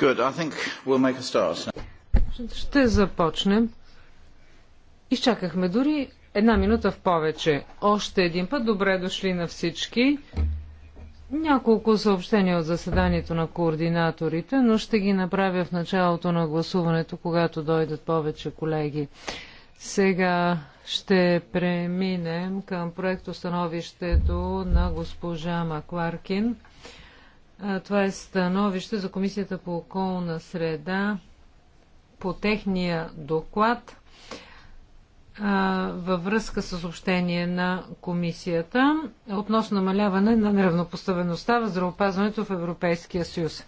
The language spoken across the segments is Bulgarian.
We'll Ще започнем. Изчакахме дори една минута в повече. Още един път добре дошли на всички. Няколко съобщения от заседанието на координаторите, но ще ги направя в началото на гласуването, когато дойдат повече колеги. Сега ще преминем към проектостановището на госпожа Макларкин. Това е становище за Комисията по околна среда по техния доклад във връзка с общение на комисията относно намаляване на неравнопоставеността в здравеопазването в Европейския съюз.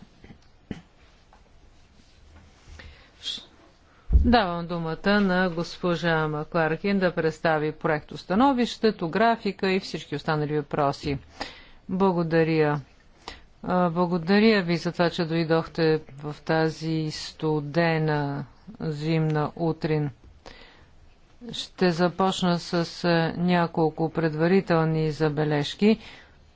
Давам думата на госпожа Макларкин да представи проектостановището, графика и всички останали въпроси. Благодаря, благодаря ви за това, че дойдохте в тази студена зимна утрин. Ще започна с няколко предварителни забележки.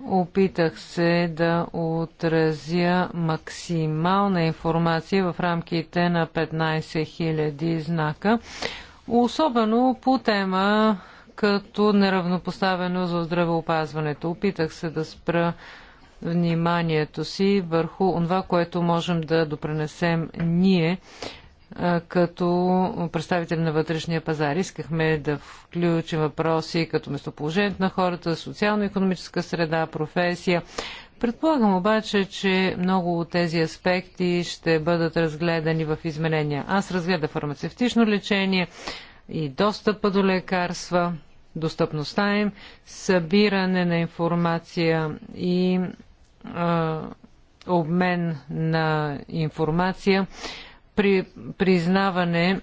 Опитах се да отразя максимална информация в рамките на 15 000 знака, особено по тема като неравнопоставено за здравеопазването. Опитах се да спра вниманието си върху това, което можем да допренесем ние като представители на вътрешния пазар. Искахме да включим въпроси като местоположението на хората, социално-економическа среда, професия. Предполагам обаче, че много от тези аспекти ще бъдат разгледани в изменения. Аз разгледа фармацевтично лечение и достъпа до лекарства, достъпността им, събиране на информация и обмен на информация, при признаване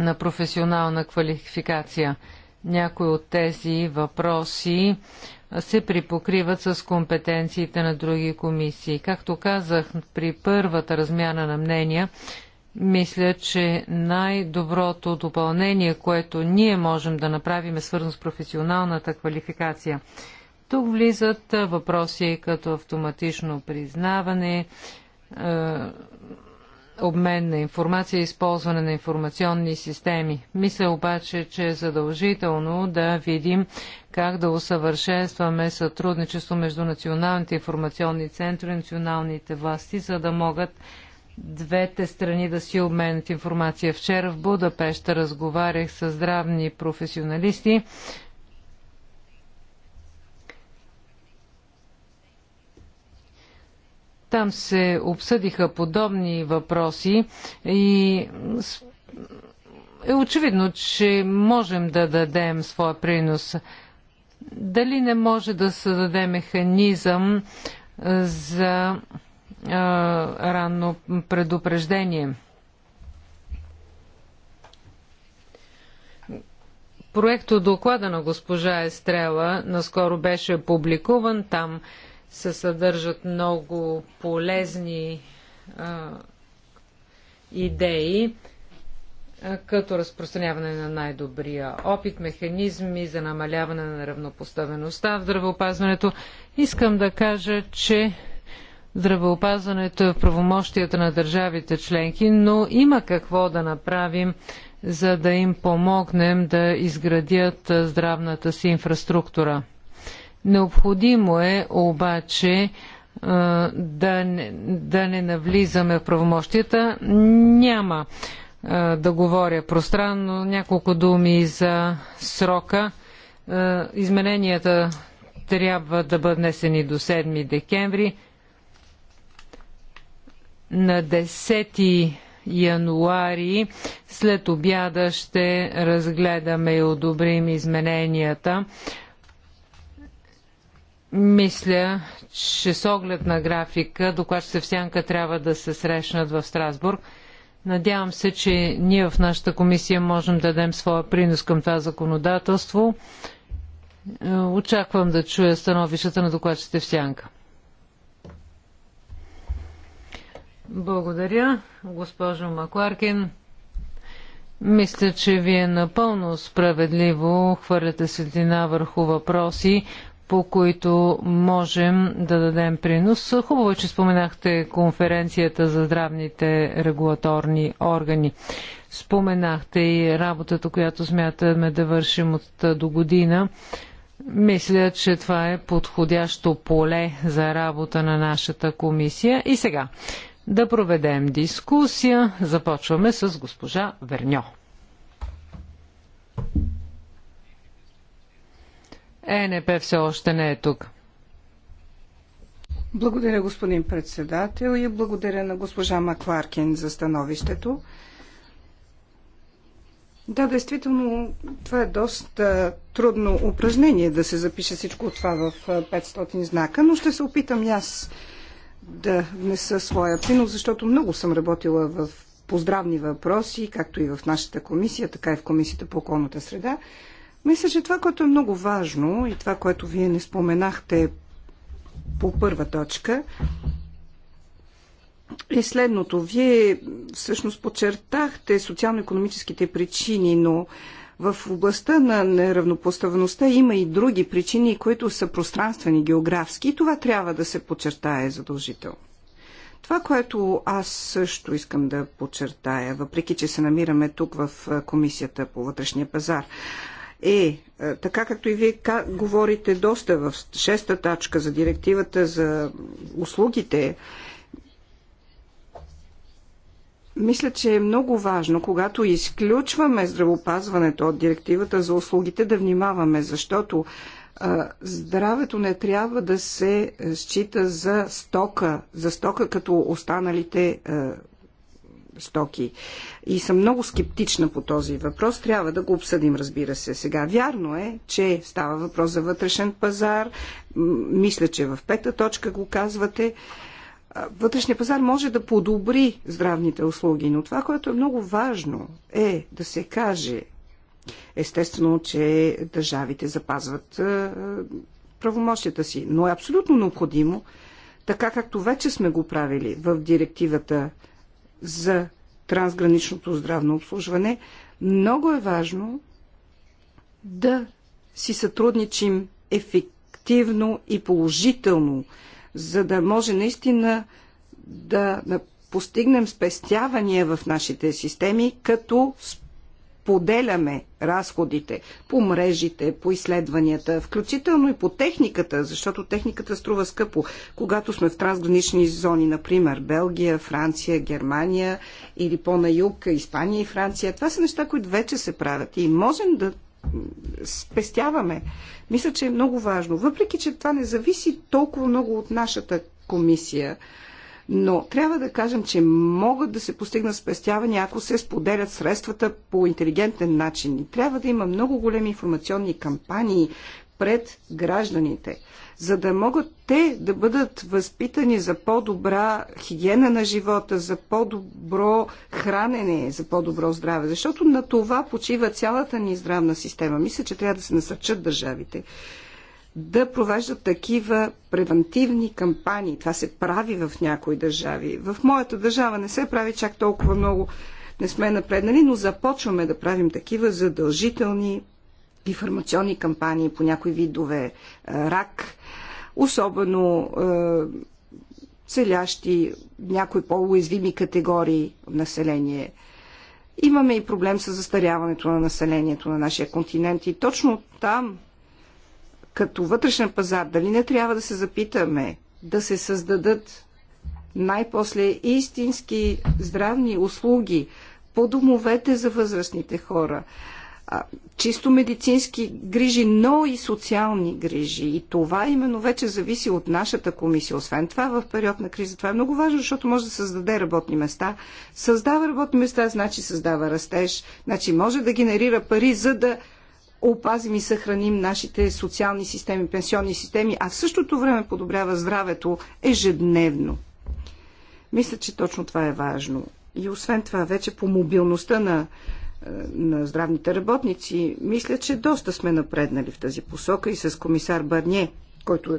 на професионална квалификация. Някои от тези въпроси се припокриват с компетенциите на други комисии. Както казах при първата размяна на мнения, мисля, че най-доброто допълнение, което ние можем да направим е свързано с професионалната квалификация. Тук влизат въпроси като автоматично признаване, обмен на информация и използване на информационни системи. Мисля обаче, че е задължително да видим как да усъвършенстваме сътрудничество между националните информационни центри и националните власти, за да могат двете страни да си обменят информация. Вчера в Будапеща разговарях с здравни професионалисти Там се обсъдиха подобни въпроси и е очевидно, че можем да дадем своя принос. Дали не може да създаде механизъм за ранно предупреждение? Проекто доклада на госпожа Естрела наскоро беше публикуван. Там се съдържат много полезни а, идеи, а, като разпространяване на най-добрия опит, механизми за намаляване на равнопоставеността в здравеопазването. Искам да кажа, че здравеопазването е в правомощията на държавите членки, но има какво да направим, за да им помогнем да изградят здравната си инфраструктура. Необходимо е обаче да не, да не навлизаме в правомощията. Няма да говоря пространно. Няколко думи за срока. Измененията трябва да бъдат внесени до 7 декември. На 10 януари след обяда ще разгледаме и одобрим измененията мисля, че с оглед на графика, докладчите в Сянка трябва да се срещнат в Страсбург. Надявам се, че ние в нашата комисия можем да дадем своя принос към това законодателство. Очаквам да чуя становищата на докладчите в Сянка. Благодаря, госпожо Макларкин. Мисля, че вие напълно справедливо хвърляте светлина върху въпроси, по които можем да дадем принос. Хубаво, е, че споменахте конференцията за здравните регулаторни органи. Споменахте и работата, която смятаме да вършим от до година. Мисля, че това е подходящо поле за работа на нашата комисия. И сега да проведем дискусия. Започваме с госпожа Верньо. ЕНП все още не е тук. Благодаря, господин председател, и благодаря на госпожа Макларкин за становището. Да, действително, това е доста трудно упражнение да се запише всичко това в 500 знака, но ще се опитам аз да внеса своя принос, защото много съм работила в поздравни въпроси, както и в нашата комисия, така и в комисията по околната среда. Мисля, че това, което е много важно и това, което вие не споменахте по първа точка, е следното. Вие всъщност подчертахте социално-економическите причини, но в областта на неравнопоставеността има и други причини, които са пространствени, географски и това трябва да се подчертае задължително. Това, което аз също искам да подчертая, въпреки че се намираме тук в Комисията по вътрешния пазар, е, е, така както и вие говорите доста в шеста тачка за директивата за услугите, мисля, че е много важно, когато изключваме здравопазването от директивата за услугите, да внимаваме, защото здравето не трябва да се е, счита за стока, за стока като останалите е, стоки. И съм много скептична по този въпрос. Трябва да го обсъдим, разбира се. Сега вярно е, че става въпрос за вътрешен пазар. Мисля, че в пета точка го казвате. Вътрешния пазар може да подобри здравните услуги, но това, което е много важно, е да се каже, естествено, че държавите запазват правомощията си, но е абсолютно необходимо, така както вече сме го правили в директивата за трансграничното здравно обслужване, много е важно да си сътрудничим ефективно и положително, за да може наистина да постигнем спестявания в нашите системи, като споделяме разходите по мрежите, по изследванията, включително и по техниката, защото техниката струва скъпо. Когато сме в трансгранични зони, например Белгия, Франция, Германия или по-на юг Испания и Франция, това са неща, които вече се правят и можем да спестяваме. Мисля, че е много важно. Въпреки, че това не зависи толкова много от нашата комисия, но трябва да кажем, че могат да се постигнат спестявания, ако се споделят средствата по интелигентен начин. И трябва да има много големи информационни кампании пред гражданите, за да могат те да бъдат възпитани за по-добра хигиена на живота, за по-добро хранене, за по-добро здраве. Защото на това почива цялата ни здравна система. Мисля, че трябва да се насърчат държавите да провеждат такива превентивни кампании. Това се прави в някои държави. В моята държава не се прави чак толкова много. Не сме напреднали, но започваме да правим такива задължителни информационни кампании по някои видове е, рак, особено е, целящи някои по-уязвими категории население. Имаме и проблем с застаряването на населението на нашия континент и точно там като вътрешен пазар, дали не трябва да се запитаме да се създадат най-после истински здравни услуги по домовете за възрастните хора, чисто медицински грижи, но и социални грижи. И това именно вече зависи от нашата комисия. Освен това, в период на криза това е много важно, защото може да създаде работни места. Създава работни места, значи създава растеж, значи може да генерира пари, за да опазим и съхраним нашите социални системи, пенсионни системи, а в същото време подобрява здравето ежедневно. Мисля, че точно това е важно. И освен това, вече по мобилността на, е, на здравните работници, мисля, че доста сме напреднали в тази посока и с комисар Барне, който е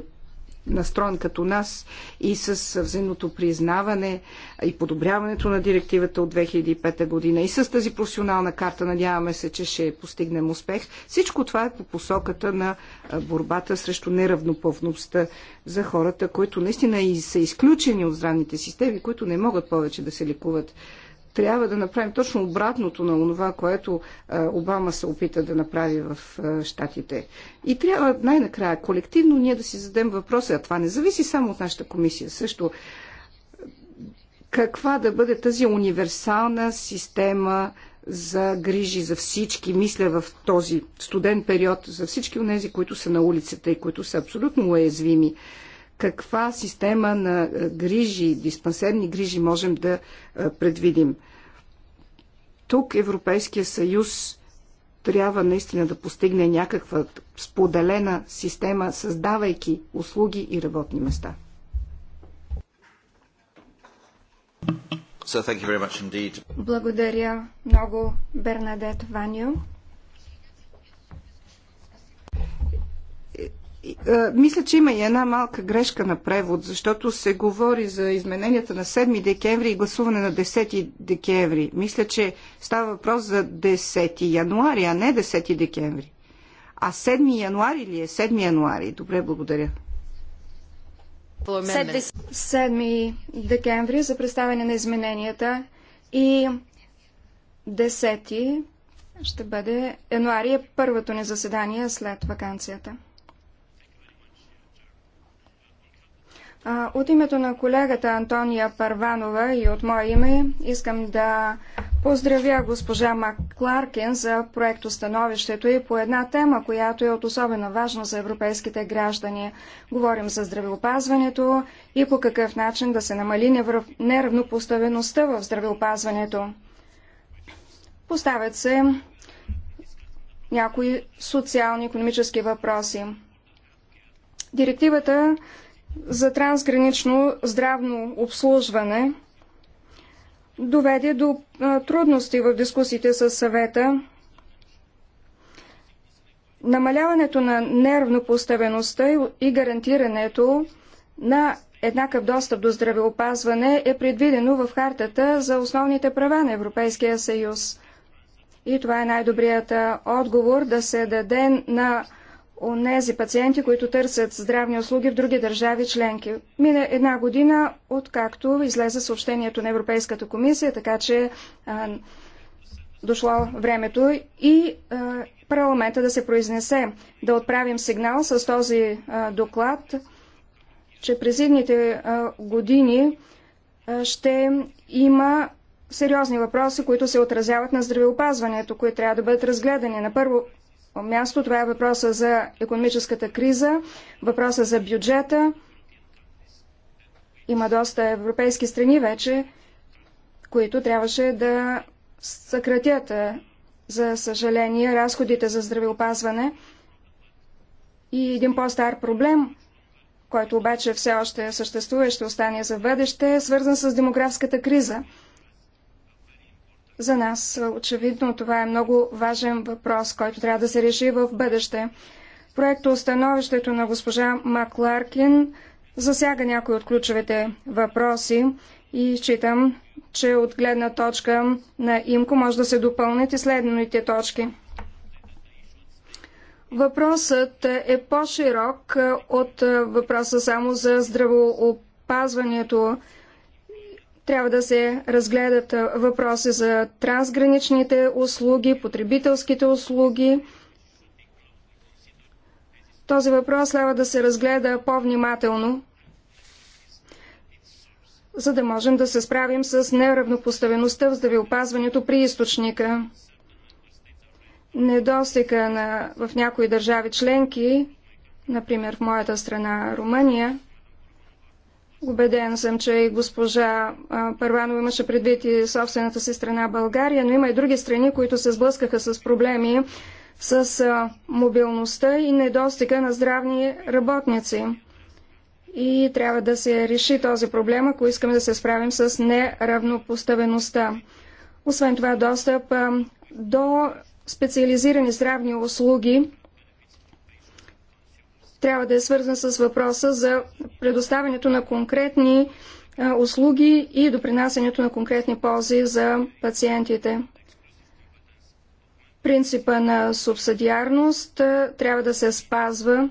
настроен като нас и с взаимното признаване и подобряването на директивата от 2005 година и с тази професионална карта. Надяваме се, че ще постигнем успех. Всичко това е по посоката на борбата срещу неравноповността за хората, които наистина и са изключени от здравните системи, които не могат повече да се ликуват трябва да направим точно обратното на това, което е, Обама се опита да направи в е, Штатите. И трябва най-накрая колективно ние да си зададем въпроса, а това не зависи само от нашата комисия, също каква да бъде тази универсална система за грижи за всички, мисля в този студен период, за всички от тези, които са на улицата и които са абсолютно уязвими каква система на е, грижи, диспансерни грижи можем да е, предвидим. Тук Европейския съюз трябва наистина да постигне някаква споделена система, създавайки услуги и работни места. So, Благодаря много, Бернадет Ванио. Е, мисля, че има и една малка грешка на превод, защото се говори за измененията на 7 декември и гласуване на 10 декември. Мисля, че става въпрос за 10 януари, а не 10 декември. А 7 януари ли е? 7 януари. Добре, благодаря. 7 декември за представяне на измененията и 10 ще бъде януари е първото ни заседание след вакансията. От името на колегата Антония Парванова и от мое име искам да поздравя госпожа Макларкин за Становището и по една тема, която е от особена важност за европейските граждани. Говорим за здравеопазването и по какъв начин да се намали неравнопоставеността в здравеопазването. Поставят се някои социални-економически въпроси. Директивата за трансгранично здравно обслужване доведе до трудности в дискусиите с съвета. Намаляването на поставеността и гарантирането на еднакъв достъп до здравеопазване е предвидено в Хартата за основните права на Европейския съюз. И това е най-добрият отговор да се даде на онези пациенти, които търсят здравни услуги в други държави членки. Мина една година, откакто излезе съобщението на Европейската комисия, така че а, дошло времето и а, парламента да се произнесе, да отправим сигнал с този а, доклад, че през идните а, години а, ще има сериозни въпроси, които се отразяват на здравеопазването, които трябва да бъдат разгледани. На първо място. Това е въпроса за економическата криза, въпроса за бюджета. Има доста европейски страни вече, които трябваше да съкратят, за съжаление, разходите за здравеопазване. И един по-стар проблем, който обаче все още съществува и ще остане за бъдеще, е свързан с демографската криза – за нас очевидно това е много важен въпрос, който трябва да се реши в бъдеще. Проекто становището на госпожа Макларкин засяга някои от ключовите въпроси и считам, че от гледна точка на имко може да се допълнят и следните точки. Въпросът е по-широк от въпроса само за здравоопазването. Трябва да се разгледат въпроси за трансграничните услуги, потребителските услуги. Този въпрос трябва да се разгледа по-внимателно, за да можем да се справим с неравнопоставеността в здравеопазването при източника. Недостига на, в някои държави членки, например в моята страна Румъния, Убеден съм, че и госпожа Първанова имаше предвид и собствената си страна България, но има и други страни, които се сблъскаха с проблеми с мобилността и недостига на здравни работници. И трябва да се реши този проблем, ако искаме да се справим с неравнопоставеността. Освен това, достъп до специализирани здравни услуги трябва да е свързан с въпроса за предоставянето на конкретни услуги и допринасянето на конкретни ползи за пациентите. Принципа на субсидиарност трябва да се спазва,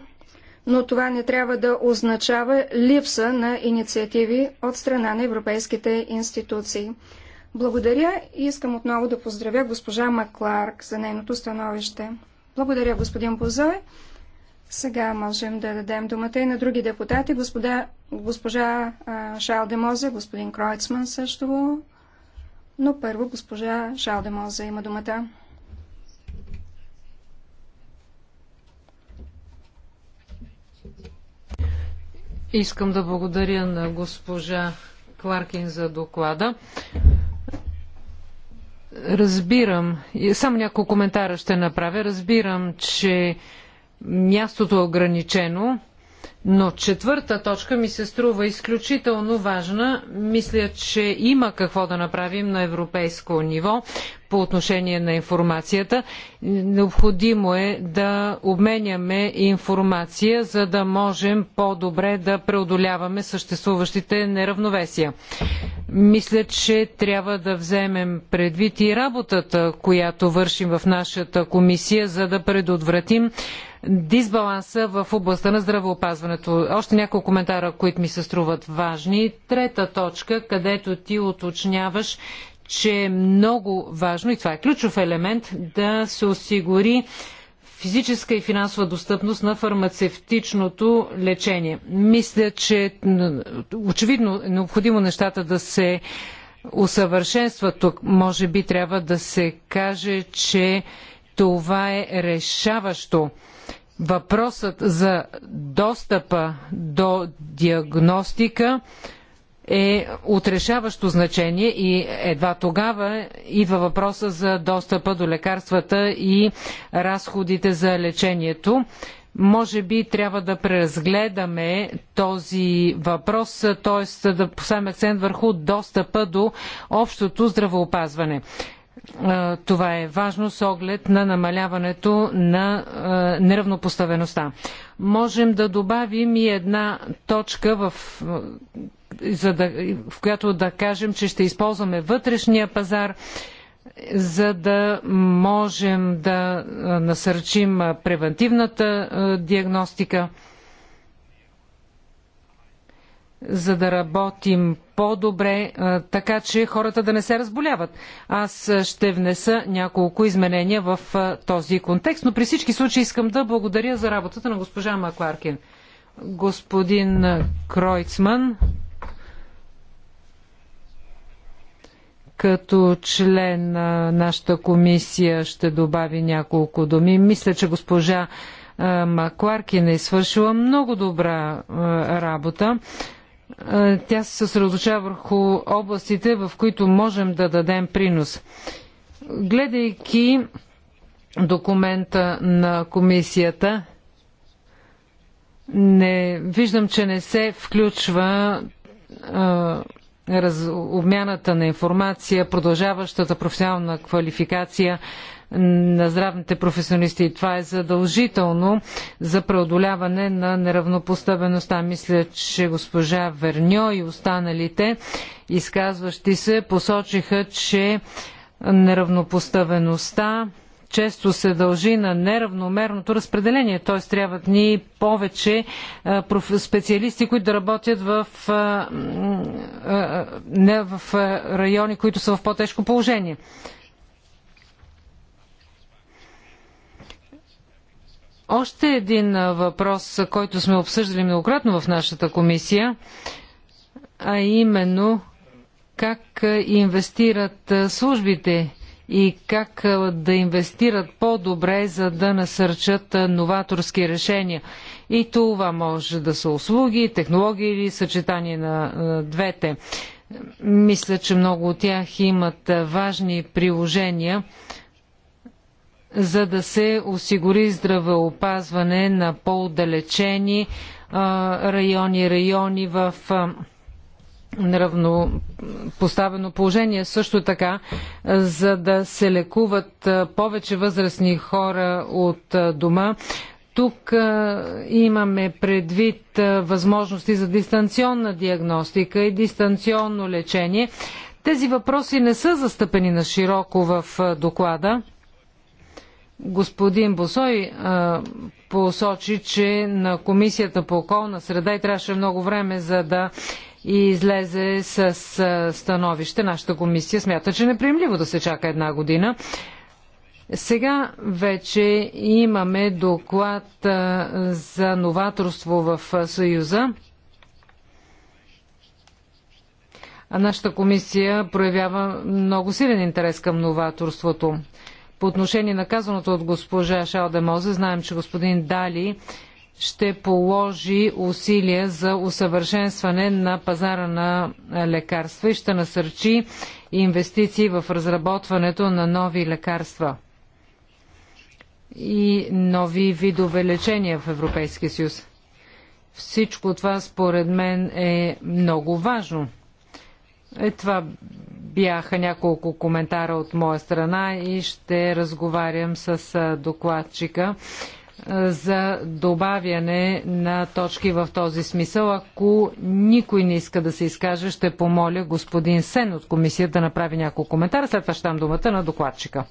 но това не трябва да означава липса на инициативи от страна на европейските институции. Благодаря и искам отново да поздравя госпожа Макларк за нейното становище. Благодаря, господин Бозой. Сега можем да дадем думата и на други депутати. Господа, госпожа Шал Демозе, господин Кройцман също. Но първо госпожа Шал Демозе има думата. Искам да благодаря на госпожа Кларкин за доклада. Разбирам, само няколко коментара ще направя. Разбирам, че мястото е ограничено, но четвърта точка ми се струва изключително важна. Мисля, че има какво да направим на европейско ниво по отношение на информацията. Необходимо е да обменяме информация, за да можем по-добре да преодоляваме съществуващите неравновесия. Мисля, че трябва да вземем предвид и работата, която вършим в нашата комисия, за да предотвратим дисбаланса в областта на здравеопазването. Още няколко коментара, които ми се струват важни. Трета точка, където ти уточняваш, че е много важно, и това е ключов елемент, да се осигури физическа и финансова достъпност на фармацевтичното лечение. Мисля, че очевидно е необходимо нещата да се усъвършенстват тук. Може би трябва да се каже, че това е решаващо. Въпросът за достъпа до диагностика е отрешаващо значение и едва тогава идва въпроса за достъпа до лекарствата и разходите за лечението. Може би трябва да преразгледаме този въпрос, т.е. да поставим акцент върху достъпа до общото здравеопазване. Това е важно с оглед на намаляването на неравнопоставеността. Можем да добавим и една точка, в, за да, в която да кажем, че ще използваме вътрешния пазар, за да можем да насърчим превентивната диагностика – за да работим по-добре, така че хората да не се разболяват. Аз ще внеса няколко изменения в този контекст, но при всички случаи искам да благодаря за работата на госпожа Макларкин. Господин Кройцман, като член на нашата комисия ще добави няколко думи. Мисля, че госпожа Макларкин е свършила много добра работа тя се съсредоточава върху областите, в които можем да дадем принос. Гледайки документа на комисията, не виждам, че не се включва а, раз, обмяната на информация, продължаващата професионална квалификация, на здравните професионалисти. И това е задължително за преодоляване на неравнопоставеността. Мисля, че госпожа Верньо и останалите изказващи се посочиха, че неравнопоставеността често се дължи на неравномерното разпределение, т.е. трябват ни повече специалисти, които да работят в, не в райони, които са в по-тежко положение. Още един въпрос, който сме обсъждали многократно в нашата комисия, а именно как инвестират службите и как да инвестират по-добре, за да насърчат новаторски решения. И това може да са услуги, технологии или съчетание на двете. Мисля, че много от тях имат важни приложения за да се осигури здравеопазване на по-отдалечени райони, райони в равнопоставено положение. Също така, за да се лекуват повече възрастни хора от дома. Тук имаме предвид възможности за дистанционна диагностика и дистанционно лечение. Тези въпроси не са застъпени на широко в доклада. Господин Босой а, посочи, че на Комисията по околна среда и трябваше много време за да излезе с а, становище. Нашата комисия смята, че е неприемливо да се чака една година. Сега вече имаме доклад а, за новаторство в Съюза. А нашата комисия проявява много силен интерес към новаторството. По отношение на казаното от госпожа Мозе, знаем, че господин Дали ще положи усилия за усъвършенстване на пазара на лекарства и ще насърчи инвестиции в разработването на нови лекарства и нови видове лечения в Европейския съюз. Всичко това според мен е много важно. Е, това бяха няколко коментара от моя страна и ще разговарям с докладчика за добавяне на точки в този смисъл. Ако никой не иска да се изкаже, ще помоля господин Сен от комисията да направи няколко коментара. След това ще дам думата на докладчика.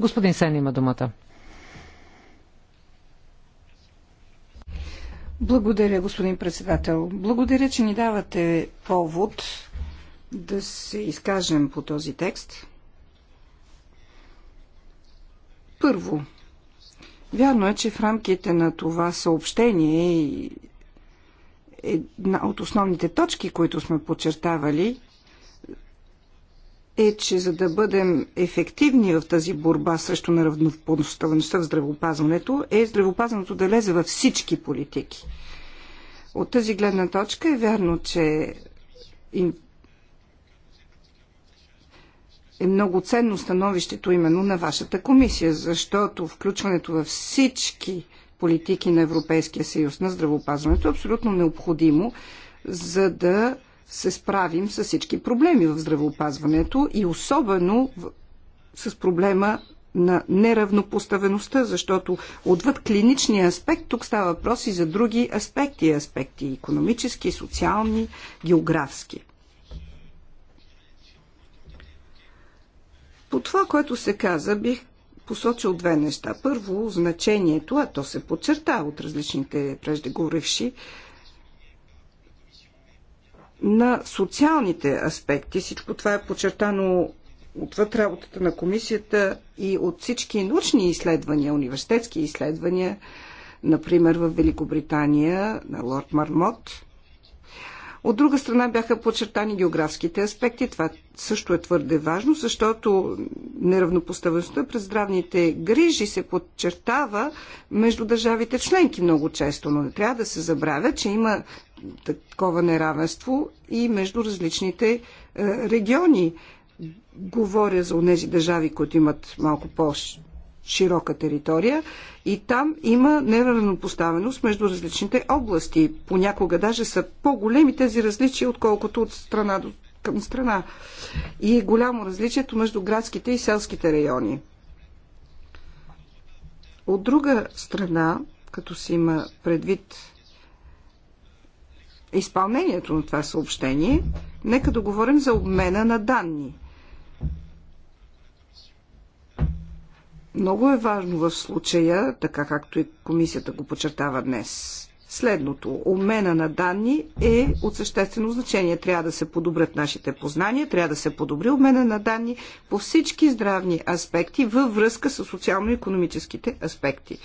Господин Сен има думата. Благодаря, господин председател. Благодаря, че ни давате повод да се изкажем по този текст. Първо, вярно е, че в рамките на това съобщение и една от основните точки, които сме подчертавали, е, че за да бъдем ефективни в тази борба срещу неравнопоставеността в здравеопазването, е здравеопазването да лезе във всички политики. От тази гледна точка е вярно, че е много ценно становището именно на вашата комисия, защото включването във всички политики на Европейския съюз на здравеопазването е абсолютно необходимо, за да се справим с всички проблеми в здравеопазването и особено с проблема на неравнопоставеността, защото отвъд клиничния аспект тук става въпрос и за други аспекти, аспекти економически, социални, географски. По това, което се каза, бих посочил две неща. Първо, значението, а то се подчерта от различните преждеговоривши, на социалните аспекти. Всичко това е подчертано отвъд работата на комисията и от всички научни изследвания, университетски изследвания, например в Великобритания на Лорд Мармот – от друга страна бяха подчертани географските аспекти. Това също е твърде важно, защото неравнопоставеността през здравните грижи се подчертава между държавите членки много често, но не трябва да се забравя, че има такова неравенство и между различните е, региони. Говоря за тези държави, които имат малко по широка територия и там има неравнопоставеност между различните области. Понякога даже са по-големи тези различия, отколкото от страна до към страна. И е голямо различието между градските и селските райони. От друга страна, като си има предвид изпълнението на това съобщение, нека да говорим за обмена на данни. Много е важно в случая, така както и комисията го подчертава днес, следното. Обмена на данни е от съществено значение. Трябва да се подобрят нашите познания, трябва да се подобри обмена на данни по всички здравни аспекти във връзка с социално-економическите аспекти.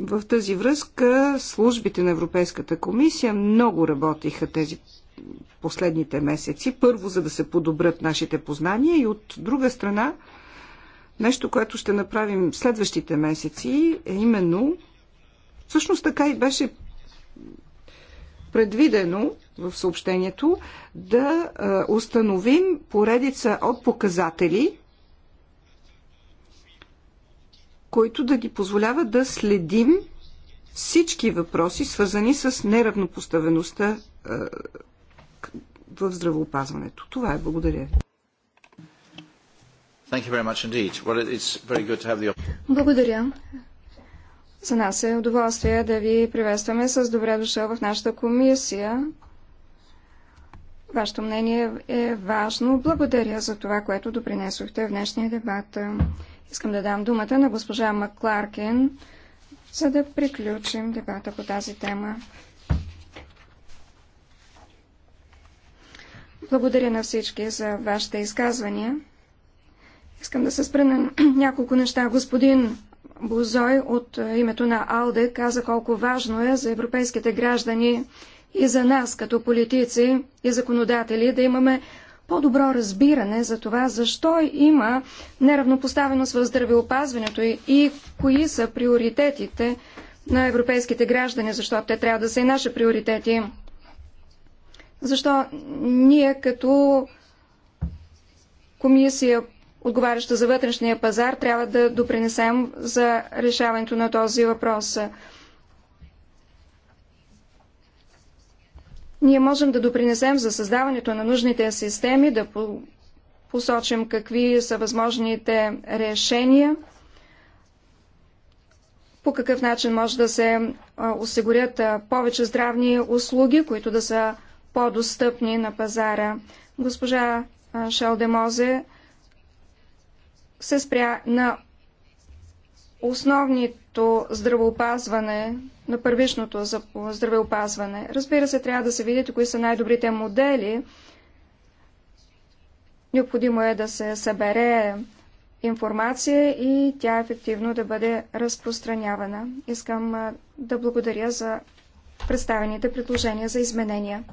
В тази връзка службите на Европейската комисия много работиха тези последните месеци. Първо, за да се подобрят нашите познания и от друга страна, Нещо, което ще направим следващите месеци, е именно, всъщност така и беше предвидено в съобщението, да установим поредица от показатели, които да ги позволяват да следим всички въпроси, свързани с неравнопоставеността в здравоопазването. Това е. Благодаря ви. Благодаря. За нас е удоволствие да ви приветстваме с добре дошъл в нашата комисия. Вашето мнение е важно. Благодаря за това, което допринесохте в днешния дебат. Искам да дам думата на госпожа Макларкен, за да приключим дебата по тази тема. Благодаря на всички за вашите изказвания. Искам да се спра на няколко неща. Господин Бозой от е, името на Алде каза колко важно е за европейските граждани и за нас като политици и законодатели да имаме по-добро разбиране за това, защо има неравнопоставеност в здравеопазването и, и кои са приоритетите на европейските граждани, защото те трябва да са и наши приоритети. Защо ние като комисия отговаряща за вътрешния пазар, трябва да допринесем за решаването на този въпрос. Ние можем да допринесем за създаването на нужните системи, да посочим какви са възможните решения, по какъв начин може да се осигурят повече здравни услуги, които да са по-достъпни на пазара. Госпожа Шелдемозе се спря на основното здравеопазване, на първичното здравеопазване. Разбира се, трябва да се видите кои са най-добрите модели. Необходимо е да се събере информация и тя ефективно да бъде разпространявана. Искам да благодаря за представените предложения за изменения.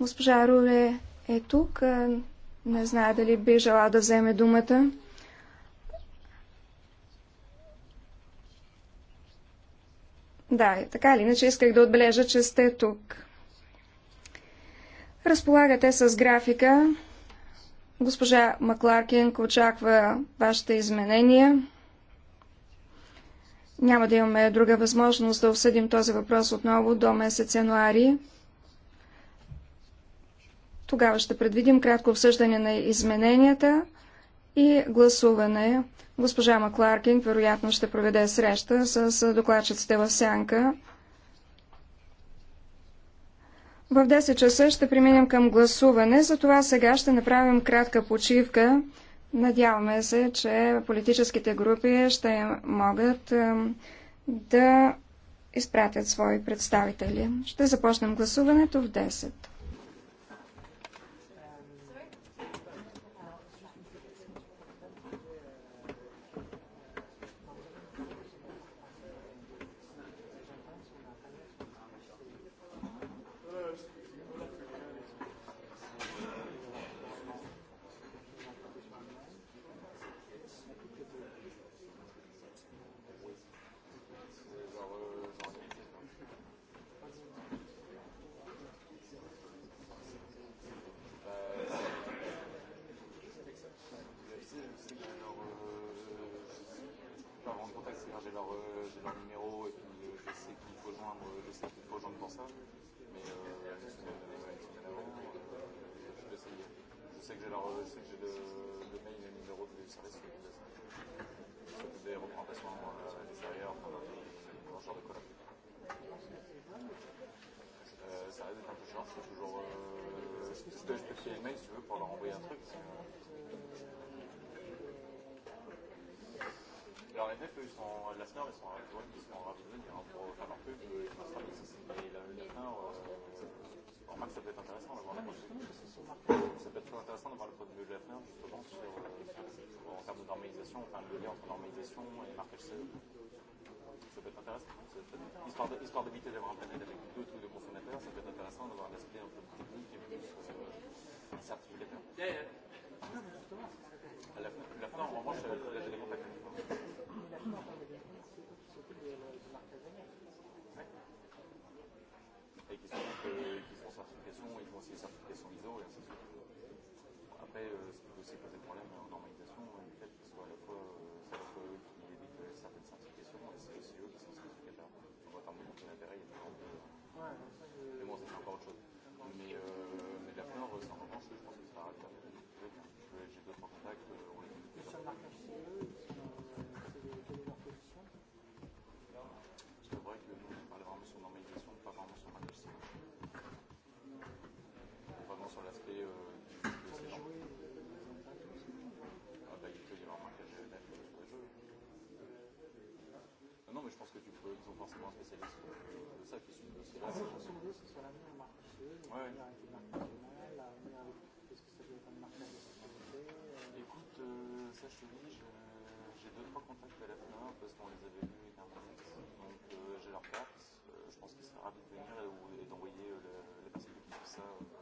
Госпожа Руле е тук. Не знае дали би желала да вземе думата. Да, така или иначе исках да отбележа, че сте тук. Разполагате с графика. Госпожа Макларкинг очаква вашите изменения. Няма да имаме друга възможност да обсъдим този въпрос отново до месец януари. Тогава ще предвидим кратко обсъждане на измененията и гласуване Госпожа Макларкинг вероятно ще проведе среща с докладчиците в Сянка. В 10 часа ще преминем към гласуване, затова сега ще направим кратка почивка. Надяваме се, че политическите групи ще могат да изпратят свои представители. Ще започнем гласуването в 10. de vitesse devra permettre avec deux trucs de consommateurs, ça peut être intéressant d'avoir un aspect un peu plus. eux, ils sont forcément spécialistes de ça qui suivent aussi. La chanson d'eux, c'est sur l'avenir marché, l'avenir avec les marques nationales, l'avenir avec qu'est-ce que ça doit être un Écoute, euh, ça je te dis, j'ai deux trois contacts à la l'AFNA parce qu'on les avait vus internet, donc euh, j'ai leur carte, euh, je pense qu'ils seraient ravis de venir et, et d'envoyer euh, la, la personne qui fait ça. Euh,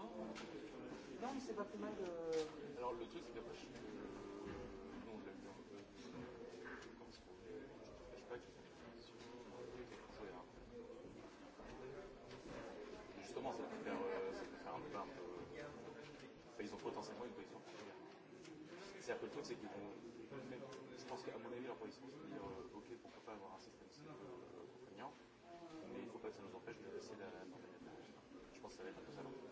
Non, mais c'est pas plus mal. Euh... Alors le truc, c'est qu'après, je suis. Euh, non, je l'ai en mode. Je pense qu'on est. Je sais pas qui sont les sur Justement, ça peut faire, ça peut faire un part de. Enfin, ils ont potentiellement une position particulière. C'est-à-dire que le truc, c'est qu'ils vont. Je pense qu'à mon avis, leur position, c'est de dire ok, pourquoi pas avoir un système si peu contraignant, mais il ne faut pas que ça nous empêche de laisser la normalité. Je pense que ça va être un peu ça.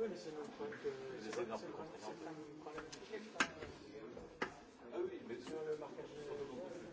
Oui, mais c'est notre problème Ah oui, mais sur le marquage. de la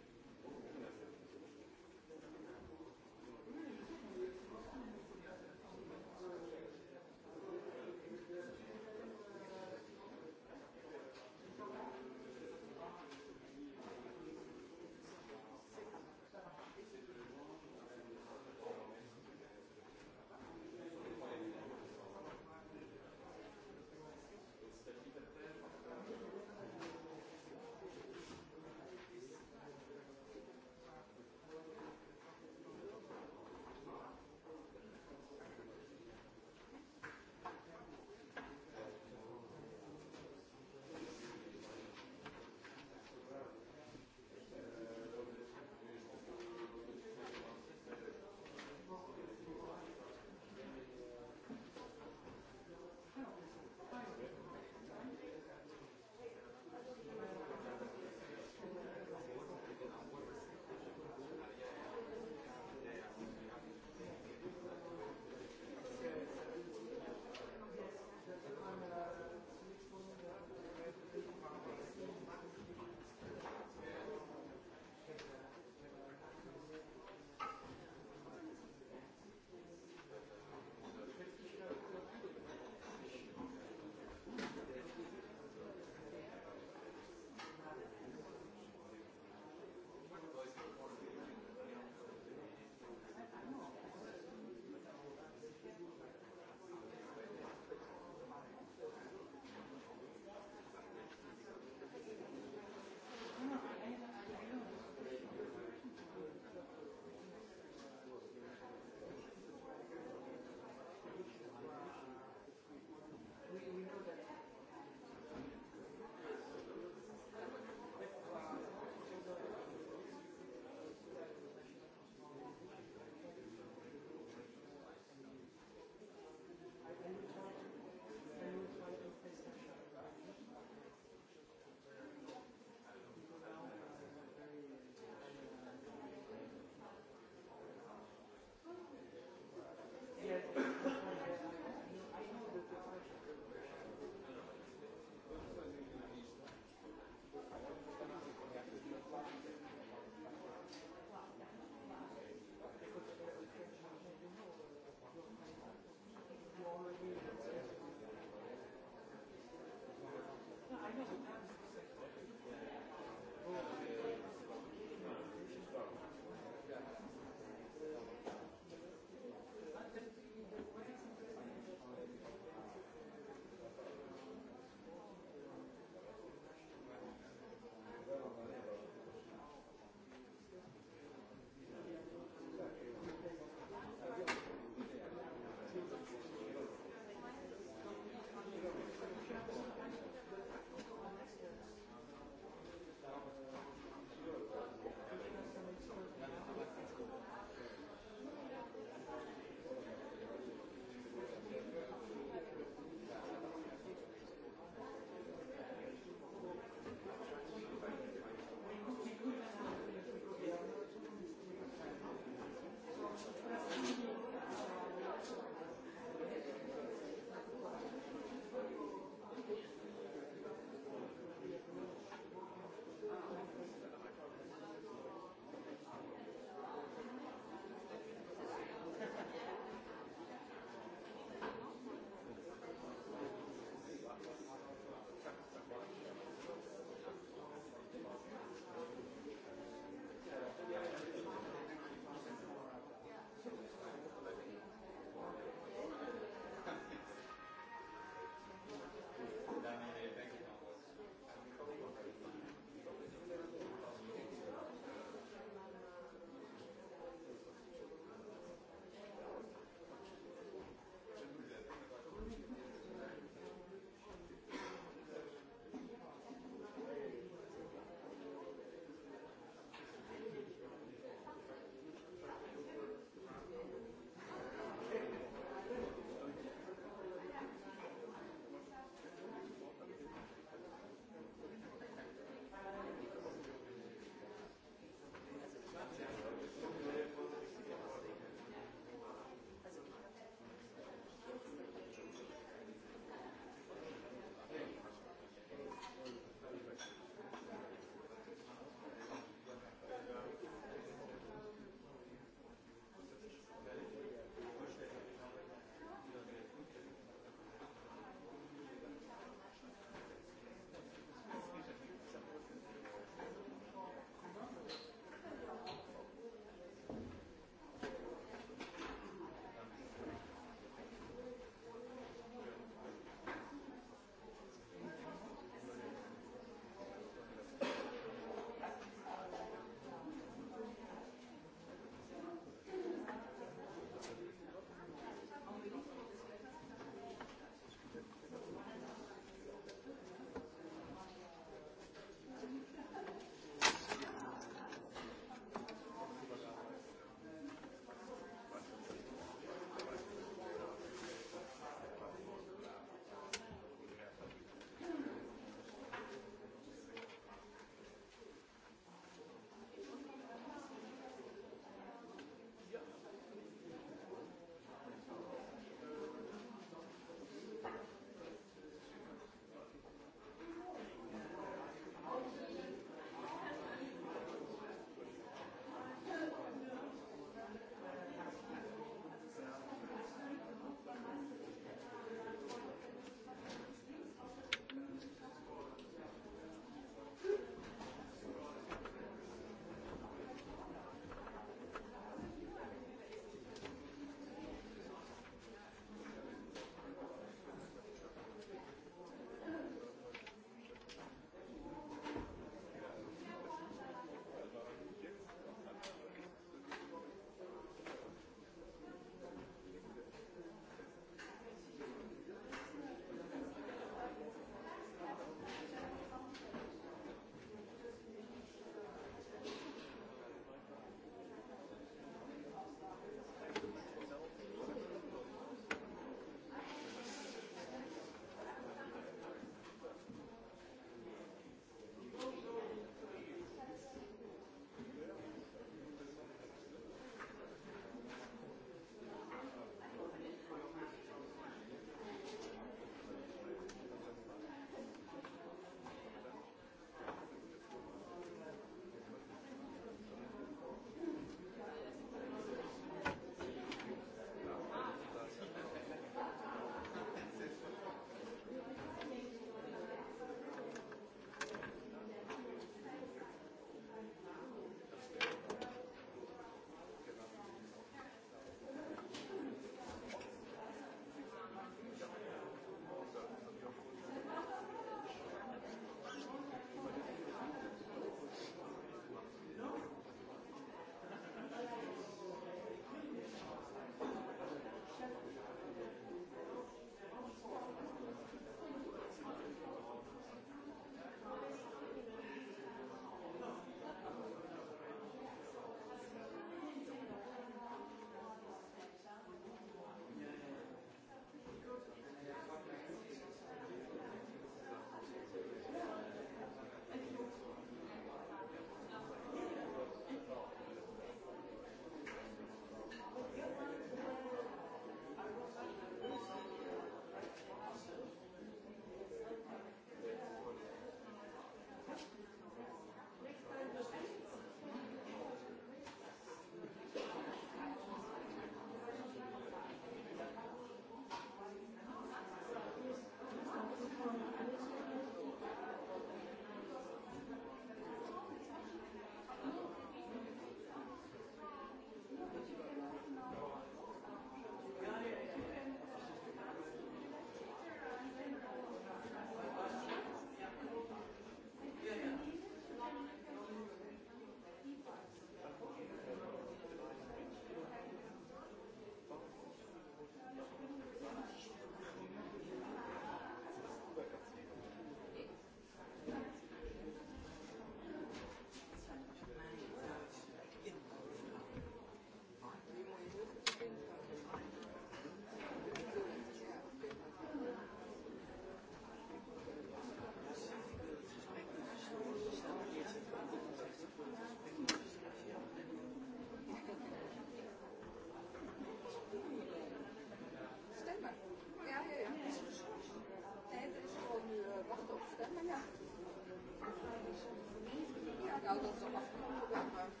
Ja, nou, dat is al afgelopen.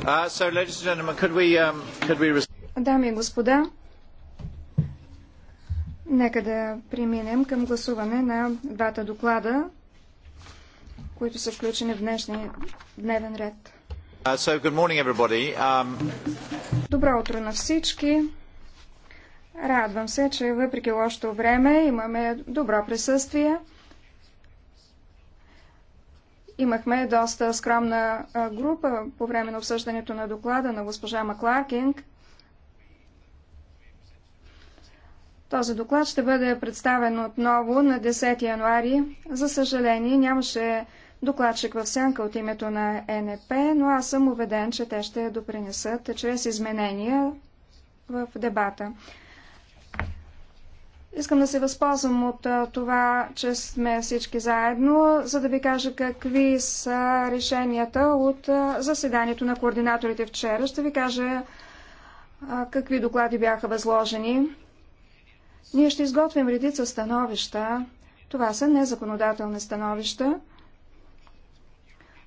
Uh, um, Дами и господа, нека да преминем към гласуване на двата доклада, които са включени в днешния дневен ред. Uh, um, добро утро на всички! Радвам се, че въпреки лошото време имаме добро присъствие. Имахме доста скромна група по време на обсъждането на доклада на госпожа Макларкинг. Този доклад ще бъде представен отново на 10 януари. За съжаление нямаше докладчик в сянка от името на НП, но аз съм убеден, че те ще допринесат чрез изменения в дебата. Искам да се възползвам от това, че сме всички заедно, за да ви кажа какви са решенията от заседанието на координаторите вчера. Ще ви кажа какви доклади бяха възложени. Ние ще изготвим редица становища. Това са незаконодателни становища.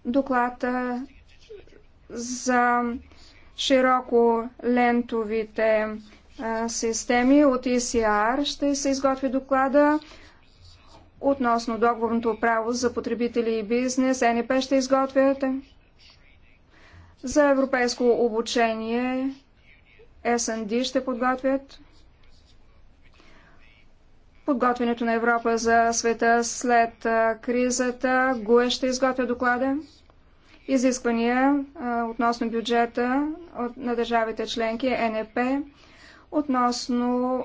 Доклад за широко лентовите системи от ECR ще се изготви доклада относно договорното право за потребители и бизнес. НП ще изготвят за европейско обучение. СНД ще подготвят подготвянето на Европа за света след кризата. ГУЕ ще изготвя доклада. Изисквания а, относно бюджета от, на държавите членки, НП относно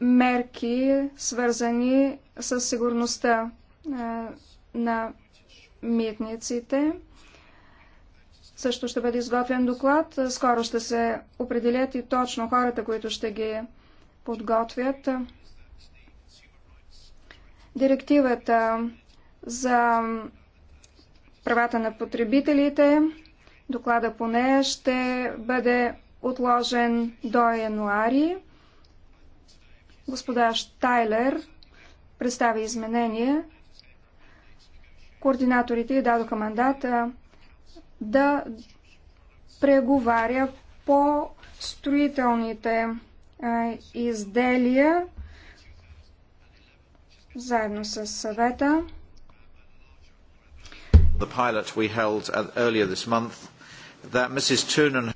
мерки, свързани с сигурността е, на митниците. Също ще бъде изготвен доклад. Скоро ще се определят и точно хората, които ще ги подготвят. Директивата за правата на потребителите, доклада по нея ще бъде отложен до януари. Господа Штайлер представи изменения. Координаторите дадоха мандата да преговаря по строителните изделия заедно с съвета. The pilot we held uh, earlier this month that Mrs. Tunen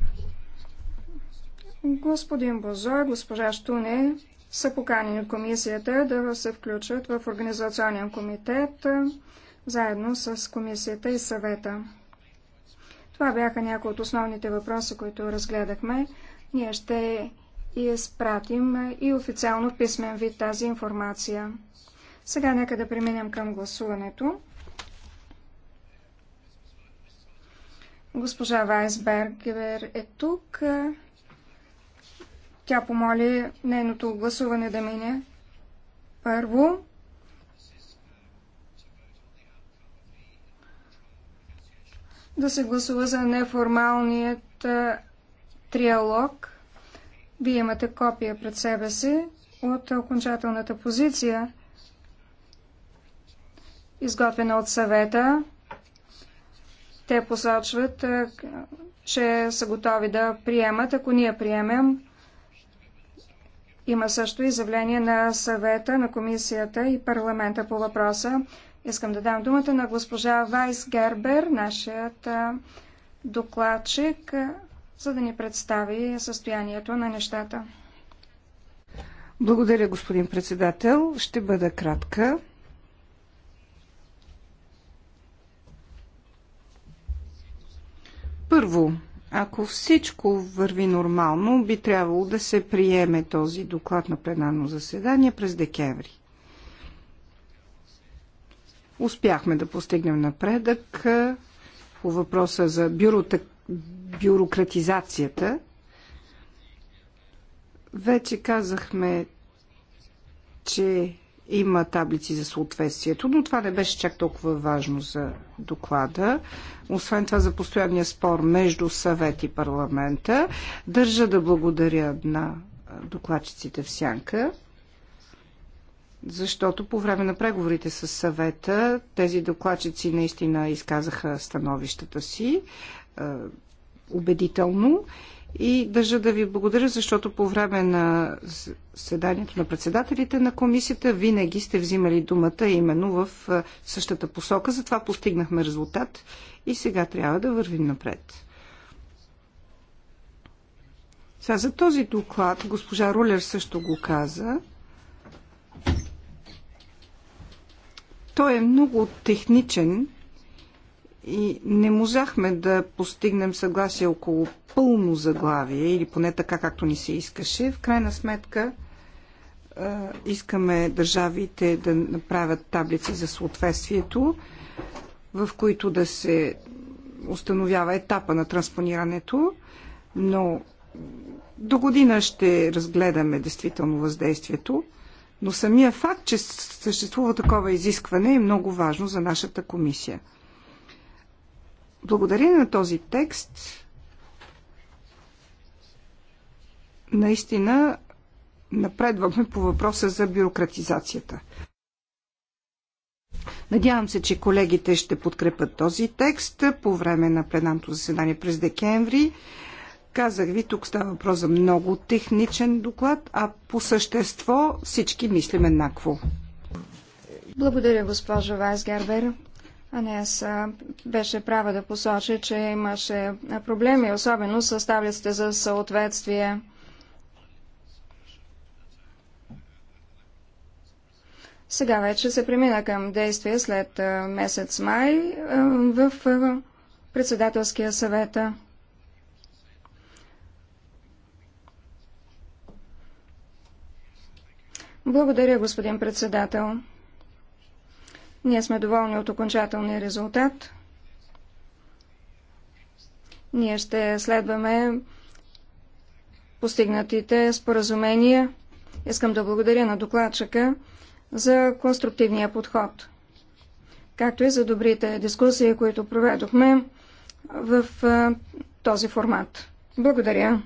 Господин Бозой, госпожа Штуне са поканени от комисията да се включат в Организационен комитет заедно с комисията и съвета. Това бяха някои от основните въпроси, които разгледахме. Ние ще изпратим и официално писмен вид тази информация. Сега нека да преминем към гласуването. Госпожа Вайсбергер е тук. Тя помоли нейното гласуване да мине първо. Да се гласува за неформалният триалог. Вие имате копия пред себе си от окончателната позиция, изготвена от съвета. Те посочват, че са готови да приемат, ако ние приемем има също изявление на съвета, на комисията и парламента по въпроса. Искам да дам думата на госпожа Вайс Гербер, нашият докладчик, за да ни представи състоянието на нещата. Благодаря, господин председател. Ще бъда кратка. Първо, ако всичко върви нормално, би трябвало да се приеме този доклад на пленарно заседание през декември. Успяхме да постигнем напредък по въпроса за бюрота, бюрократизацията. Вече казахме, че има таблици за съответствието, но това не беше чак толкова важно за доклада. Освен това за постоянния спор между съвет и парламента, държа да благодаря на докладчиците в Сянка, защото по време на преговорите с съвета тези докладчици наистина изказаха становищата си е, убедително и държа да ви благодаря, защото по време на седанието на председателите на комисията винаги сте взимали думата именно в същата посока. Затова постигнахме резултат и сега трябва да вървим напред. Сега за този доклад, госпожа Рулер също го каза, той е много техничен и не можахме да постигнем съгласие около пълно заглавие, или поне така както ни се искаше. В крайна сметка искаме държавите да направят таблици за съответствието, в които да се установява етапа на транспонирането, но до година ще разгледаме действително въздействието. Но самия факт, че съществува такова изискване е много важно за нашата комисия. Благодарение на този текст наистина напредваме по въпроса за бюрократизацията. Надявам се, че колегите ще подкрепят този текст по време на пленамто заседание през декември. Казах ви, тук става въпрос за много техничен доклад, а по същество всички мислим еднакво. Благодаря, госпожо Вайсгербер. Анес беше права да посочи, че имаше проблеми, особено с таблиците за съответствие. Сега вече се премина към действие след месец май в председателския съвет. Благодаря, господин председател. Ние сме доволни от окончателния резултат. Ние ще следваме постигнатите споразумения. Искам да благодаря на докладчика за конструктивния подход, както и за добрите дискусии, които проведохме в този формат. Благодаря.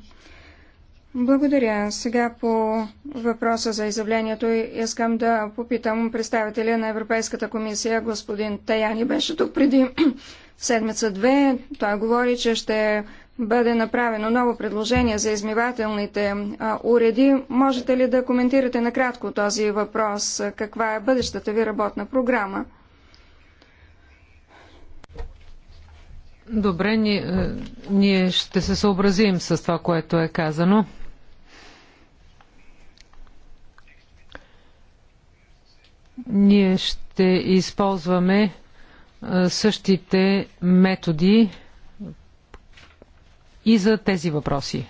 Благодаря. Сега по въпроса за изявлението искам да попитам представителя на Европейската комисия, господин Таяни беше тук преди седмица-две. Той говори, че ще бъде направено ново предложение за измивателните уреди. Можете ли да коментирате накратко този въпрос? Каква е бъдещата ви работна програма? Добре, ние, ние ще се съобразим с това, което е казано. Ние ще използваме същите методи и за тези въпроси.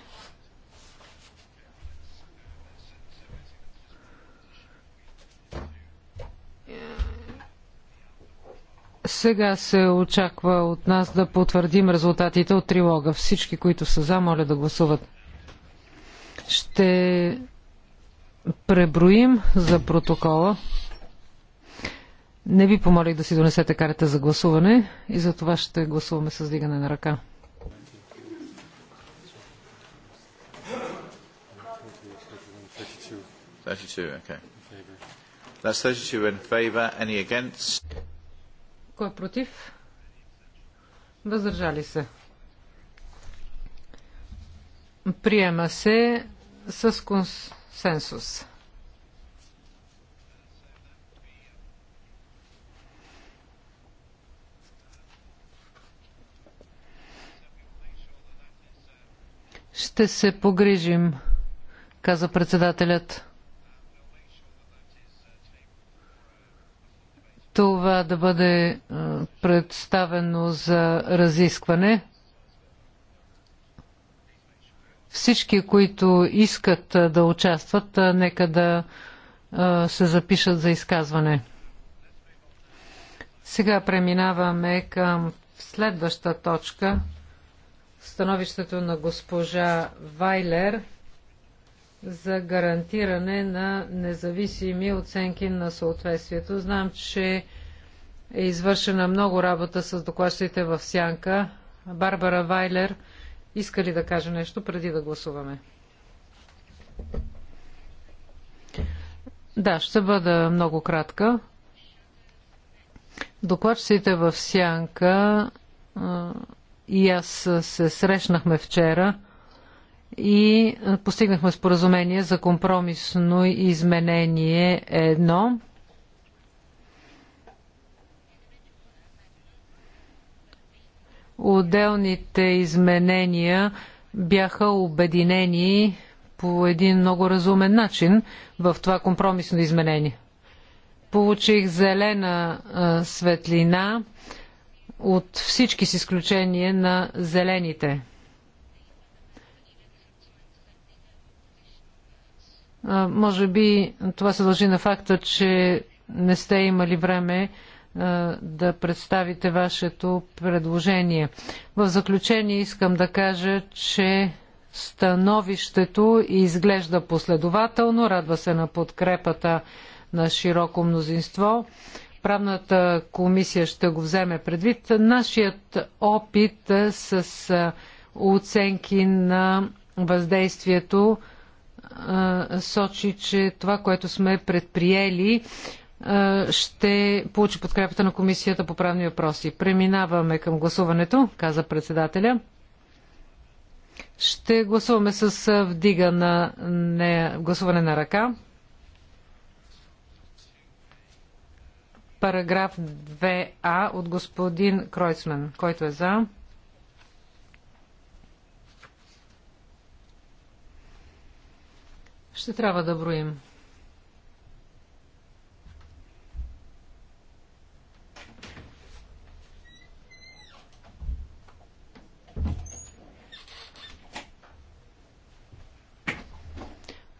Сега се очаква от нас да потвърдим резултатите от трилога. Всички, които са за, моля да гласуват. Ще преброим за протокола. Не ви помолих да си донесете карта за гласуване и за това ще гласуваме с дигане на ръка. Кой е против? Въздържали се. Приема се с консенсус. Ще се погрижим, каза председателят. Това да бъде е, представено за разискване. Всички, които искат е, да участват, е, нека да се запишат за изказване. Сега преминаваме към следваща точка становището на госпожа Вайлер за гарантиране на независими оценки на съответствието. Знам, че е извършена много работа с докладчите в Сянка. Барбара Вайлер иска ли да каже нещо преди да гласуваме? Да, ще бъда много кратка. Докладчиците в Сянка и аз се срещнахме вчера и постигнахме споразумение за компромисно изменение едно. Отделните изменения бяха обединени по един много разумен начин в това компромисно изменение. Получих зелена а, светлина от всички с изключение на зелените. Може би това се дължи на факта, че не сте имали време да представите вашето предложение. В заключение искам да кажа, че становището изглежда последователно, радва се на подкрепата на широко мнозинство правната комисия ще го вземе предвид. Нашият опит е с оценки на въздействието сочи, че това, което сме предприели, ще получи подкрепата на Комисията по правни въпроси. Преминаваме към гласуването, каза председателя. Ще гласуваме с вдига на не, гласуване на ръка. Параграф 2а от господин Кройцман. Който е за? Ще трябва да броим.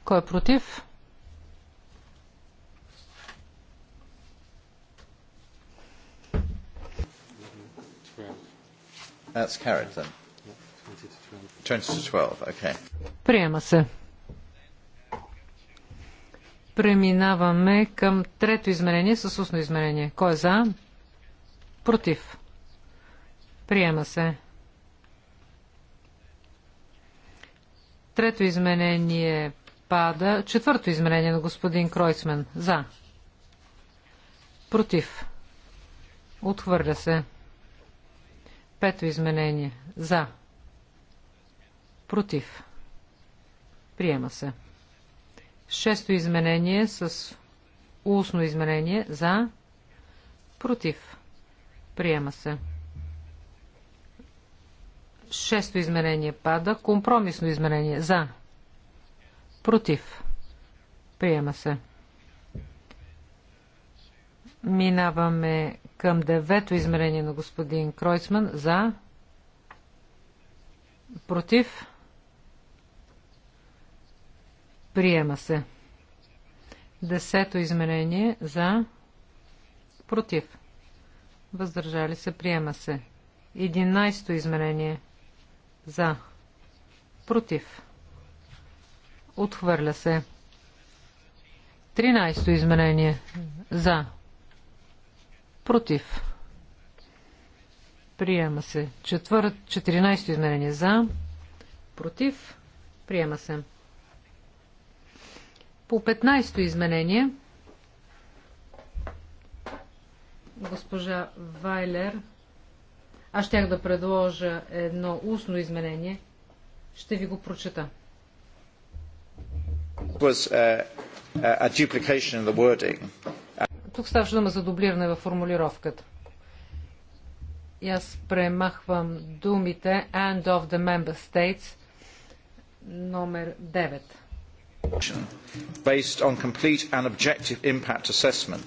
Кой е против? That's carried then. 20 to 12, okay. Приема се. Преминаваме към трето измерение с устно измерение. Кой е за? Против. Приема се. Трето изменение пада. Четвърто изменение на господин Кройцмен. За. Против. Отхвърля се. Пето изменение. За. Против. Приема се. Шесто изменение с устно изменение. За. Против. Приема се. Шесто изменение пада. Компромисно изменение. За. Против. Приема се. Минаваме към девето измерение на господин Кройцман. За. Против. Приема се. Десето измерение за. Против. Въздържали се. Приема се. Единайсто измерение за. Против. Отхвърля се. Тринайсто измерение за. Против. Приема се. Четвърт, 14 изменение за. Против. Приема се. По 15-то изменение госпожа Вайлер аз щях да предложа едно устно изменение. Ще ви го прочета. Was, uh, uh a duplication in the wording. Тук ставаше дума за дублиране във формулировката. И аз премахвам думите and of the member states номер 9 based on complete and objective impact assessment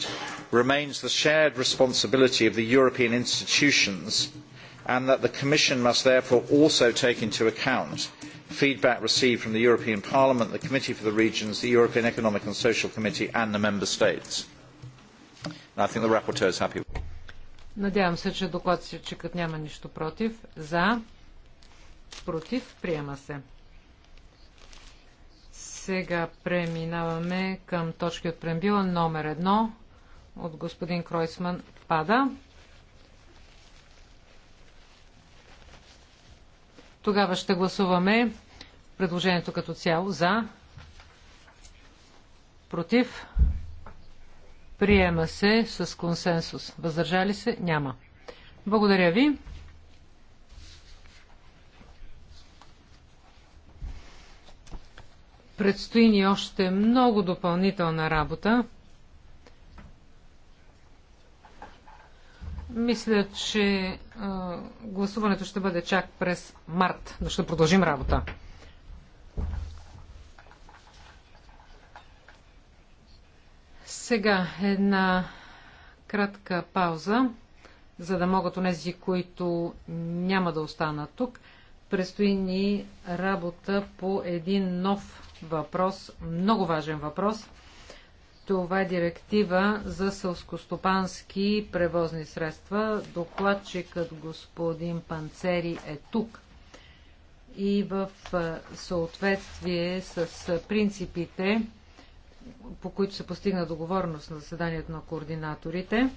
remains the shared responsibility of the European institutions and that the Commission must therefore also take into account feedback received from the European Parliament, the Committee for the Regions, the European Economic and Social Committee and the Member States. I think the rapporteur is happy. Надявам се, че докладчикът няма нищо против. За. Против. Приема се. Сега преминаваме към точки от прембила номер едно от господин Кройсман пада. Тогава ще гласуваме предложението като цяло за, против, Приема се с консенсус. Въздържали се? Няма. Благодаря ви. Предстои ни още много допълнителна работа. Мисля, че а, гласуването ще бъде чак през март, но ще продължим работа. Сега една кратка пауза, за да могат онези, които няма да останат тук. Престои ни работа по един нов въпрос, много важен въпрос. Това е директива за сълскостопански превозни средства. Докладчикът господин Панцери е тук и в съответствие с принципите по които се постигна договорност на заседанието на координаторите.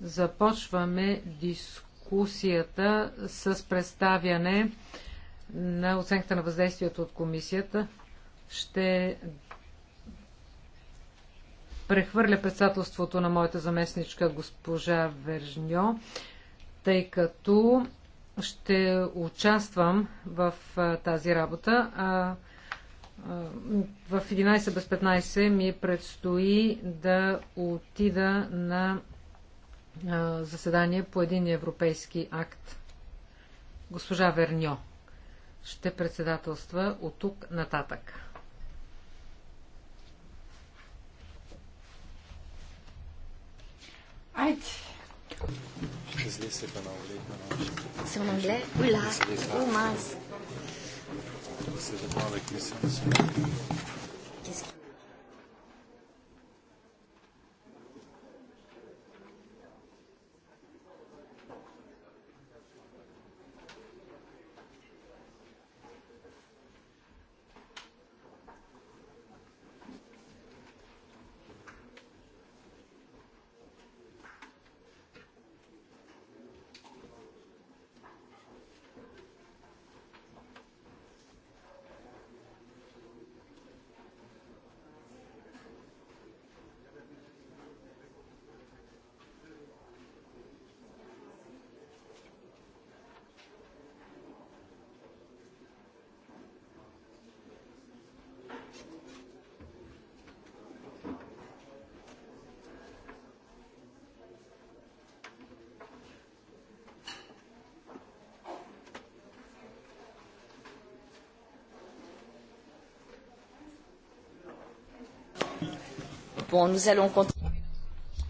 Започваме дискусията с представяне на оценката на въздействието от комисията. Ще прехвърля председателството на моята заместничка госпожа Вержньо, тъй като ще участвам в тази работа. А, в 11 без 15 ми предстои да отида на заседание по един европейски акт. Госпожа Верньо ще председателства от тук нататък. Айде! C'est en anglais Oula, ou mince. C'est avec Mission nationale.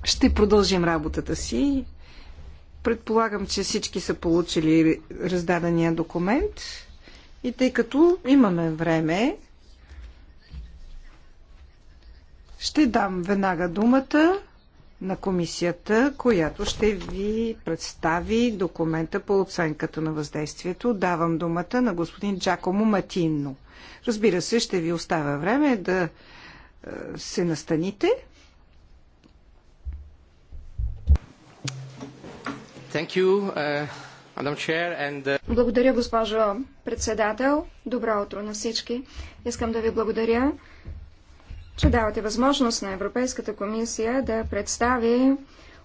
Ще продължим работата си. Предполагам, че всички са получили раздадения документ. И тъй като имаме време, ще дам веднага думата на комисията, която ще ви представи документа по оценката на въздействието. Давам думата на господин Джакомо Матинно. Разбира се, ще ви оставя време да се настаните. Uh, uh, благодаря, госпожо председател. Добро утро на всички. Искам да ви благодаря, че давате възможност на Европейската комисия да представи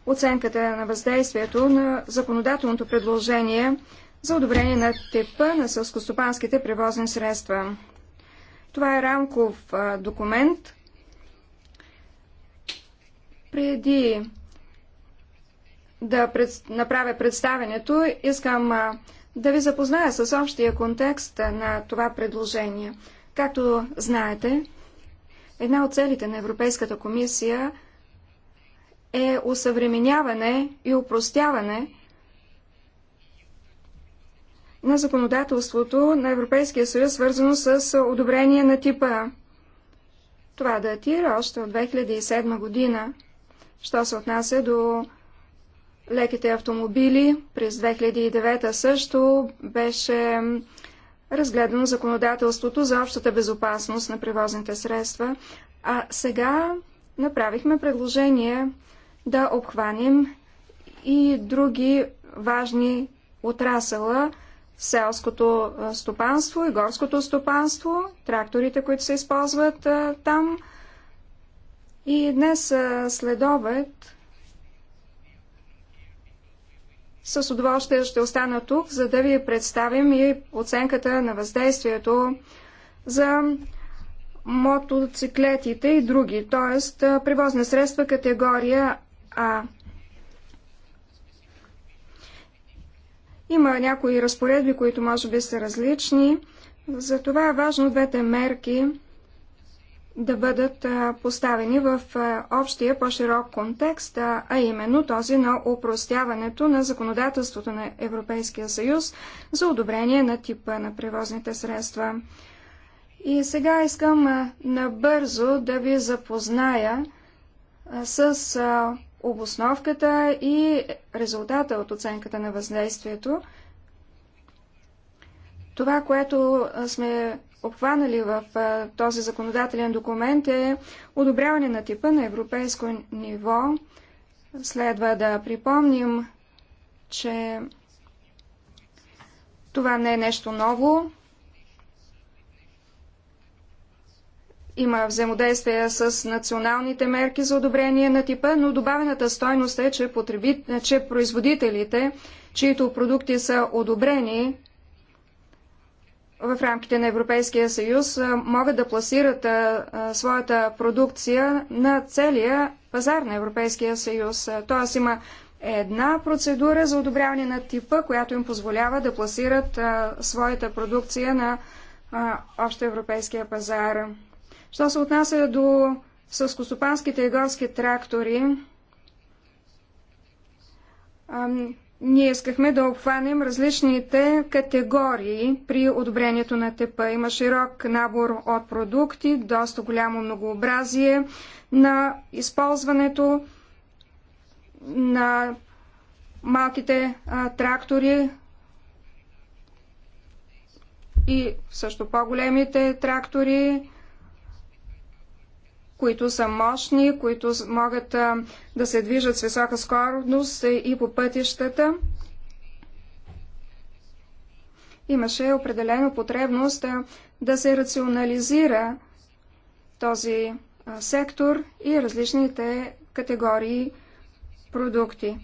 оценката на въздействието на законодателното предложение за одобрение на типа на сълскостопанските превозни средства. Това е рамков документ, преди да пред... направя представенето, искам а, да ви запозная с общия контекст на това предложение. Както знаете, една от целите на Европейската комисия е усъвременяване и упростяване на законодателството на Европейския съюз, свързано с одобрение на типа. Това датира още от 2007 година. Що се отнася до леките автомобили, през 2009 също беше разгледано законодателството за общата безопасност на превозните средства, а сега направихме предложение да обхванем и други важни отрасъла селското стопанство и горското стопанство, тракторите, които се използват там, и днес след обед с удоволствие ще остана тук, за да ви представим и оценката на въздействието за мотоциклетите и други, т.е. превозни средства категория А. Има някои разпоредби, които може би са различни. Затова е важно двете мерки да бъдат поставени в общия по-широк контекст, а именно този на упростяването на законодателството на Европейския съюз за одобрение на типа на превозните средства. И сега искам набързо да ви запозная с обосновката и резултата от оценката на въздействието. Това, което сме обхванали в този законодателен документ е одобряване на типа на европейско ниво. Следва да припомним, че това не е нещо ново. Има взаимодействие с националните мерки за одобрение на типа, но добавената стойност е, че, че производителите, чието продукти са одобрени, в рамките на Европейския съюз могат да пласират своята продукция на целия пазар на Европейския съюз. Тоест има една процедура за одобряване на типа, която им позволява да пласират своята продукция на общо европейския пазар. Що се отнася до съскостопанските и горски трактори, ние искахме да обхванем различните категории при одобрението на ТП. Има широк набор от продукти, доста голямо многообразие на използването на малките а, трактори и също по-големите трактори, които са мощни, които могат да се движат с висока скорост и по пътищата. Имаше определена потребност да се рационализира този сектор и различните категории продукти.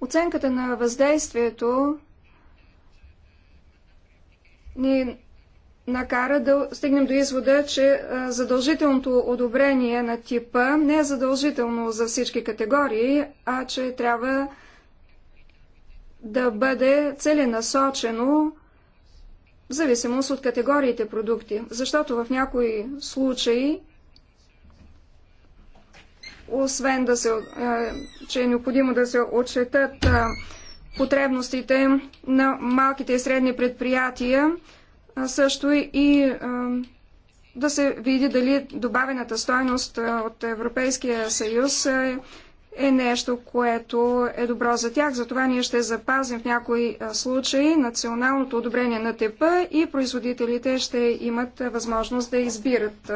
Оценката на въздействието ни накара да стигнем до извода, че задължителното одобрение на типа не е задължително за всички категории, а че трябва да бъде целенасочено в зависимост от категориите продукти. Защото в някои случаи, освен да се, че е необходимо да се отчетат потребностите на малките и средни предприятия, също и да се види дали добавената стойност от Европейския съюз е нещо, което е добро за тях. Затова ние ще запазим в някои случаи националното одобрение на тепа и производителите ще имат възможност да избират.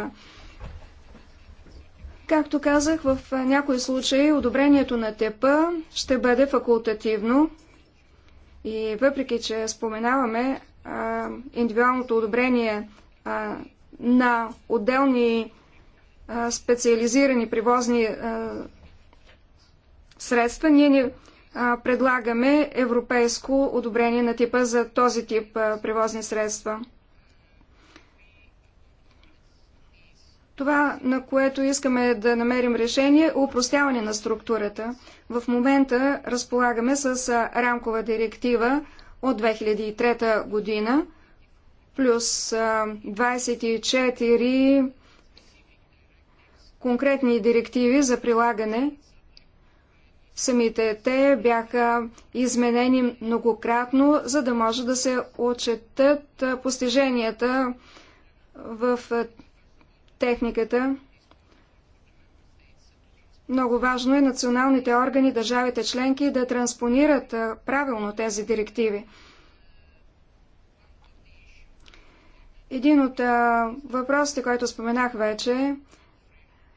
Както казах, в някои случаи одобрението на тепа ще бъде факултативно. И въпреки, че споменаваме индивидуалното одобрение на отделни специализирани привозни средства, ние не предлагаме европейско одобрение на типа за този тип привозни средства. Това, на което искаме да намерим решение, е упростяване на структурата. В момента разполагаме с рамкова директива от 2003 година, плюс 24 конкретни директиви за прилагане. Самите те бяха изменени многократно, за да може да се отчетат постиженията в техниката много важно е националните органи, държавите членки да транспонират правилно тези директиви. Един от въпросите, който споменах вече,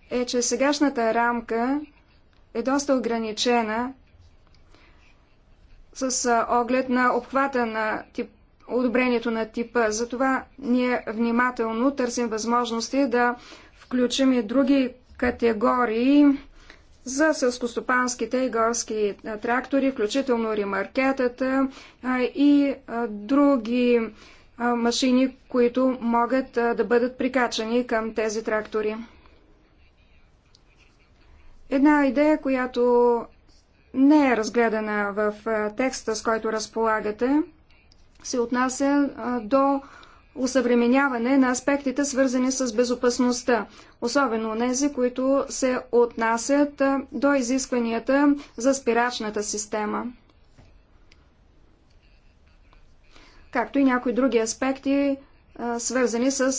е, че сегашната рамка е доста ограничена с оглед на обхвата на тип, одобрението на типа. Затова ние внимателно търсим възможности да включим и други категории за селскостопанските и горски трактори, включително ремаркетата и други машини, които могат да бъдат прикачани към тези трактори. Една идея, която не е разгледана в текста, с който разполагате, се отнася до усъвременяване на аспектите, свързани с безопасността, особено тези, които се отнасят до изискванията за спирачната система. Както и някои други аспекти, свързани с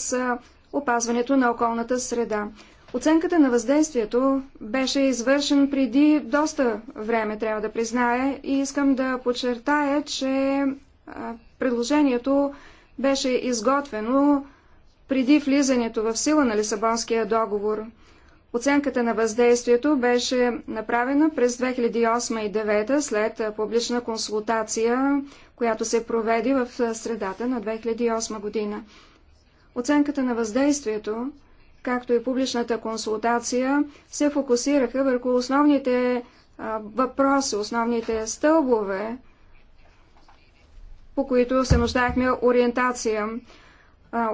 опазването на околната среда. Оценката на въздействието беше извършен преди доста време, трябва да призная, и искам да подчертая, че предложението беше изготвено преди влизането в сила на Лисабонския договор. Оценката на въздействието беше направена през 2008 и 2009 след публична консултация, която се проведе в средата на 2008 година. Оценката на въздействието, както и публичната консултация, се фокусираха върху основните въпроси, основните стълбове по които се нуждаехме ориентация.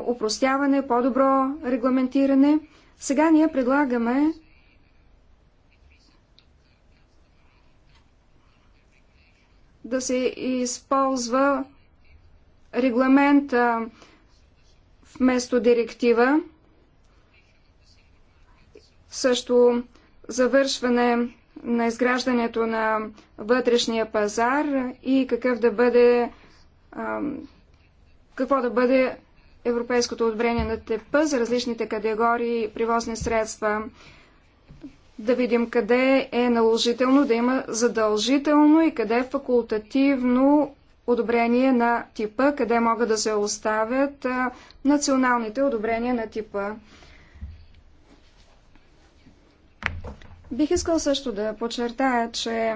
упростяване, по-добро регламентиране. Сега ние предлагаме да се използва регламент вместо директива. Също завършване на изграждането на вътрешния пазар и какъв да бъде какво да бъде европейското одобрение на ТЕПА за различните категории привозни средства. Да видим къде е наложително да има задължително и къде е факултативно одобрение на типа, къде могат да се оставят националните одобрения на типа. Бих искал също да подчертая, че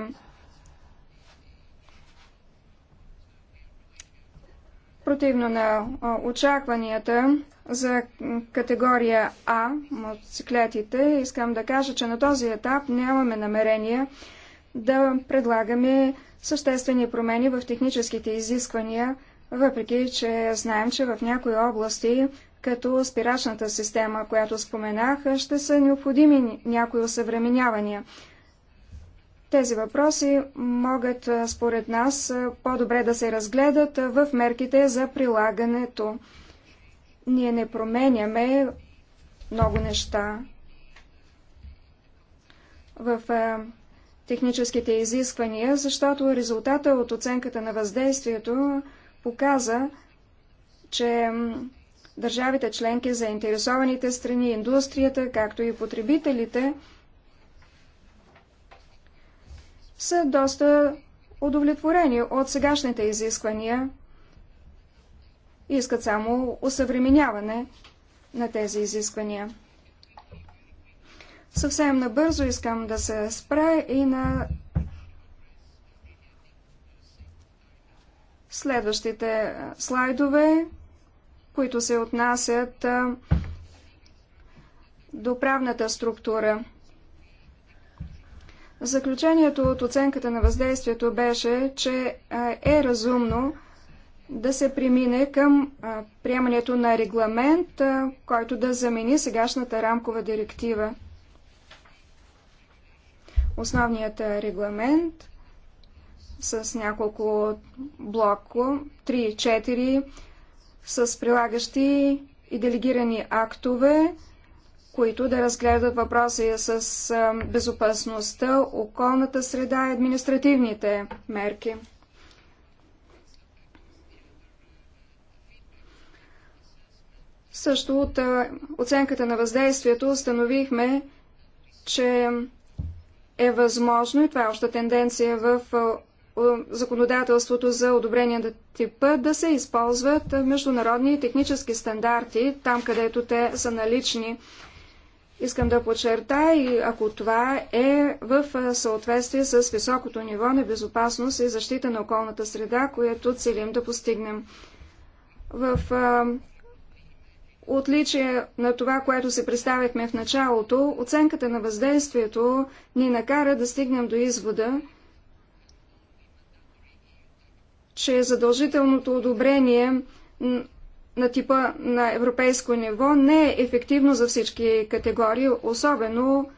Противно на очакванията за категория А, мотоциклетите, искам да кажа, че на този етап нямаме намерение да предлагаме съществени промени в техническите изисквания, въпреки че знаем, че в някои области, като спирачната система, която споменах, ще са необходими някои осъвременявания. Тези въпроси могат, според нас, по-добре да се разгледат в мерките за прилагането. Ние не променяме много неща. В техническите изисквания, защото резултата от оценката на въздействието показа, че държавите членки, заинтересованите страни, индустрията, както и потребителите – са доста удовлетворени от сегашните изисквания и искат само усъвременяване на тези изисквания. Съвсем набързо искам да се спра и на следващите слайдове, които се отнасят до правната структура. Заключението от оценката на въздействието беше, че е разумно да се премине към приемането на регламент, който да замени сегашната рамкова директива. Основният регламент с няколко блоко, 3 4, с прилагащи и делегирани актове, които да разгледат въпроси с безопасността, околната среда и административните мерки. Също от оценката на въздействието установихме, че е възможно, и това е още тенденция в законодателството за одобрение на типа, да се използват международни технически стандарти, там където те са налични. Искам да подчертая, и ако това е в съответствие с високото ниво на безопасност и защита на околната среда, което целим да постигнем. В а, отличие на това, което се представихме в началото, оценката на въздействието ни накара да стигнем до извода, че задължителното одобрение на типа на европейско ниво не е ефективно за всички категории, особено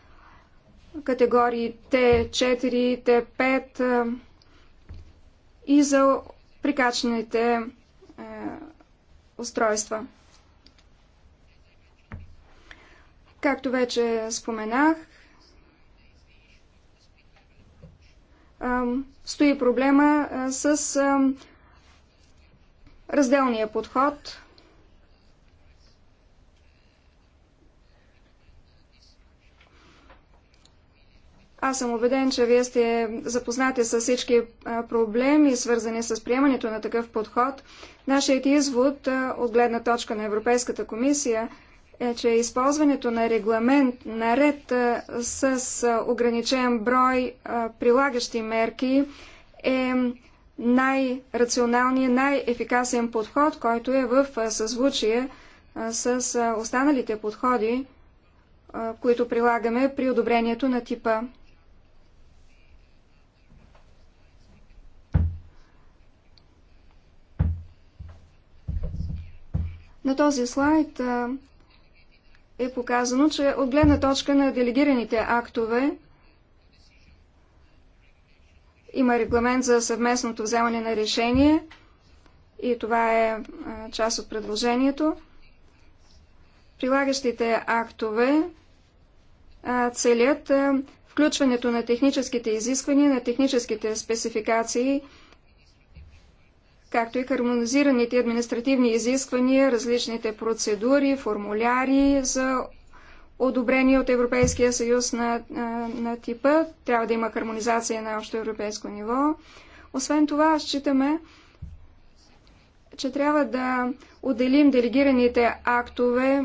категории т 4, Т5 и за прикачаните е, устройства. Както вече споменах, стои проблема с разделния подход Аз съм убеден, че вие сте запознати с всички проблеми, свързани с приемането на такъв подход. Нашият извод от гледна точка на Европейската комисия е, че използването на регламент наред с ограничен брой прилагащи мерки е най-рационалният, най-ефикасен подход, който е в съзвучие с останалите подходи, които прилагаме при одобрението на типа. На този слайд е показано, че от гледна точка на делегираните актове има регламент за съвместното вземане на решение и това е част от предложението. Прилагащите актове целят включването на техническите изисквания, на техническите спецификации както и хармонизираните административни изисквания, различните процедури, формуляри за одобрение от Европейския съюз на, на, на типа. Трябва да има хармонизация на общо европейско ниво. Освен това, считаме, че трябва да отделим делегираните актове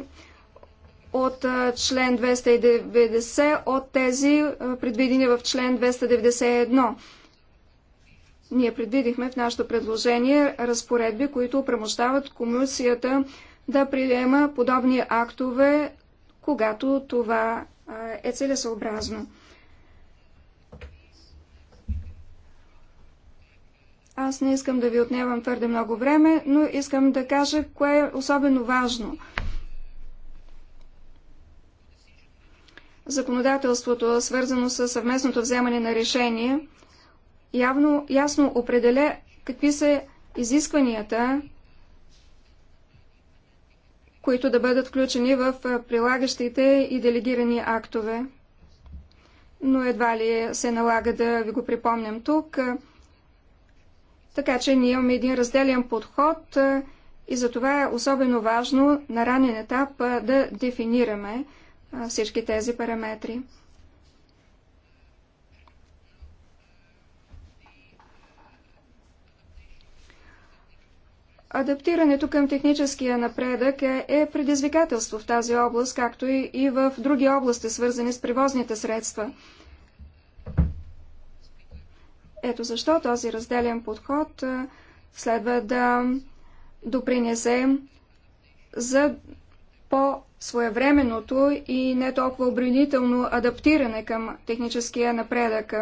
от член 290 от тези предвидени в член 291. Ние предвидихме в нашето предложение разпоредби, които упрамощават комисията да приема подобни актове, когато това е целесообразно. Аз не искам да ви отнемам твърде много време, но искам да кажа кое е особено важно. Законодателството, свързано с съвместното вземане на решение, явно, ясно определя какви са изискванията, които да бъдат включени в прилагащите и делегирани актове. Но едва ли се налага да ви го припомням тук. Така че ние имаме един разделен подход и за това е особено важно на ранен етап да дефинираме всички тези параметри. Адаптирането към техническия напредък е, е предизвикателство в тази област, както и в други области, свързани с превозните средства. Ето защо този разделен подход следва да допринесе за по-своевременното и не толкова обренително адаптиране към техническия напредък.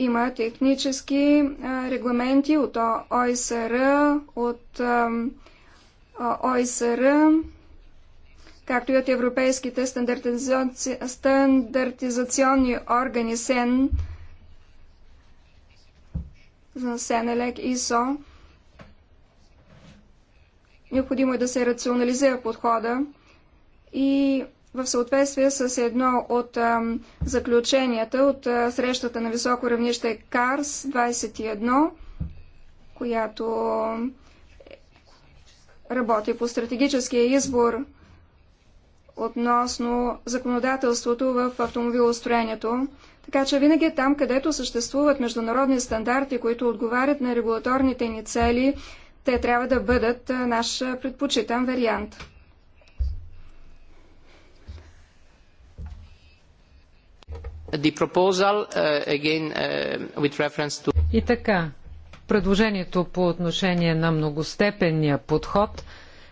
Има технически регламенти от ОСР, от ОСР, както и от европейските стандартизаци... стандартизационни органи СЕН, СЕНЕЛЕК, ИСО. Необходимо е да се рационализира подхода и в съответствие с едно от а, заключенията от а, срещата на високо равнище КАРС 21, която работи по стратегическия избор относно законодателството в автомобилостроението. Така че винаги е там, където съществуват международни стандарти, които отговарят на регулаторните ни цели, те трябва да бъдат наш предпочитан вариант. Proposal, uh, again, uh, to... И така, предложението по отношение на многостепенния подход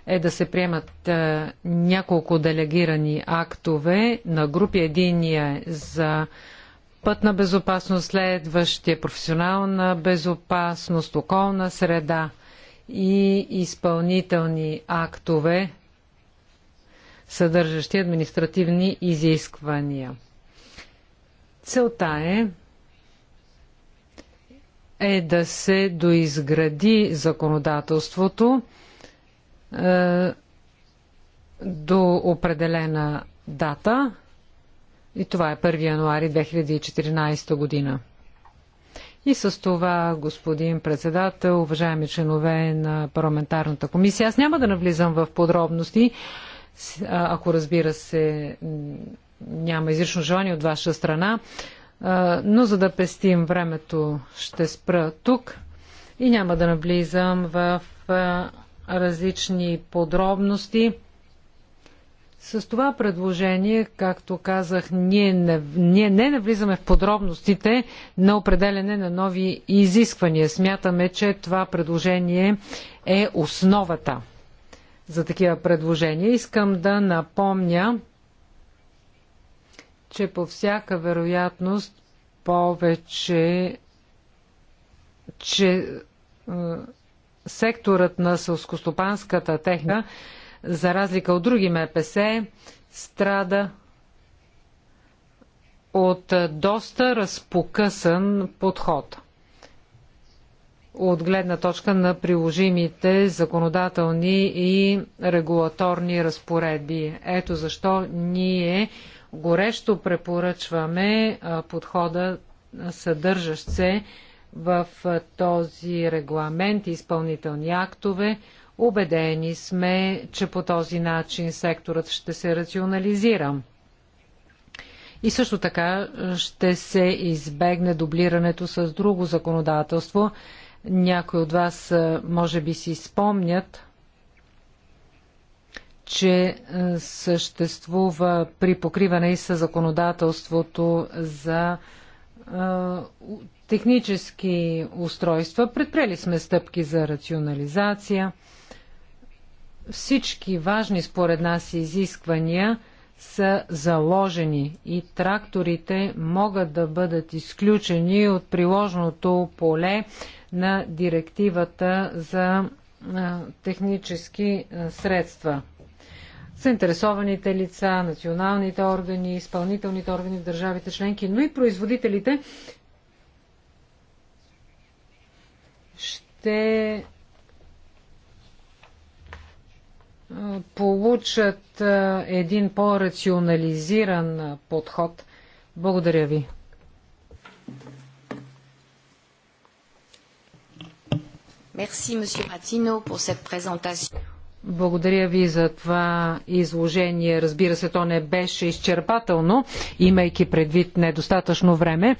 е да се приемат е, няколко делегирани актове на групи. Единия е за пътна безопасност, следващия е професионална безопасност, околна среда и изпълнителни актове, съдържащи административни изисквания. Целта е е да се доизгради законодателството е, до определена дата и това е 1 януари 2014 година. И с това, господин председател, уважаеми членове на парламентарната комисия, аз няма да навлизам в подробности, ако разбира се няма изрично желание от ваша страна, но за да пестим времето ще спра тук и няма да навлизам в различни подробности. С това предложение, както казах, ние не, ние не навлизаме в подробностите на определене на нови изисквания. Смятаме, че това предложение е основата за такива предложения. Искам да напомня, че по всяка вероятност повече, че секторът на сълскостопанската техника, за разлика от други МПС, страда от доста разпокъсан подход от гледна точка на приложимите законодателни и регулаторни разпоредби. Ето защо ние Горещо препоръчваме подхода, съдържащ се в този регламент и изпълнителни актове. Убедени сме, че по този начин секторът ще се рационализира. И също така ще се избегне дублирането с друго законодателство. Някои от вас може би си спомнят, че е, съществува при покриване и със законодателството за е, технически устройства. Предприели сме стъпки за рационализация. Всички важни според нас изисквания са заложени и тракторите могат да бъдат изключени от приложното поле на директивата за е, технически средства заинтересованите лица, националните органи, изпълнителните органи в държавите членки, но и производителите ще получат един по-рационализиран подход. Благодаря ви. Merci, Monsieur Patino, pour cette présentation. Благодаря ви за това изложение. Разбира се, то не беше изчерпателно, имайки предвид недостатъчно време.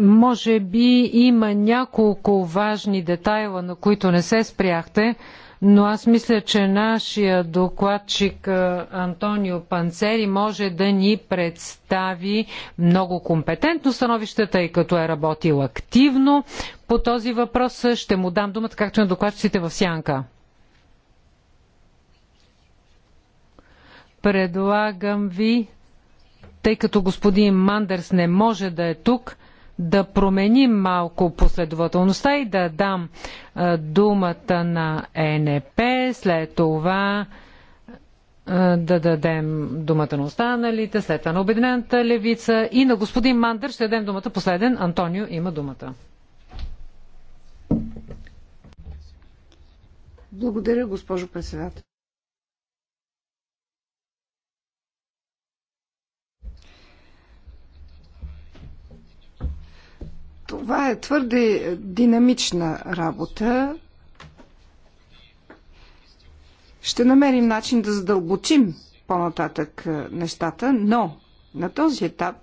Може би има няколко важни детайла, на които не се спряхте, но аз мисля, че нашия докладчик Антонио Панцери може да ни представи много компетентно становище, тъй като е работил активно по този въпрос. Ще му дам думата, както на докладчиците в Сянка. Предлагам ви, тъй като господин Мандърс не може да е тук, да променим малко последователността и да дам думата на ЕНП, след това да дадем думата на останалите, след това на Обединената левица и на господин Мандър ще дадем думата последен. Антонио има думата. Благодаря, госпожо председател. Това е твърде динамична работа. Ще намерим начин да задълбочим по-нататък е, нещата, но на този етап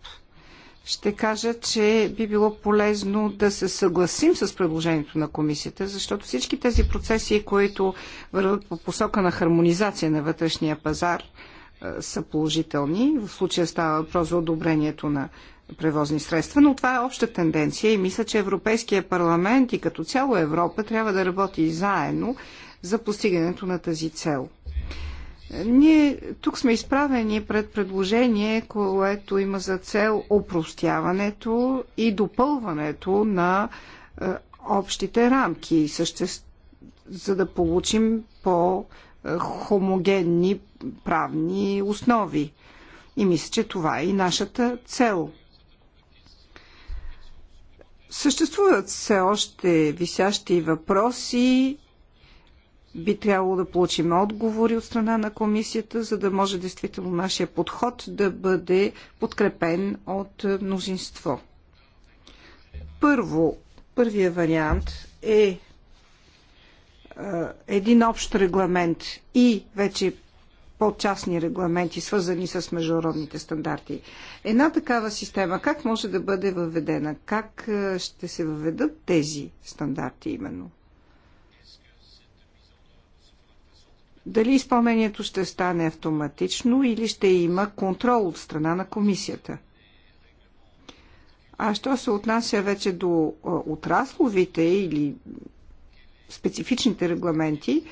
ще кажа, че би било полезно да се съгласим с предложението на комисията, защото всички тези процеси, които върват по посока на хармонизация на вътрешния пазар, е, са положителни. В случая става въпрос за одобрението на превозни средства, но това е обща тенденция и мисля, че Европейския парламент и като цяло Европа трябва да работи заедно за постигането на тази цел. Ние тук сме изправени пред предложение, което има за цел опростяването и допълването на е, общите рамки, за да получим по-хомогенни правни основи. И мисля, че това е и нашата цел – Съществуват все още висящи въпроси. Би трябвало да получим отговори от страна на комисията, за да може действително нашия подход да бъде подкрепен от мнозинство. Първо, първия вариант е един общ регламент и вече по-частни регламенти, свързани с международните стандарти. Една такава система как може да бъде въведена? Как е, ще се въведат тези стандарти именно? Дали изпълнението ще стане автоматично или ще има контрол от страна на комисията? А що се отнася вече до е, отрасловите или специфичните регламенти,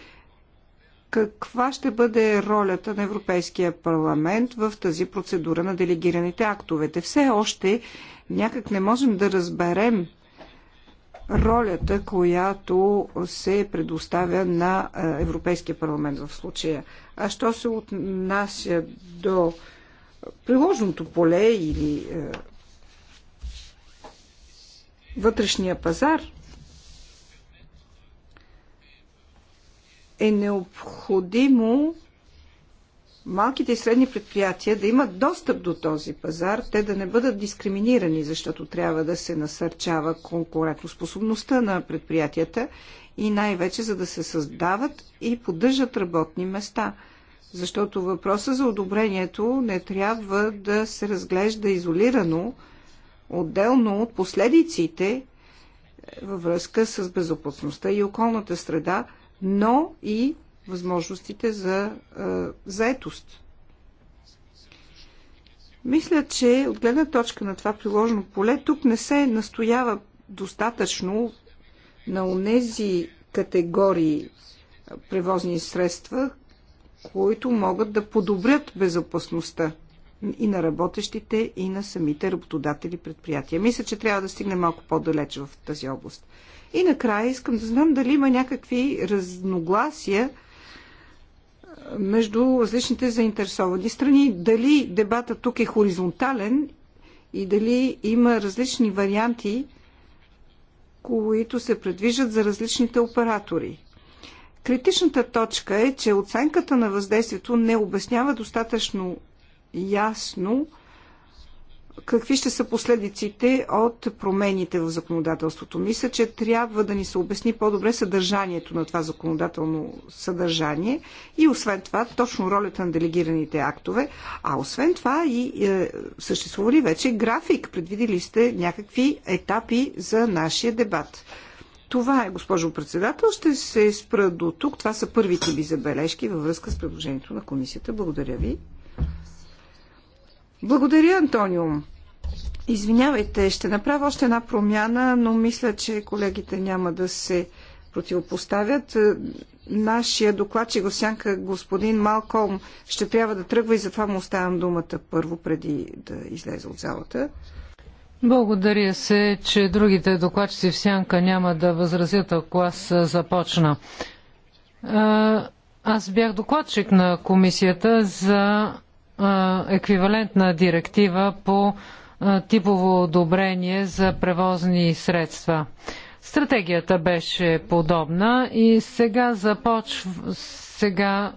каква ще бъде ролята на Европейския парламент в тази процедура на делегираните актовете. Все още някак не можем да разберем ролята, която се предоставя на е, Европейския парламент в случая. А що се отнася до приложното поле или е, вътрешния пазар, е необходимо малките и средни предприятия да имат достъп до този пазар, те да не бъдат дискриминирани, защото трябва да се насърчава конкурентоспособността на предприятията и най-вече за да се създават и поддържат работни места. Защото въпроса за одобрението не трябва да се разглежда изолирано, отделно от последиците във връзка с безопасността и околната среда – но и възможностите за а, заетост. Мисля, че от гледна точка на това приложено поле, тук не се настоява достатъчно на онези категории превозни средства, които могат да подобрят безопасността и на работещите, и на самите работодатели предприятия. Мисля, че трябва да стигне малко по-далеч в тази област. И накрая искам да знам дали има някакви разногласия между различните заинтересовани страни. Дали дебатът тук е хоризонтален и дали има различни варианти, които се предвижат за различните оператори. Критичната точка е, че оценката на въздействието не обяснява достатъчно ясно какви ще са последиците от промените в законодателството. Мисля, че трябва да ни се обясни по-добре съдържанието на това законодателно съдържание и освен това точно ролята на делегираните актове, а освен това и е, съществува ли вече график, предвидили сте някакви етапи за нашия дебат. Това е, госпожо председател. Ще се спра до тук. Това са първите ми забележки във връзка с предложението на комисията. Благодаря ви. Благодаря, Антонио. Извинявайте, ще направя още една промяна, но мисля, че колегите няма да се противопоставят. Нашия докладчик Госянка, господин Малком, ще трябва да тръгва и затова му оставям думата първо, преди да излезе от залата. Благодаря се, че другите докладчици в Сянка няма да възразят, ако аз започна. Аз бях докладчик на комисията за еквивалентна директива по типово одобрение за превозни средства. Стратегията беше подобна и сега започва сега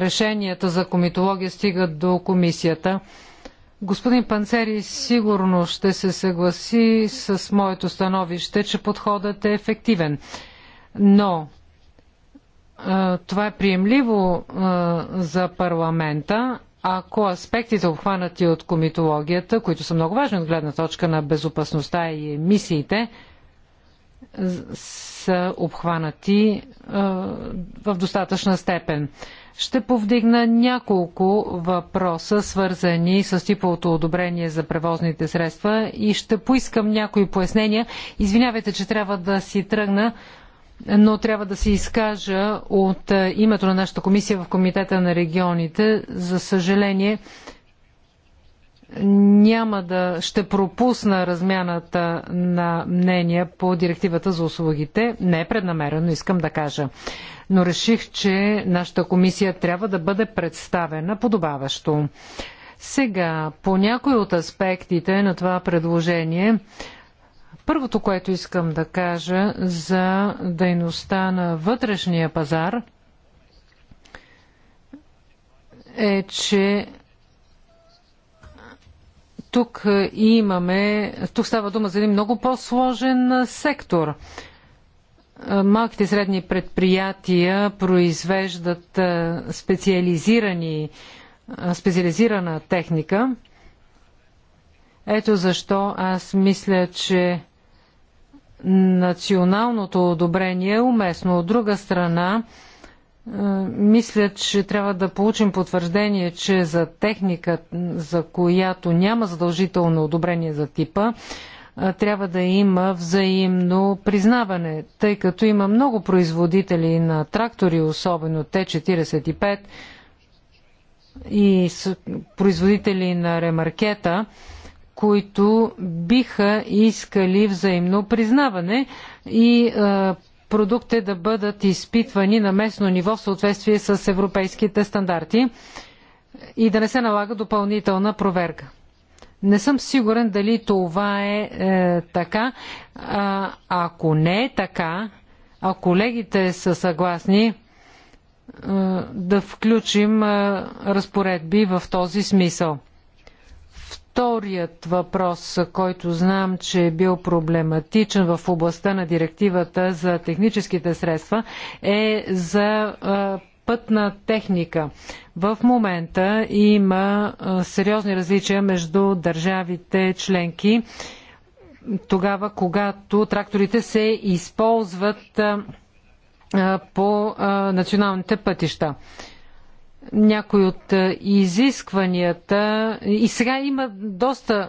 решенията за комитология стигат до комисията. Господин Панцери сигурно ще се съгласи с моето становище, че подходът е ефективен. Но това е приемливо за парламента, ако аспектите обхванати от комитологията, които са много важни от гледна точка на безопасността и емисиите, са обхванати в достатъчна степен. Ще повдигна няколко въпроса, свързани с типовото одобрение за превозните средства и ще поискам някои пояснения. Извинявайте, че трябва да си тръгна но трябва да се изкажа от е, името на нашата комисия в Комитета на регионите. За съжаление, няма да ще пропусна размяната на мнения по директивата за услугите. Не е преднамерено, искам да кажа. Но реших, че нашата комисия трябва да бъде представена подобаващо. Сега, по някои от аспектите на това предложение, Първото, което искам да кажа за дейността на вътрешния пазар е, че тук имаме, тук става дума за един много по-сложен сектор. Малките и средни предприятия произвеждат специализирани, специализирана техника – ето защо аз мисля, че националното одобрение е уместно. От друга страна, е, мисля, че трябва да получим потвърждение, че за техника, за която няма задължително одобрение за типа, е, трябва да има взаимно признаване, тъй като има много производители на трактори, особено Т-45 и производители на ремаркета, които биха искали взаимно признаване и продукти да бъдат изпитвани на местно ниво в съответствие с европейските стандарти и да не се налага допълнителна проверка. Не съм сигурен дали това е, е така. А, ако не е така, а колегите са съгласни е, да включим е, разпоредби в този смисъл. Вторият въпрос, който знам, че е бил проблематичен в областта на директивата за техническите средства, е за пътна техника. В момента има сериозни различия между държавите членки тогава, когато тракторите се използват по националните пътища някои от е, изискванията. И сега има доста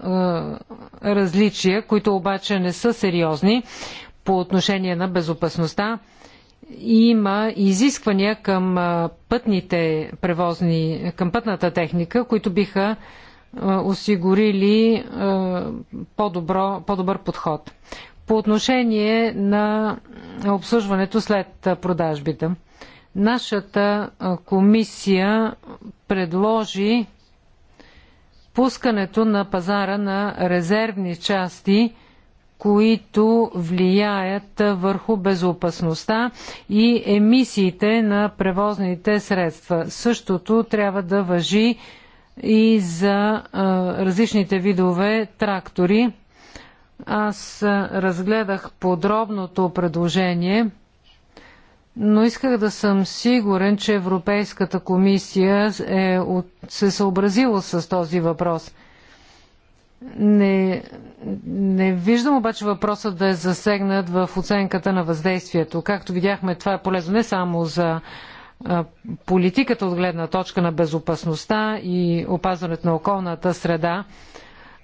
е, различия, които обаче не са сериозни по отношение на безопасността. Има изисквания към е, пътните превозни, към пътната техника, които биха е, осигурили по-добро, по-добър подход. По отношение на обслужването след продажбите. Нашата комисия предложи пускането на пазара на резервни части, които влияят върху безопасността и емисиите на превозните средства. Същото трябва да въжи и за а, различните видове трактори. Аз разгледах подробното предложение но исках да съм сигурен, че Европейската комисия е, се съобразила с този въпрос. Не, не виждам обаче въпросът да е засегнат в оценката на въздействието. Както видяхме, това е полезно не само за политиката от гледна точка на безопасността и опазването на околната среда,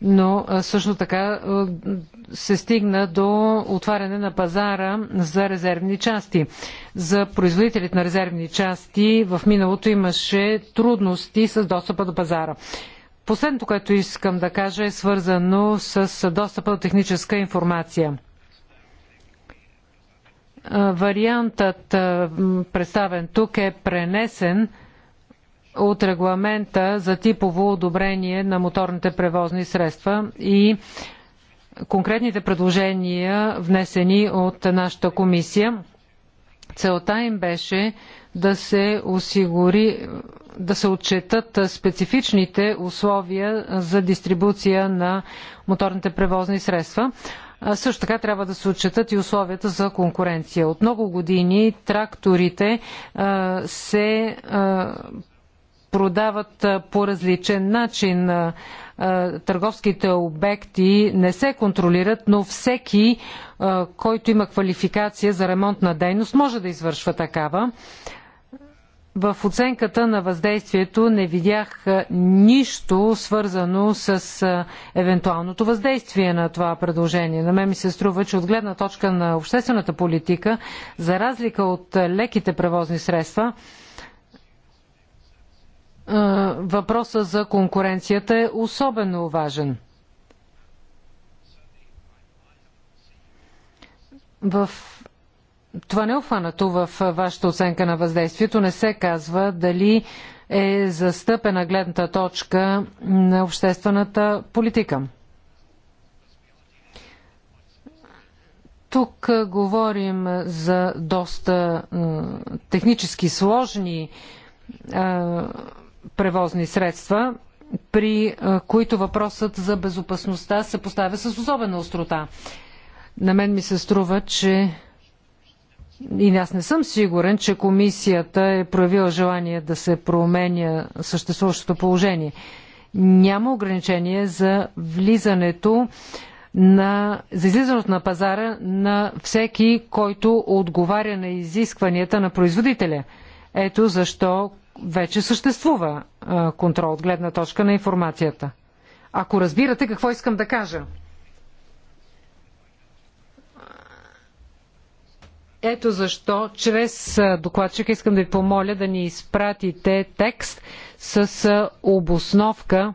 но също така се стигна до отваряне на пазара за резервни части. За производителите на резервни части в миналото имаше трудности с достъпа до пазара. Последното, което искам да кажа, е свързано с достъпа до техническа информация. Вариантът, представен тук, е пренесен от регламента за типово одобрение на моторните превозни средства и конкретните предложения, внесени от нашата комисия. Целта им беше да се осигури да се отчетат специфичните условия за дистрибуция на моторните превозни средства. Също така трябва да се отчетат и условията за конкуренция. От много години тракторите се продават по различен начин. Търговските обекти не се контролират, но всеки, който има квалификация за ремонтна дейност, може да извършва такава. В оценката на въздействието не видях нищо свързано с евентуалното въздействие на това предложение. На мен ми се струва, че от гледна точка на обществената политика, за разлика от леките превозни средства, въпроса за конкуренцията е особено важен. В... Това не е офанато в вашата оценка на въздействието. Не се казва дали е застъпена гледната точка на обществената политика. Тук говорим за доста технически сложни превозни средства, при които въпросът за безопасността се поставя с особена острота. На мен ми се струва, че и аз не съм сигурен, че комисията е проявила желание да се променя съществуващото положение. Няма ограничение за влизането на, за излизането на пазара на всеки, който отговаря на изискванията на производителя. Ето защо вече съществува а, контрол от гледна точка на информацията. Ако разбирате какво искам да кажа. Ето защо, чрез докладчика искам да ви помоля да ни изпратите текст с обосновка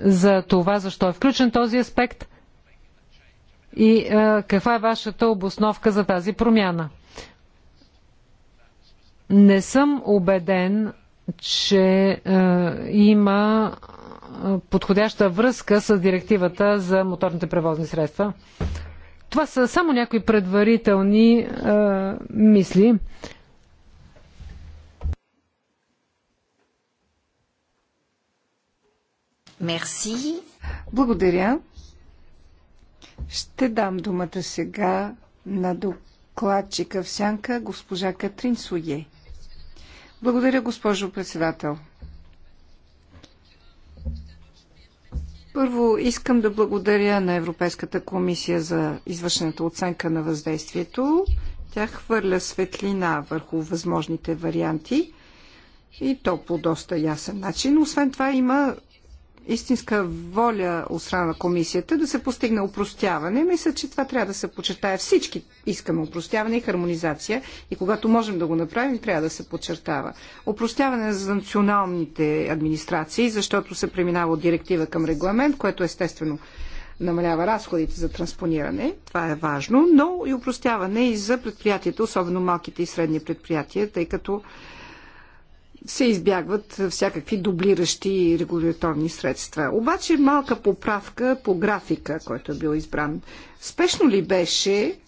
за това, защо е включен този аспект и а, каква е вашата обосновка за тази промяна. Не съм убеден че е, има е, подходяща връзка с директивата за моторните превозни средства. Това са само някои предварителни е, мисли. Мерси. Благодаря. Ще дам думата сега на докладчика в сянка госпожа Катрин Суе. Благодаря, госпожо председател. Първо искам да благодаря на Европейската комисия за извършената оценка на въздействието. Тя хвърля светлина върху възможните варианти и то по доста ясен начин. Освен това има истинска воля от страна на комисията да се постигне упростяване. Мисля, че това трябва да се почертае. Всички искаме упростяване и хармонизация и когато можем да го направим, трябва да се подчертава. Упростяване за националните администрации, защото се преминава от директива към регламент, което естествено намалява разходите за транспониране. Това е важно, но и упростяване и за предприятията, особено малките и средни предприятия, тъй като се избягват всякакви дублиращи регуляторни средства. Обаче малка поправка по графика, който е бил избран. Спешно ли беше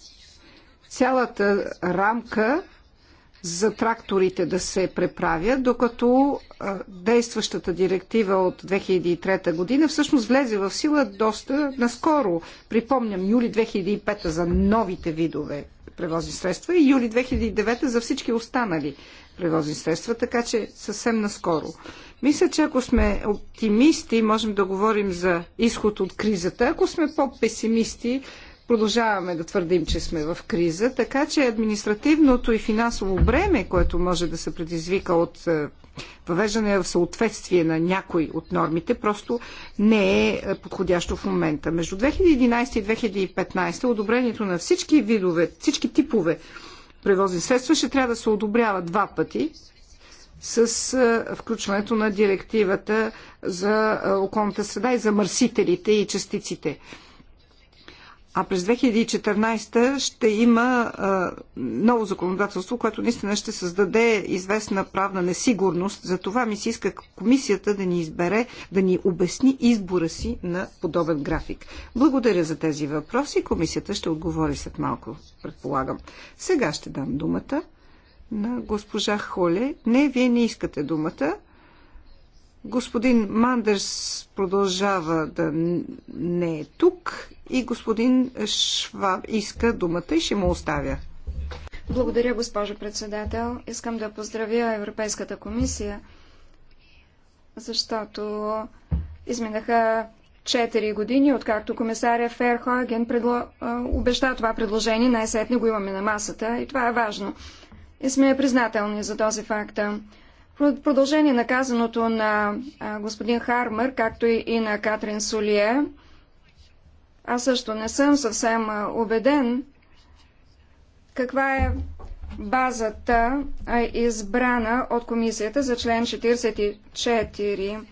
цялата рамка за тракторите да се преправя, докато действащата директива от 2003 година всъщност влезе в сила доста наскоро. Припомням, юли 2005 за новите видове превозни средства и юли 2009 за всички останали превозни средства, така че съвсем наскоро. Мисля, че ако сме оптимисти, можем да говорим за изход от кризата. Ако сме по-песимисти, продължаваме да твърдим, че сме в криза. Така че административното и финансово бреме, което може да се предизвика от е, въвеждане в съответствие на някой от нормите, просто не е подходящо в момента. Между 2011 и 2015 одобрението на всички видове, всички типове превозни средства ще трябва да се одобрява два пъти с включването на директивата за околната среда и за мърсителите и частиците. А през 2014 ще има а, ново законодателство, което наистина ще създаде известна правна несигурност. За това ми се иска комисията да ни избере, да ни обясни избора си на подобен график. Благодаря за тези въпроси. Комисията ще отговори след малко, предполагам. Сега ще дам думата на госпожа Холе. Не, вие не искате думата. Господин Мандерс продължава да не е тук и господин Шваб иска думата и ще му оставя. Благодаря, госпожо председател. Искам да поздравя Европейската комисия, защото изминаха 4 години, откакто комисаря Ферхоген предло... обеща това предложение, най-сетне го имаме на масата и това е важно. И сме признателни за този факт. Продължение на казаното на господин Хармър, както и на Катрин Солие, аз също не съм съвсем убеден каква е базата, избрана от комисията за член 44.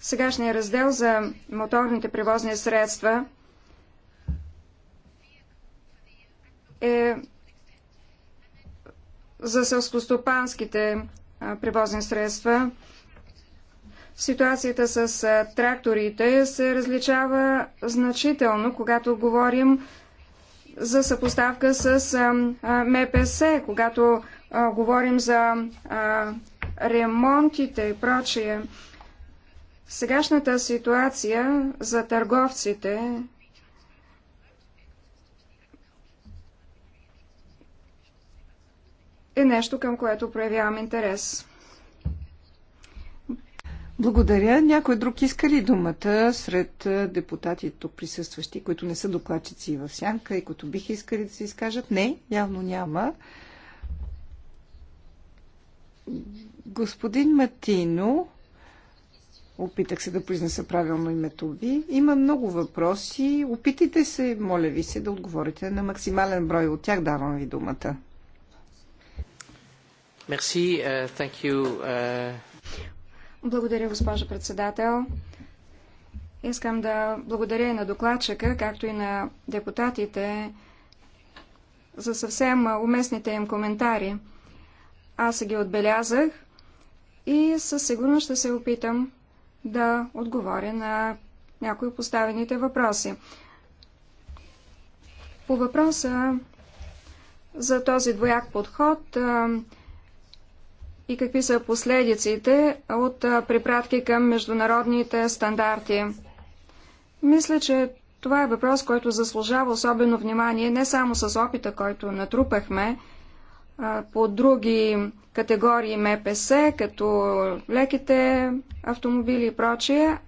Сегашния раздел за моторните превозни средства е за селскостопанските превозни средства. Ситуацията с тракторите се различава значително, когато говорим за съпоставка с МПС, когато говорим за ремонтите и прочие. Сегашната ситуация за търговците е нещо, към което проявявам интерес. Благодаря. Някой друг иска ли думата сред депутатите тук присъстващи, които не са докладчици в сянка и които биха искали да се изкажат? Не, явно няма. Господин Матино, опитах се да произнеса правилно името ви. Има много въпроси. Опитайте се, моля ви се, да отговорите на максимален брой от тях. Давам ви думата. Merci, uh, thank you, uh... Благодаря, госпожо председател. Искам да благодаря и на докладчика, както и на депутатите за съвсем уместните им коментари. Аз ги отбелязах и със сигурност ще се опитам да отговоря на някои поставените въпроси. По въпроса за този двояк подход, и какви са последиците от препратки към международните стандарти. Мисля, че това е въпрос, който заслужава особено внимание не само с опита, който натрупахме а, по други категории МПС, като леките автомобили и прочие,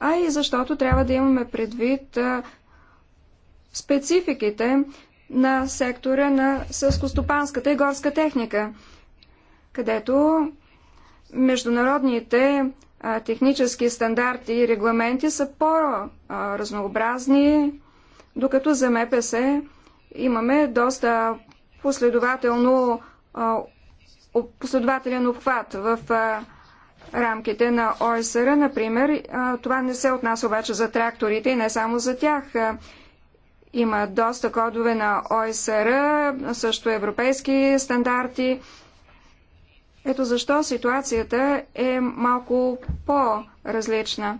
а и защото трябва да имаме предвид а, спецификите на сектора на сълскостопанската и горска техника – където международните технически стандарти и регламенти са по-разнообразни, докато за МПС имаме доста последователно, последователен обхват в рамките на ОСР, например. Това не се отнася обаче за тракторите и не само за тях. Има доста кодове на ОСР, също европейски стандарти, ето защо ситуацията е малко по-различна.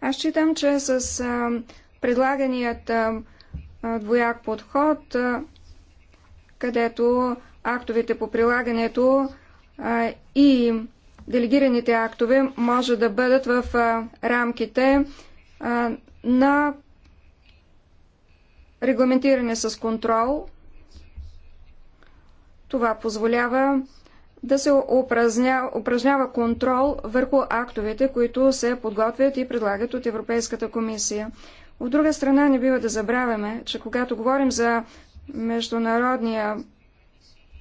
Аз считам, че с а, предлаганият а, двояк подход, а, където актовете по прилагането а, и делегираните актове може да бъдат в а, рамките а, на регламентиране с контрол това позволява да се упражня, упражнява контрол върху актовете, които се подготвят и предлагат от Европейската комисия. От друга страна не бива да забравяме, че когато говорим за международния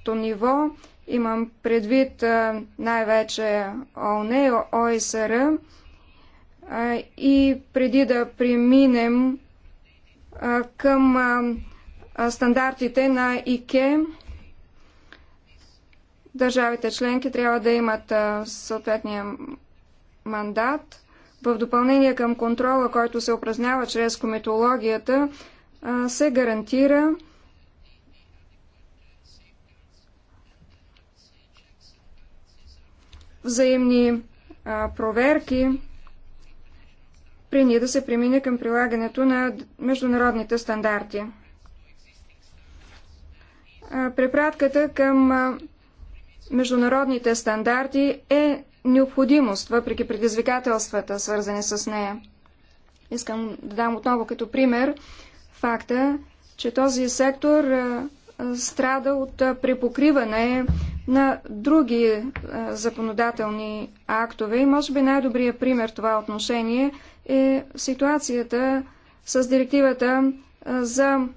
то ниво, имам предвид най-вече ОНЕ, ОСР и преди да преминем към стандартите на ИКЕ, Държавите членки трябва да имат съответния мандат. В допълнение към контрола, който се упражнява чрез кометологията, се гарантира взаимни проверки, при ние да се премине към прилагането на международните стандарти. Препратката към международните стандарти е необходимост, въпреки предизвикателствата, свързани с нея. Искам да дам отново като пример факта, че този сектор страда от препокриване на други законодателни актове и може би най-добрият пример това отношение е ситуацията с директивата за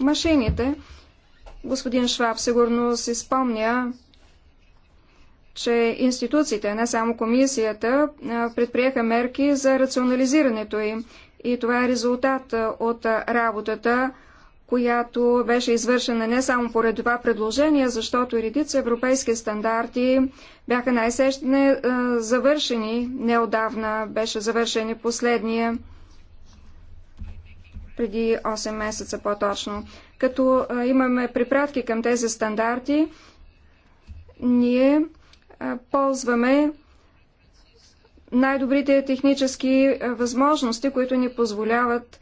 машините, Господин Шваб сигурно си спомня, че институциите, не само комисията, предприеха мерки за рационализирането им. И това е резултат от работата, която беше извършена не само поред това предложение, защото редица европейски стандарти бяха най-сещане завършени. Неодавна беше завършени последния преди 8 месеца по-точно като имаме препратки към тези стандарти, ние ползваме най-добрите технически възможности, които ни позволяват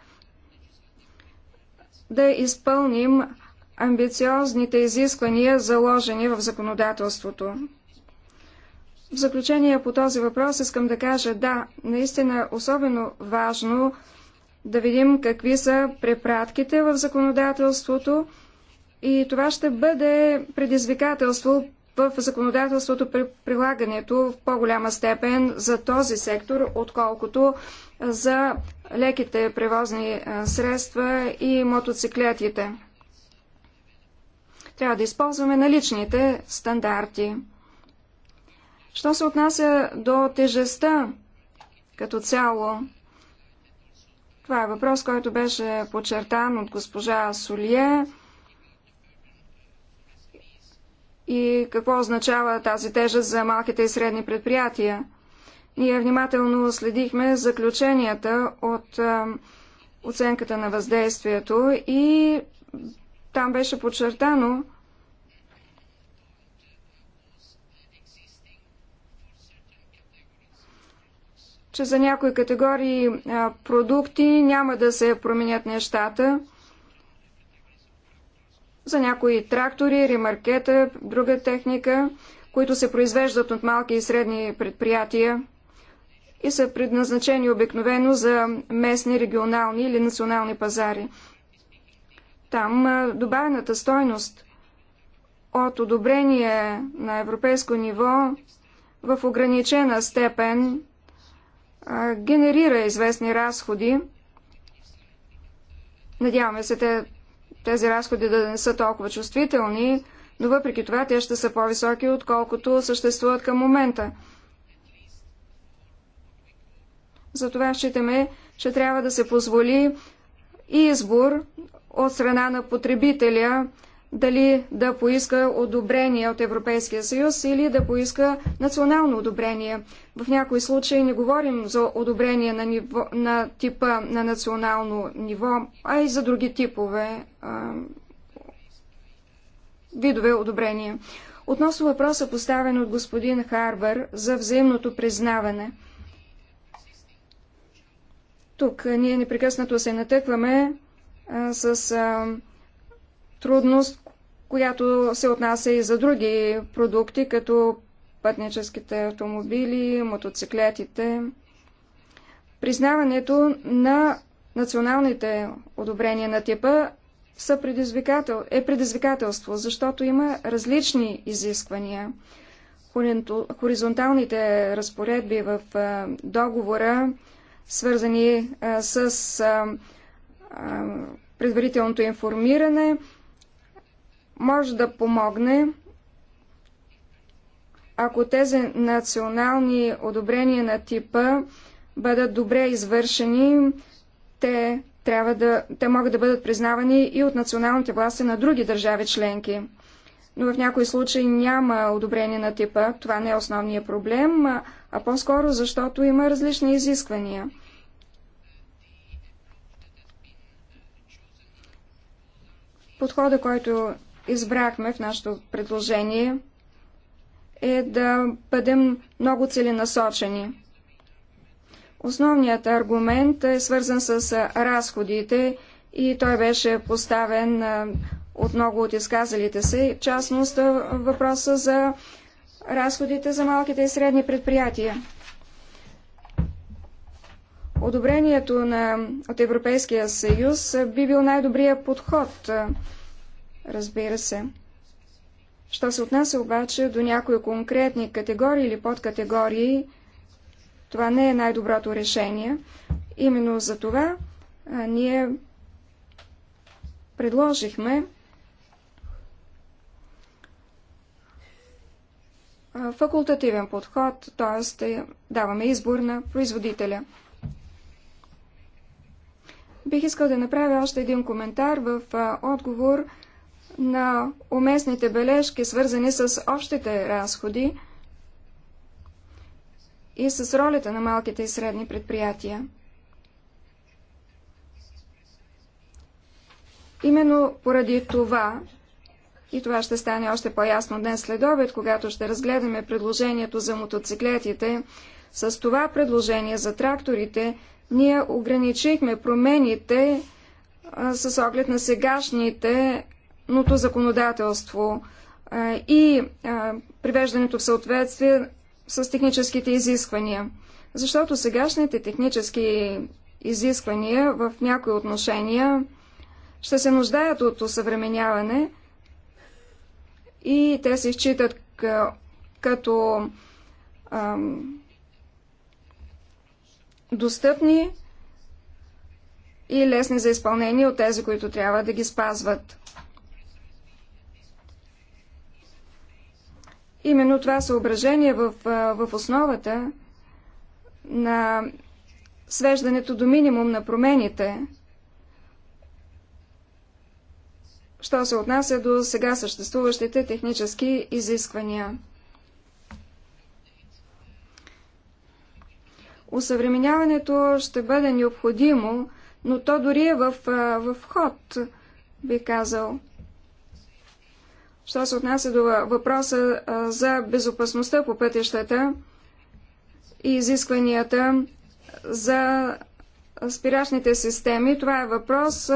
да изпълним амбициозните изисквания, заложени в законодателството. В заключение по този въпрос искам да кажа да, наистина особено важно да видим какви са препратките в законодателството и това ще бъде предизвикателство в законодателството при прилагането в по-голяма степен за този сектор, отколкото за леките превозни средства и мотоциклетите. Трябва да използваме наличните стандарти. Що се отнася до тежестта като цяло, това е въпрос, който беше подчертан от госпожа Солие. И какво означава тази тежест за малките и средни предприятия? Ние внимателно следихме заключенията от оценката на въздействието и там беше подчертано, че за някои категории продукти няма да се променят нещата. За някои трактори, ремаркета, друга техника, които се произвеждат от малки и средни предприятия и са предназначени обикновено за местни, регионални или национални пазари. Там добавената стойност от одобрение на европейско ниво в ограничена степен генерира известни разходи. Надяваме се те, тези разходи да не са толкова чувствителни, но въпреки това те ще са по-високи, отколкото съществуват към момента. Затова считаме, че трябва да се позволи и избор от страна на потребителя дали да поиска одобрение от Европейския съюз или да поиска национално одобрение. В някои случаи не говорим за одобрение на, ниво, на типа на национално ниво, а и за други типове а, видове одобрения. Относно въпроса поставен от господин Харбър за взаимното признаване. Тук ние непрекъснато се натъкваме а, с а, трудност, която се отнася и за други продукти, като пътническите автомобили, мотоциклетите. Признаването на националните одобрения на типа са предизвикател... е предизвикателство, защото има различни изисквания. Хоризонталните разпоредби в договора, свързани с предварителното информиране, може да помогне, ако тези национални одобрения на типа бъдат добре извършени, те, трябва да, те могат да бъдат признавани и от националните власти на други държави членки. Но в някои случаи няма одобрение на типа. Това не е основният проблем, а, а по-скоро защото има различни изисквания. Подхода, който избрахме в нашето предложение е да бъдем много целенасочени. Основният аргумент е свързан с разходите и той беше поставен от много от изказалите се, в частност въпроса за разходите за малките и средни предприятия. Одобрението на, от Европейския съюз би бил най-добрият подход разбира се. Що се отнася обаче до някои конкретни категории или подкатегории, това не е най-доброто решение. Именно за това а, ние предложихме факултативен подход, т.е. Е, даваме избор на производителя. Бих искал да направя още един коментар в отговор на уместните бележки, свързани с общите разходи и с ролята на малките и средни предприятия. Именно поради това, и това ще стане още по-ясно днес след обед, когато ще разгледаме предложението за мотоциклетите, с това предложение за тракторите ние ограничихме промените а, с оглед на сегашните местното законодателство и привеждането в съответствие с техническите изисквания. Защото сегашните технически изисквания в някои отношения ще се нуждаят от осъвременяване и те се считат като ам, достъпни и лесни за изпълнение от тези, които трябва да ги спазват. Именно това съображение в, в основата на свеждането до минимум на промените, що се отнася до сега съществуващите технически изисквания. Осъвременяването ще бъде необходимо, но то дори е в, в ход, би казал – Що се отнася до въпроса за безопасността по пътищата и изискванията за спирачните системи, това е въпрос,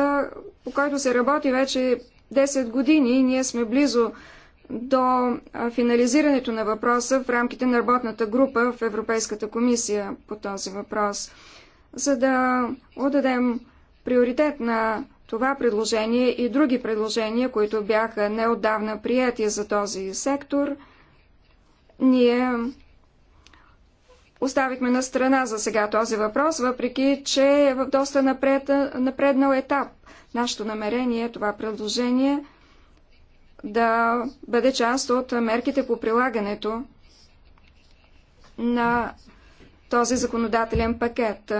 по който се работи вече 10 години. Ние сме близо до финализирането на въпроса в рамките на работната група в Европейската комисия по този въпрос, за да отдадем приоритет на това предложение и други предложения, които бяха неодавна прияти за този сектор, ние оставихме на страна за сега този въпрос, въпреки че е в доста напред, напреднал етап. Нашето намерение е това предложение да бъде част от мерките по прилагането на този законодателен пакет.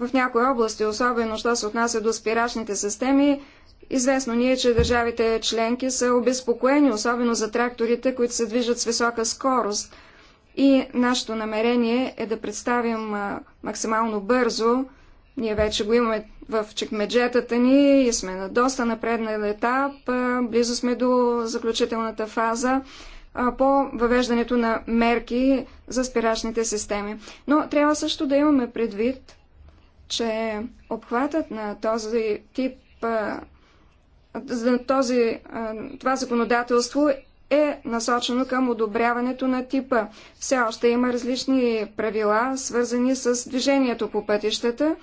В някои области, особено що се отнася до спирачните системи, известно ни е, че държавите членки са обезпокоени, особено за тракторите, които се движат с висока скорост. И нашето намерение е да представим максимално бързо, ние вече го имаме в чекмеджетата ни и сме на доста напреднал етап, близо сме до заключителната фаза по въвеждането на мерки за спирачните системи. Но трябва също да имаме предвид, че обхватът на този тип, за този, това законодателство е насочено към одобряването на типа. Все още има различни правила, свързани с движението по пътищата,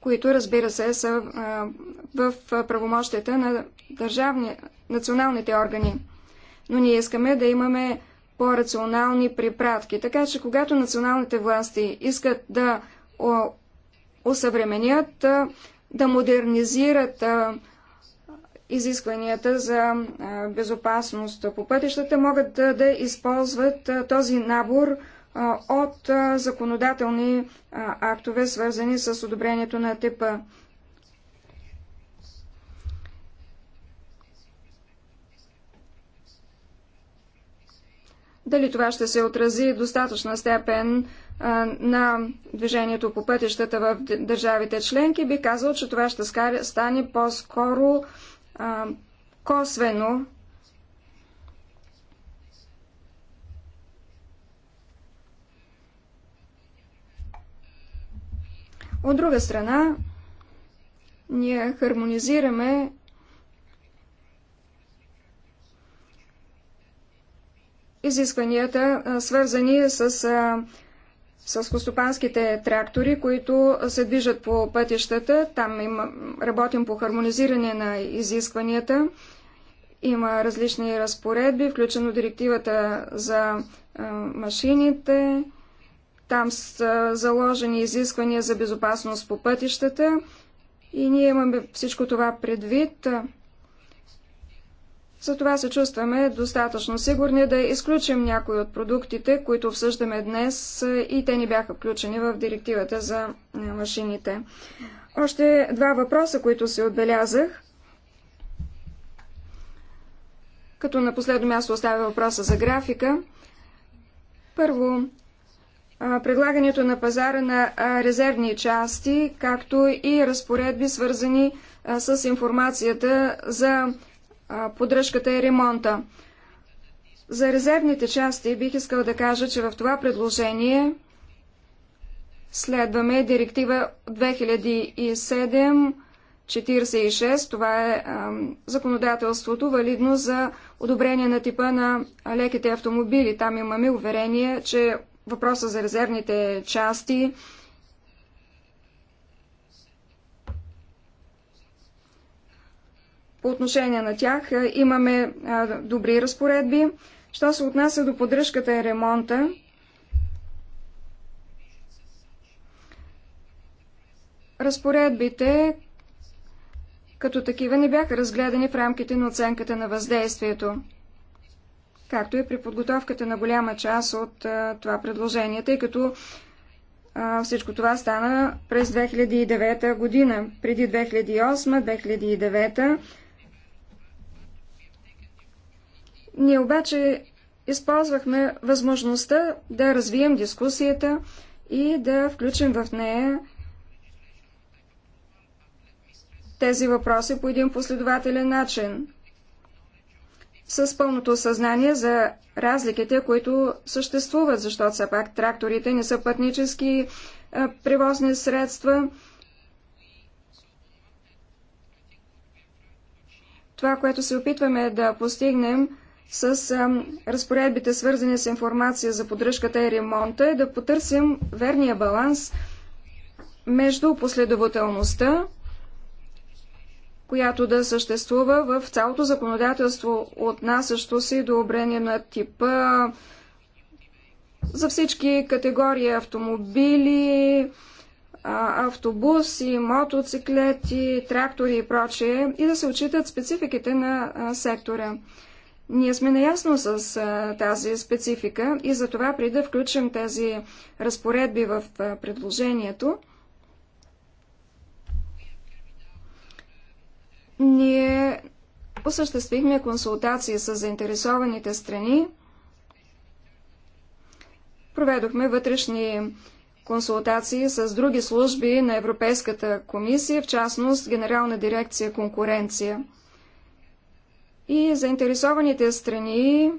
които, разбира се, са в правомощията на държавни, националните органи. Но ние искаме да имаме по-рационални препратки. Така че, когато националните власти искат да осъвременят, да модернизират изискванията за безопасност по пътищата, могат да, да използват този набор от законодателни актове, свързани с одобрението на ТП. Дали това ще се отрази достатъчна степен на движението по пътищата в държавите членки, би казал, че това ще стане по-скоро косвено. От друга страна, ние хармонизираме изискванията, свързани с сълскостопанските трактори, които се движат по пътищата. Там има, работим по хармонизиране на изискванията. Има различни разпоредби, включено директивата за машините. Там са заложени изисквания за безопасност по пътищата. И ние имаме всичко това предвид. Затова се чувстваме достатъчно сигурни да изключим някои от продуктите, които обсъждаме днес и те ни бяха включени в директивата за машините. Още два въпроса, които се отбелязах. Като на последно място оставя въпроса за графика. Първо, предлагането на пазара на резервни части, както и разпоредби, свързани с информацията за поддръжката и ремонта. За резервните части бих искал да кажа, че в това предложение следваме директива 2007-46. Това е а, законодателството, валидно за одобрение на типа на леките автомобили. Там имаме уверение, че въпроса за резервните части По отношение на тях е, имаме е, добри разпоредби. Що се отнася до поддръжката и ремонта, разпоредбите като такива не бяха разгледани в рамките на оценката на въздействието, както и при подготовката на голяма част от а, е, това предложение, тъй като а, всичко това стана през 2009 година. Преди 2008-2009 Ние обаче използвахме възможността да развием дискусията и да включим в нея тези въпроси по един последователен начин, с пълното съзнание за разликите, които съществуват, защото все пак тракторите не са пътнически а, превозни средства. Това, което се опитваме да постигнем, с разпоредбите, свързани с информация за поддръжката и ремонта, е да потърсим верния баланс между последователността, която да съществува в цялото законодателство, отнасящо се до обрение на типа за всички категории автомобили, автобуси, мотоциклети, трактори и прочее, и да се отчитат спецификите на сектора. Ние сме наясно с а, тази специфика и затова преди да включим тези разпоредби в а, предложението, ние осъществихме консултации с заинтересованите страни, проведохме вътрешни консултации с други служби на Европейската комисия, в частност Генерална дирекция конкуренция – и заинтересованите страни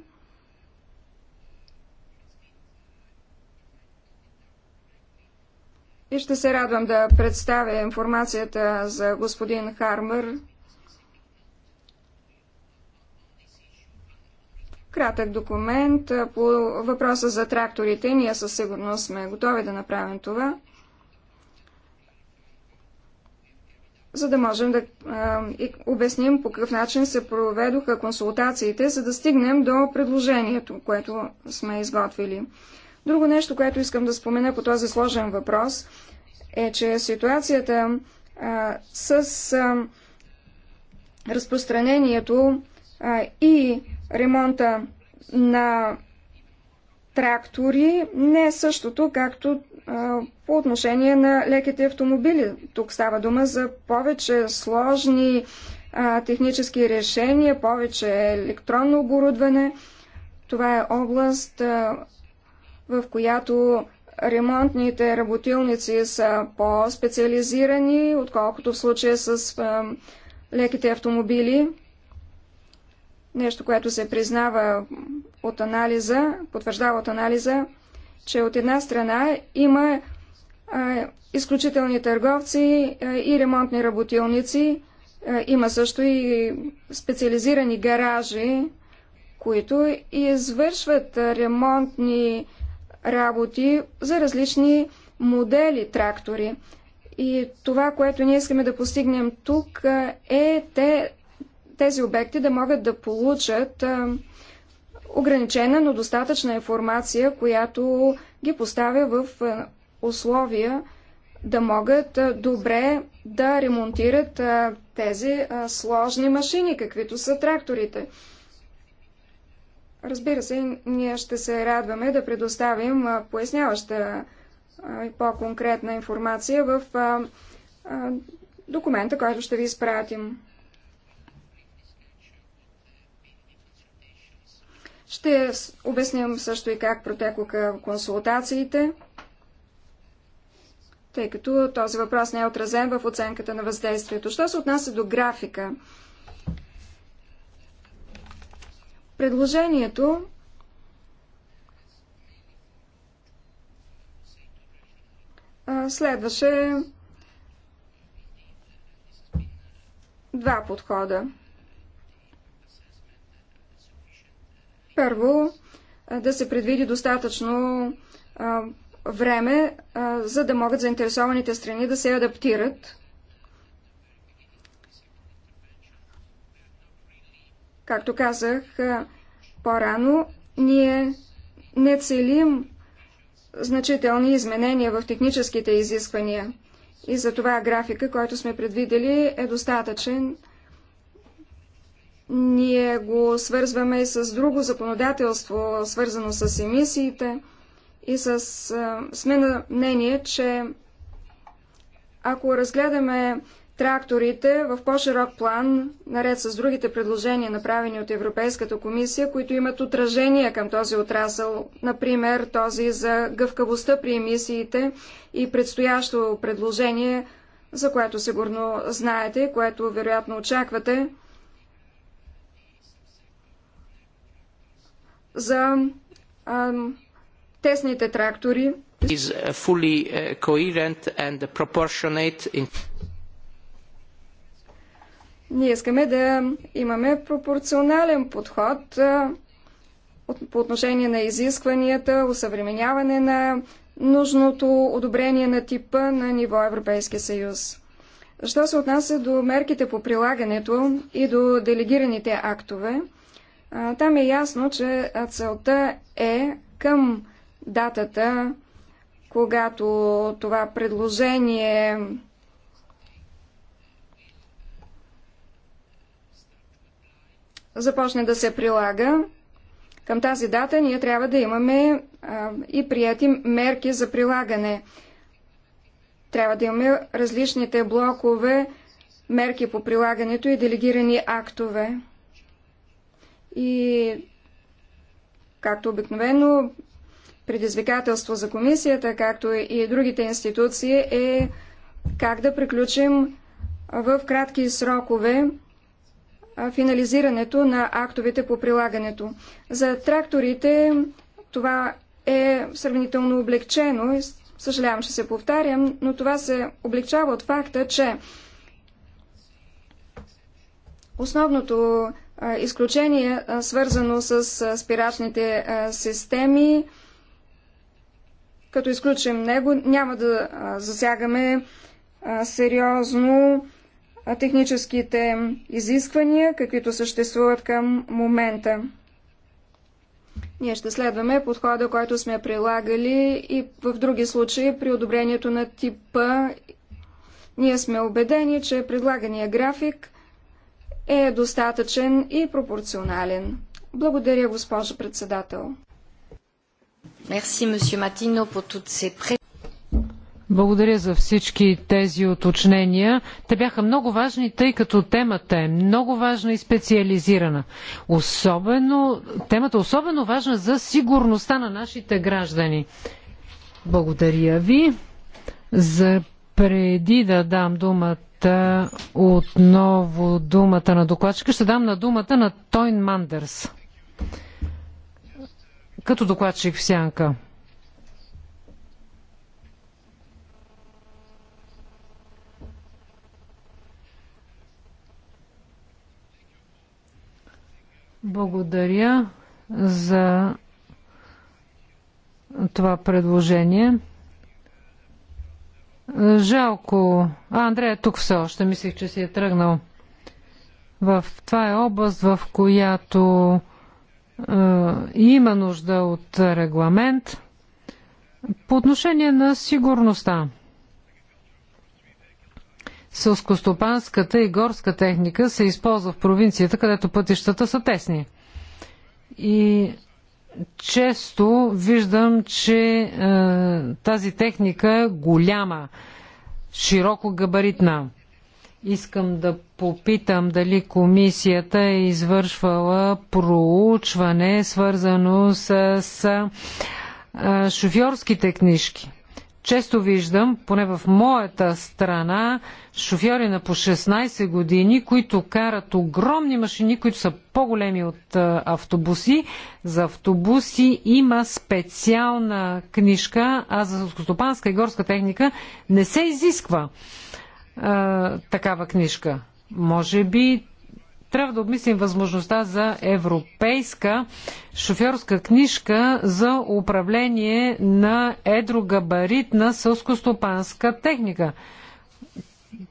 и ще се радвам да представя информацията за господин Хармър. Кратък документ по въпроса за тракторите. Ние със сигурност сме готови да направим това. за да можем да а, обясним по какъв начин се проведоха консултациите, за да стигнем до предложението, което сме изготвили. Друго нещо, което искам да спомена по този сложен въпрос, е, че ситуацията а, с а, разпространението а, и ремонта на трактори не е същото, както а, по отношение на леките автомобили. Тук става дума за повече сложни а, технически решения, повече електронно оборудване. Това е област, а, в която ремонтните работилници са по-специализирани, отколкото в случая с а, леките автомобили нещо, което се признава от анализа, потвърждава от анализа, че от една страна има а, изключителни търговци а, и ремонтни работилници, а, има също и специализирани гаражи, които извършват ремонтни работи за различни модели трактори. И това, което ние искаме да постигнем тук е те тези обекти да могат да получат ограничена, но достатъчна информация, която ги поставя в условия да могат добре да ремонтират тези сложни машини, каквито са тракторите. Разбира се, ние ще се радваме да предоставим поясняваща и по-конкретна информация в документа, който ще ви изпратим. Ще обясним също и как протекоха консултациите, тъй като този въпрос не е отразен в оценката на въздействието. Що се отнася до графика? Предложението следваше два подхода. Първо, да се предвиди достатъчно време, за да могат заинтересованите страни да се адаптират. Както казах по-рано, ние не целим значителни изменения в техническите изисквания. И затова графика, който сме предвидели, е достатъчен ние го свързваме и с друго законодателство, свързано с емисиите и с... сме на мнение, че ако разгледаме тракторите в по-широк план, наред с другите предложения, направени от Европейската комисия, които имат отражение към този отрасъл, например този за гъвкавостта при емисиите и предстоящо предложение, за което сигурно знаете, което вероятно очаквате, за тесните трактори. Uh, uh, in... Ние искаме да имаме пропорционален подход а, от, по отношение на изискванията, усъвременяване на нужното одобрение на типа на ниво Европейския съюз. Що се отнася до мерките по прилагането и до делегираните актове, там е ясно, че целта е към датата, когато това предложение започне да се прилага, към тази дата ние трябва да имаме а, и прияти мерки за прилагане. Трябва да имаме различните блокове, мерки по прилагането и делегирани актове и както обикновено предизвикателство за комисията, както и другите институции е как да приключим в кратки срокове финализирането на актовете по прилагането. За тракторите това е сравнително облегчено. Съжалявам, че се повтарям, но това се облегчава от факта, че основното изключение, свързано с спирачните системи. Като изключим него, няма да засягаме сериозно техническите изисквания, каквито съществуват към момента. Ние ще следваме подхода, който сме прилагали и в други случаи при одобрението на типа. Ние сме убедени, че предлагания график е достатъчен и пропорционален. Благодаря, госпожо председател. Благодаря за всички тези уточнения. Те бяха много важни, тъй като темата е много важна и специализирана. Особено, темата е особено важна за сигурността на нашите граждани. Благодаря ви. За преди да дам думата отново думата на докладчика. Ще дам на думата на Тойн Мандерс. Като докладчик в сянка. Благодаря за това предложение. Жалко. А, Андрея тук все още. Мислих, че си е тръгнал. В... Това е област, в която е, има нужда от регламент. По отношение на сигурността. Сълскостопанската и горска техника се използва в провинцията, където пътищата са тесни. И често виждам, че е, тази техника е голяма, широко габаритна. Искам да попитам дали комисията е извършвала проучване, свързано с, с е, шофьорските книжки. Често виждам, поне в моята страна, шофьори на по 16 години, които карат огромни машини, които са по-големи от автобуси. За автобуси има специална книжка, а за скостопанска и горска техника не се изисква а, такава книжка. Може би трябва да обмислим възможността за европейска шофьорска книжка за управление на едрогабаритна сълскостопанска техника.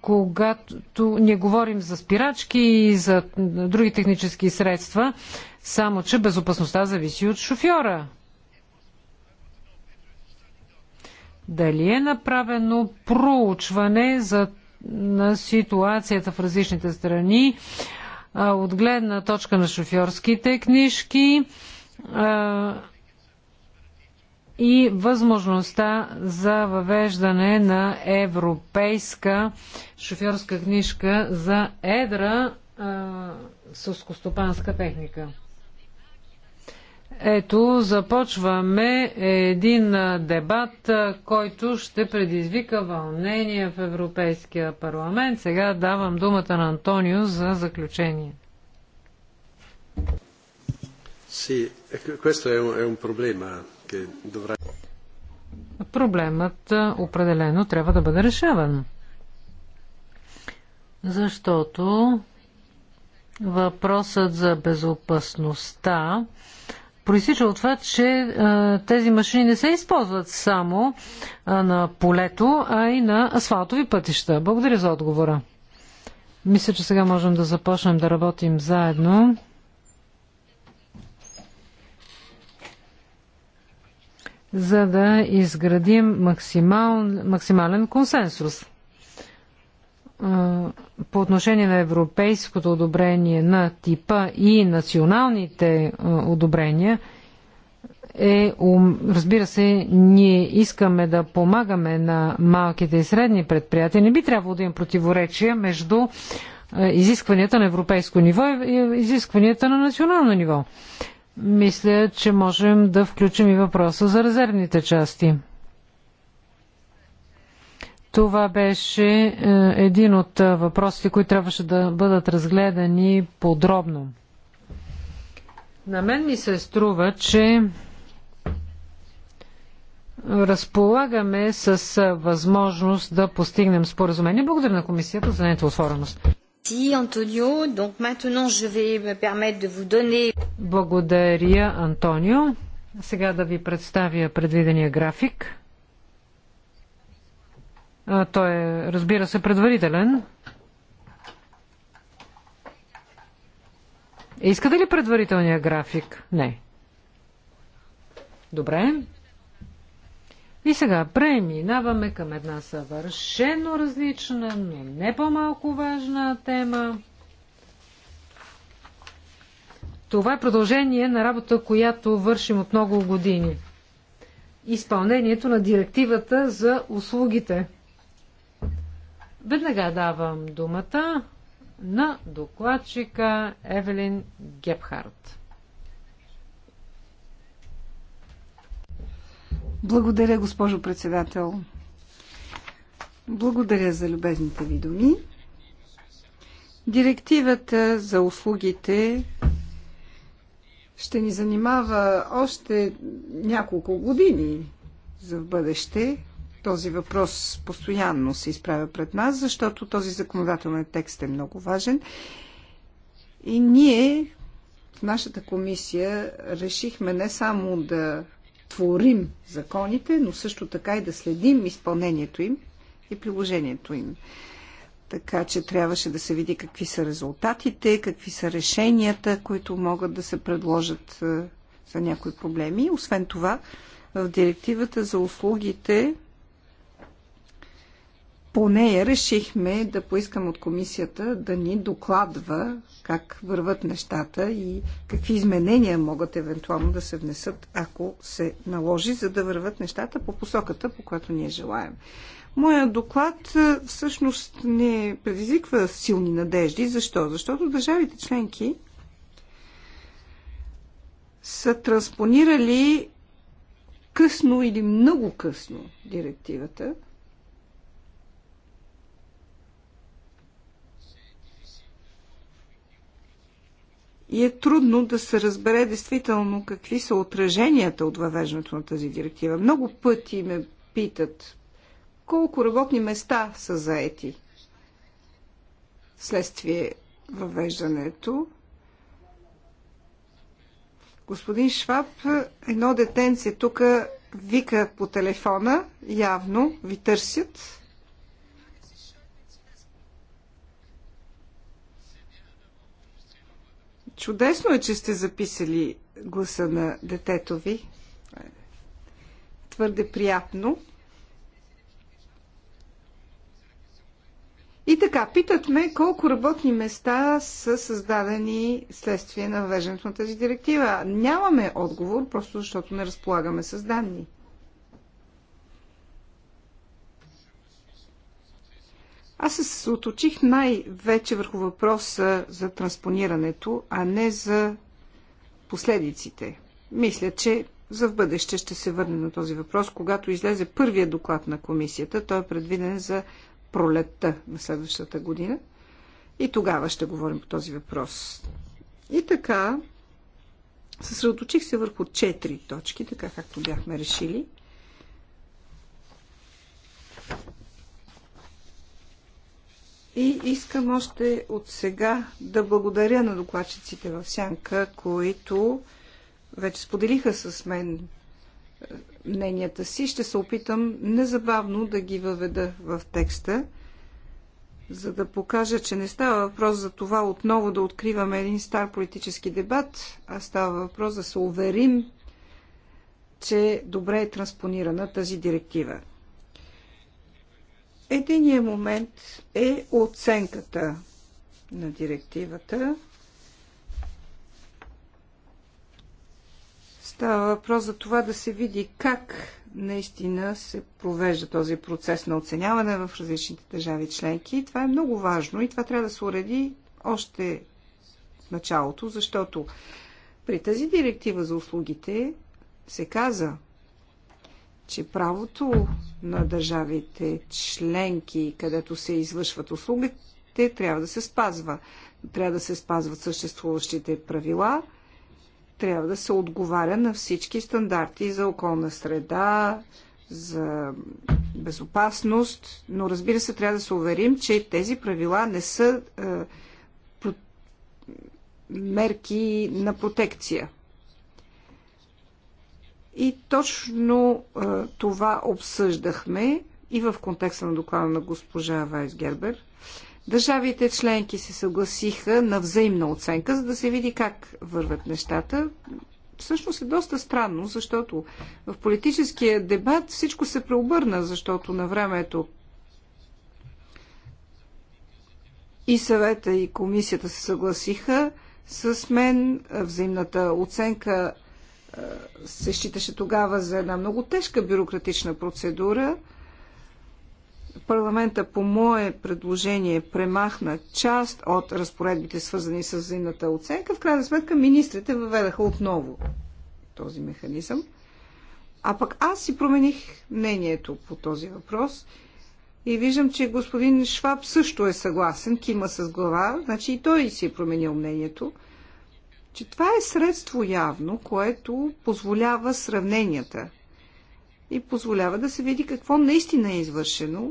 Когато не говорим за спирачки и за други технически средства, само че безопасността зависи от шофьора. Дали е направено проучване за на ситуацията в различните страни, от гледна точка на шофьорските книжки и възможността за въвеждане на европейска шофьорска книжка за едра сълскостопанска техника. Ето, започваме един дебат, който ще предизвика вълнение в Европейския парламент. Сега давам думата на Антонио за заключение. Sì, questo è un, è un problema che dovrà... Проблемът е, определено трябва да бъде решаван. Защото въпросът за безопасността проистича от това, че а, тези машини не се използват само а, на полето, а и на асфалтови пътища. Благодаря за отговора. Мисля, че сега можем да започнем да работим заедно. за да изградим максимал, максимален консенсус по отношение на европейското одобрение на типа и националните одобрения е, разбира се, ние искаме да помагаме на малките и средни предприятия. Не би трябвало да има противоречия между изискванията на европейско ниво и изискванията на национално ниво. Мисля, че можем да включим и въпроса за резервните части. Това беше е, един от е, въпросите, които трябваше да бъдат разгледани подробно. На мен ми се струва, че разполагаме с е, възможност да постигнем споразумение. Благодаря на комисията за нейната отвореност. Благодаря, Антонио. Сега да ви представя предвидения график. Той е, разбира се, предварителен. Е, искате ли предварителния график? Не. Добре. И сега преминаваме към една съвършено различна, но не по-малко важна тема. Това е продължение на работа, която вършим от много години. Изпълнението на директивата за услугите – Веднага давам думата на докладчика Евелин Гепхарт. Благодаря, госпожо председател. Благодаря за любезните ви думи. Директивата за услугите ще ни занимава още няколко години за в бъдеще. Този въпрос постоянно се изправя пред нас, защото този законодателен текст е много важен. И ние в нашата комисия решихме не само да творим законите, но също така и да следим изпълнението им и приложението им. Така че трябваше да се види какви са резултатите, какви са решенията, които могат да се предложат е, за някои проблеми. Освен това, в директивата за услугите по нея решихме да поискам от комисията да ни докладва как върват нещата и какви изменения могат евентуално да се внесат, ако се наложи, за да върват нещата по посоката, по която ние желаем. Моя доклад е, всъщност не предизвиква силни надежди. Защо? Защото държавите членки са транспонирали късно или много късно директивата – и е трудно да се разбере действително какви са отраженията от въвеждането на тази директива. Много пъти ме питат колко работни места са заети следствие въвеждането. Господин Шваб, едно детенце тук вика по телефона, явно ви търсят. Чудесно е, че сте записали гласа на детето ви. Твърде приятно. И така, питат ме колко работни места са създадени следствие на въвеждането на тази директива. Нямаме отговор, просто защото не разполагаме с данни. Аз се оточих най-вече върху въпроса за транспонирането, а не за последиците. Мисля, че за в бъдеще ще се върне на този въпрос, когато излезе първия доклад на комисията. Той е предвиден за пролетта на следващата година. И тогава ще говорим по този въпрос. И така, съсредоточих се върху четири точки, така както бяхме решили. И искам още от сега да благодаря на докладчиците в Сянка, които вече споделиха с мен е, мненията си. Ще се опитам незабавно да ги въведа в текста, за да покажа, че не става въпрос за това отново да откриваме един стар политически дебат, а става въпрос да се уверим, че добре е транспонирана тази директива. Единият момент е оценката на директивата. Става въпрос за това да се види как наистина се провежда този процес на оценяване в различните държави членки. Това е много важно и това трябва да се уреди още в началото, защото при тази директива за услугите се каза, че правото на държавите членки, където се извършват услугите, трябва да се спазва. Трябва да се спазват съществуващите правила, трябва да се отговаря на всички стандарти за околна среда, за безопасност, но разбира се, трябва да се уверим, че тези правила не са е, мерки на протекция. И точно това обсъждахме и в контекста на доклада на госпожа Вайс Гербер. Държавите членки се съгласиха на взаимна оценка, за да се види как върват нещата. Всъщност е доста странно, защото в политическия дебат всичко се преобърна, защото на времето и съвета и комисията се съгласиха с мен. Взаимната оценка се считаше тогава за една много тежка бюрократична процедура. Парламента по мое предложение премахна част от разпоредбите, свързани с взаимната оценка. В крайна сметка министрите въведаха отново този механизъм. А пък аз си промених мнението по този въпрос и виждам, че господин Шваб също е съгласен, кима с глава, значи и той си е променил мнението че това е средство явно, което позволява сравненията и позволява да се види какво наистина е извършено,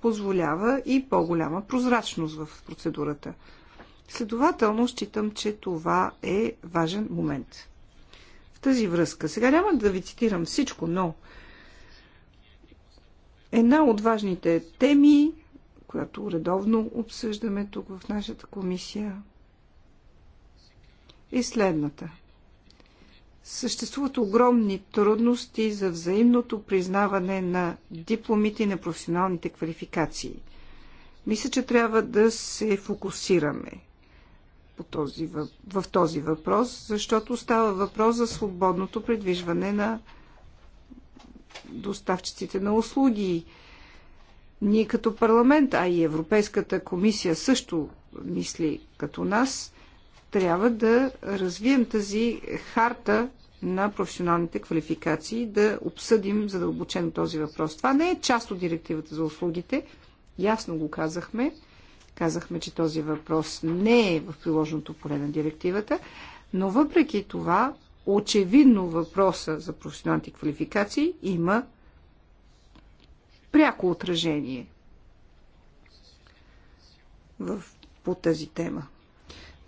позволява и по-голяма прозрачност в процедурата. Следователно, считам, че това е важен момент. В тази връзка, сега няма да ви цитирам всичко, но една от важните теми, която редовно обсъждаме тук в нашата комисия, е следната. Съществуват огромни трудности за взаимното признаване на дипломите и на професионалните квалификации. Мисля, че трябва да се фокусираме по този, в този въпрос, защото става въпрос за свободното придвижване на доставчиците на услуги. Ние като парламент, а и Европейската комисия също мисли като нас, трябва да развием тази харта на професионалните квалификации, да обсъдим задълбочено този въпрос. Това не е част от директивата за услугите. Ясно го казахме. Казахме, че този въпрос не е в приложеното поле на директивата, но въпреки това, очевидно въпроса за професионалните квалификации има пряко отражение в, по тази тема.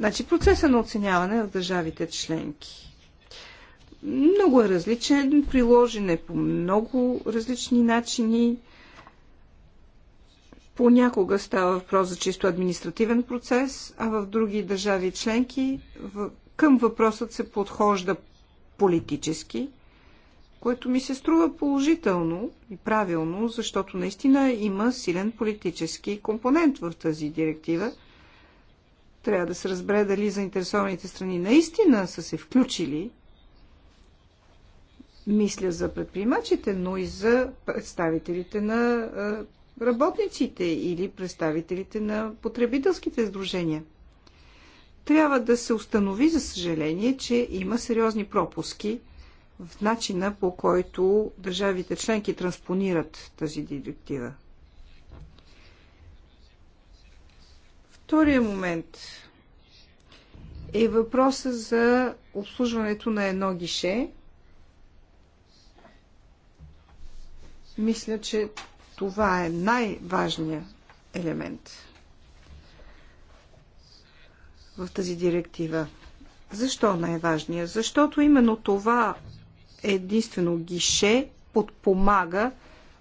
Значи процеса на оценяване в държавите членки. Много е различен, приложен е по много различни начини. Понякога става въпрос за чисто административен процес, а в други държави членки към въпросът се подхожда политически, което ми се струва положително и правилно, защото наистина има силен политически компонент в тази директива – трябва да се разбере дали заинтересованите страни наистина са се включили. Мисля за предприемачите, но и за представителите на работниците или представителите на потребителските сдружения. Трябва да се установи, за съжаление, че има сериозни пропуски в начина по който държавите членки транспонират тази директива. Втория момент е въпроса за обслужването на едно гише. Мисля, че това е най-важният елемент в тази директива. Защо най-важният? Защото именно това единствено гише подпомага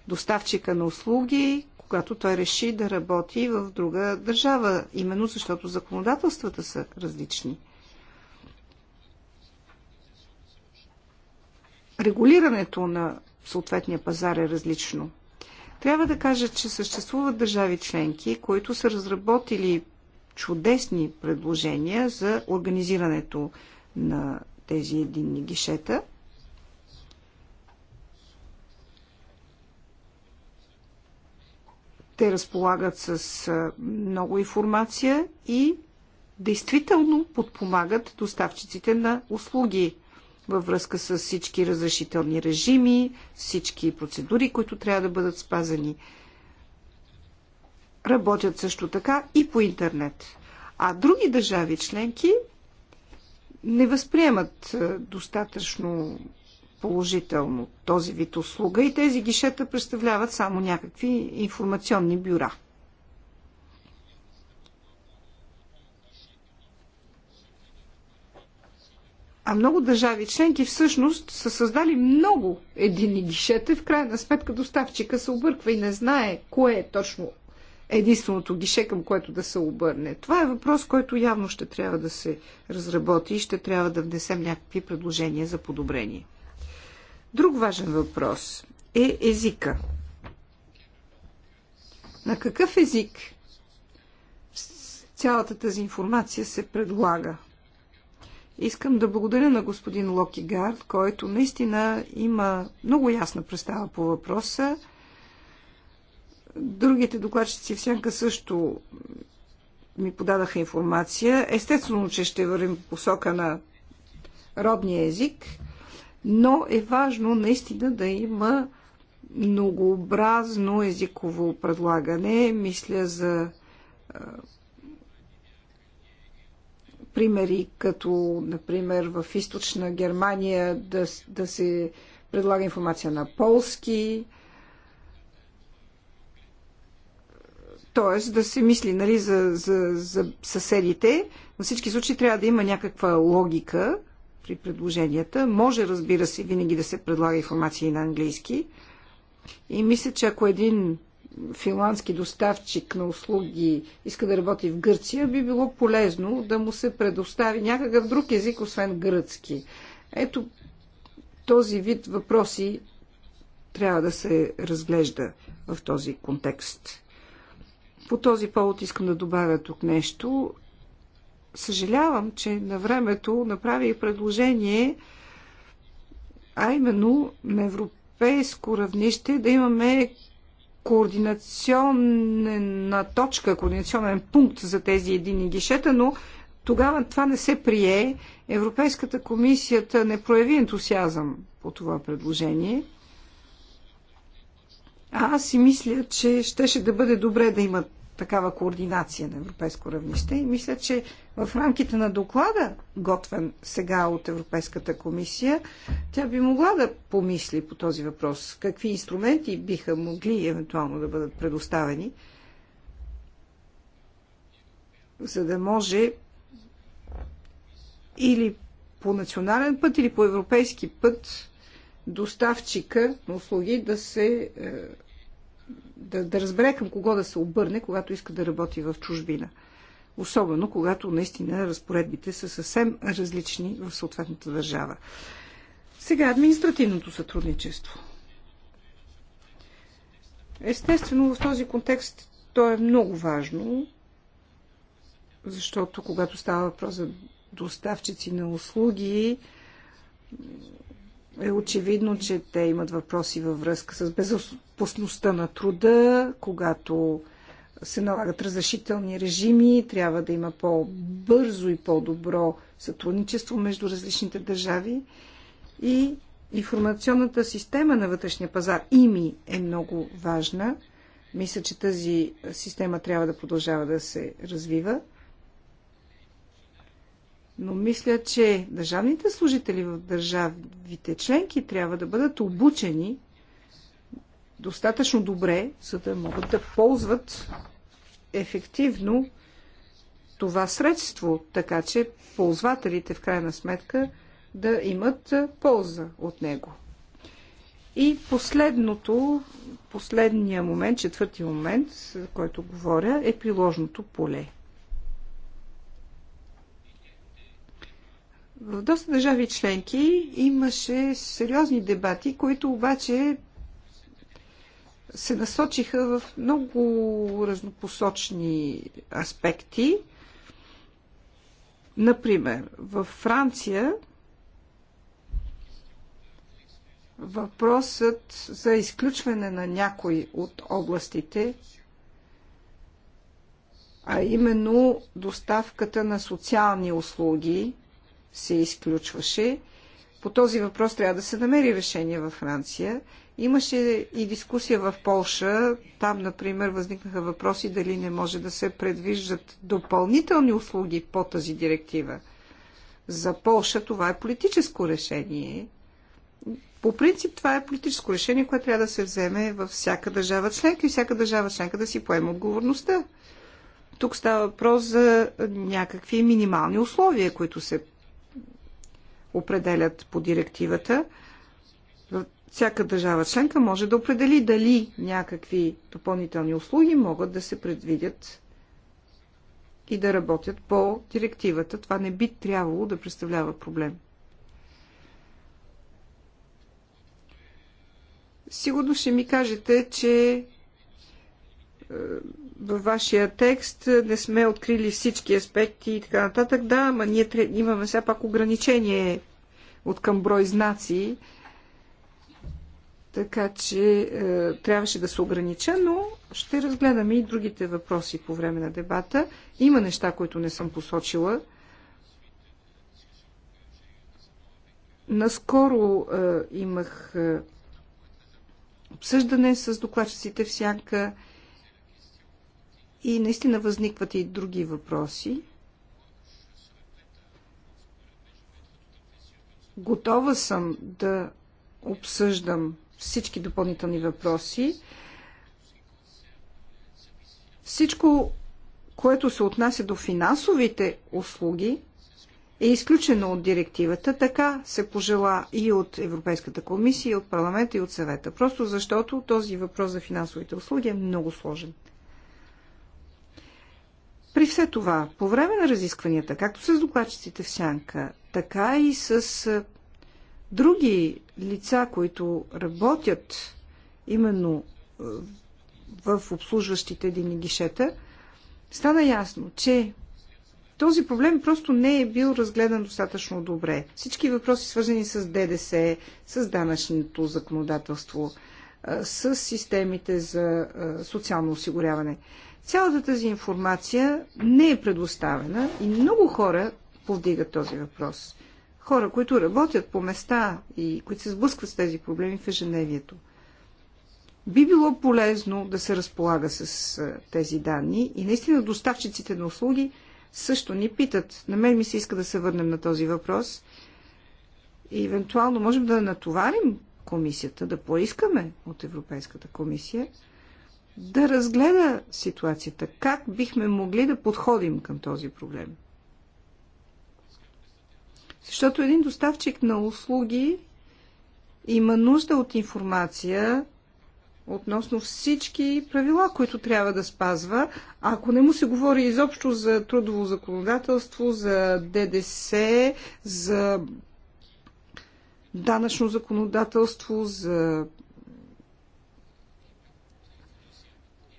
доставчика на услуги, когато той реши да работи в друга държава, именно защото законодателствата са различни. Регулирането на съответния пазар е различно. Трябва да кажа, че съществуват държави членки, които са разработили чудесни предложения за организирането на тези единни гишета. те разполагат с много информация и действително подпомагат доставчиците на услуги във връзка с всички разрешителни режими, всички процедури, които трябва да бъдат спазани. Работят също така и по интернет. А други държави членки не възприемат достатъчно положително този вид услуга и тези гишета представляват само някакви информационни бюра. А много държави членки всъщност са създали много едини гишета. В крайна сметка доставчика се обърква и не знае кое е точно единственото гише, към което да се обърне. Това е въпрос, който явно ще трябва да се разработи и ще трябва да внесем някакви предложения за подобрение. Друг важен въпрос е езика. На какъв език цялата тази информация се предлага? Искам да благодаря на господин Локигард, който наистина има много ясна представа по въпроса. Другите докладчици в Сянка също ми подадаха информация. Естествено, че ще вървим посока на родния език – но е важно наистина да има многообразно езиково предлагане. Мисля за примери, като, например, в източна Германия да, да се предлага информация на полски, т.е. да се мисли нали, за, за, за съседите. На всички случаи трябва да има някаква логика при предложенията. Може, разбира се, винаги да се предлага информация и на английски. И мисля, че ако един финландски доставчик на услуги иска да работи в Гърция, би било полезно да му се предостави някакъв друг език, освен гръцки. Ето, този вид въпроси трябва да се разглежда в този контекст. По този повод искам да добавя тук нещо съжалявам, че на времето направих предложение, а именно на европейско равнище да имаме координационна точка, координационен пункт за тези едини гишета, но тогава това не се прие. Европейската комисията не прояви ентусиазъм по това предложение. А аз си мисля, че щеше да бъде добре да имат такава координация на европейско равнище. И мисля, че в рамките на доклада, готвен сега от Европейската комисия, тя би могла да помисли по този въпрос. Какви инструменти биха могли евентуално да бъдат предоставени, за да може или по национален път, или по европейски път доставчика на услуги да се е, да, да разбере към кого да се обърне, когато иска да работи в чужбина. Особено когато наистина разпоредбите са съвсем различни в съответната държава. Сега административното сътрудничество. Естествено, в този контекст то е много важно, защото когато става въпрос за доставчици на услуги, е очевидно, че те имат въпроси във връзка с безопасността на труда, когато се налагат разрешителни режими, трябва да има по-бързо и по-добро сътрудничество между различните държави и информационната система на вътрешния пазар ИМИ е много важна. Мисля, че тази система трябва да продължава да се развива но мисля, че държавните служители в държавите членки трябва да бъдат обучени достатъчно добре, за да могат да ползват ефективно това средство, така че ползвателите в крайна сметка да имат полза от него. И последното, последния момент, четвърти момент, за който говоря, е приложното поле. В доста държави членки имаше сериозни дебати, които обаче се насочиха в много разнопосочни аспекти. Например, във Франция въпросът за изключване на някой от областите, а именно доставката на социални услуги, се изключваше. По този въпрос трябва да се намери решение във Франция. Имаше и дискусия в Полша. Там, например, възникнаха въпроси дали не може да се предвиждат допълнителни услуги по тази директива. За Полша това е политическо решение. По принцип това е политическо решение, което трябва да се вземе във всяка държава членка и всяка държава членка да си поема отговорността. Тук става въпрос за някакви минимални условия, които се определят по директивата. Всяка държава членка може да определи дали някакви допълнителни услуги могат да се предвидят и да работят по директивата. Това не би трябвало да представлява проблем. Сигурно ще ми кажете, че е, във вашия текст не сме открили всички аспекти и така нататък. Да, ма ние имаме все пак ограничение от към брой знаци, така че е, трябваше да се огранича, но ще разгледаме и другите въпроси по време на дебата. Има неща, които не съм посочила. Наскоро е, имах е, обсъждане с докладчиците в Сянка. Е, и наистина възникват и други въпроси. Готова съм да обсъждам всички допълнителни въпроси. Всичко, което се отнася до финансовите услуги, е изключено от директивата. Така се пожела и от Европейската комисия, и от парламента, и от съвета. Просто защото този въпрос за финансовите услуги е много сложен. При все това, по време на разискванията, както с докладчиците в Сянка, така и с други лица, които работят именно в обслужващите единни гишета, стана ясно, че този проблем просто не е бил разгледан достатъчно добре. Всички въпроси, свързани с ДДС, с данъчното законодателство, с системите за социално осигуряване. Цялата тази информация не е предоставена и много хора повдигат този въпрос. Хора, които работят по места и които се сблъскват с тези проблеми в ежедневието. Би било полезно да се разполага с тези данни и наистина доставчиците на услуги също ни питат. На мен ми се иска да се върнем на този въпрос и евентуално можем да натоварим комисията, да поискаме от Европейската комисия да разгледа ситуацията. Как бихме могли да подходим към този проблем? Защото един доставчик на услуги има нужда от информация относно всички правила, които трябва да спазва. Ако не му се говори изобщо за трудово законодателство, за ДДС, за данъчно законодателство, за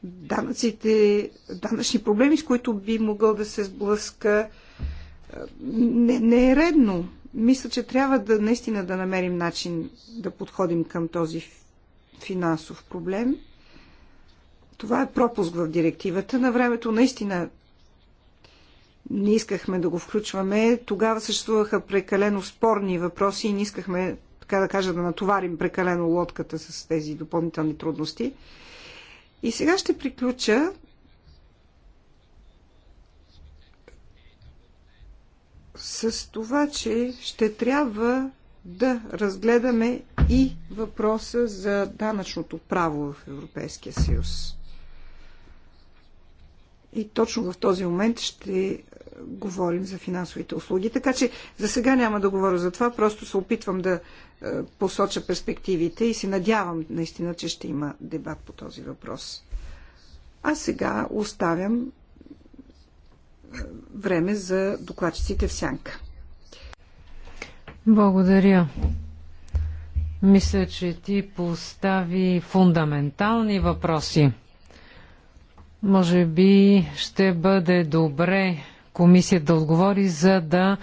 данъците, данъчни проблеми, с които би могъл да се сблъска, е, не, не е редно. Мисля, че трябва да наистина да намерим начин да подходим към този финансов проблем. Това е пропуск в директивата. На времето наистина не искахме да го включваме. Тогава съществуваха прекалено спорни въпроси и не искахме, така да кажа, да натоварим прекалено лодката с тези допълнителни трудности. И сега ще приключа с това, че ще трябва да разгледаме и въпроса за данъчното право в Европейския съюз. И точно в този момент ще говорим за финансовите услуги. Така че за сега няма да говоря за това, просто се опитвам да е, посоча перспективите и се надявам наистина, че ще има дебат по този въпрос. А сега оставям е, време за докладчиците в сянка. Благодаря. Мисля, че ти постави фундаментални въпроси. Може би ще бъде добре комисия да отговори, за да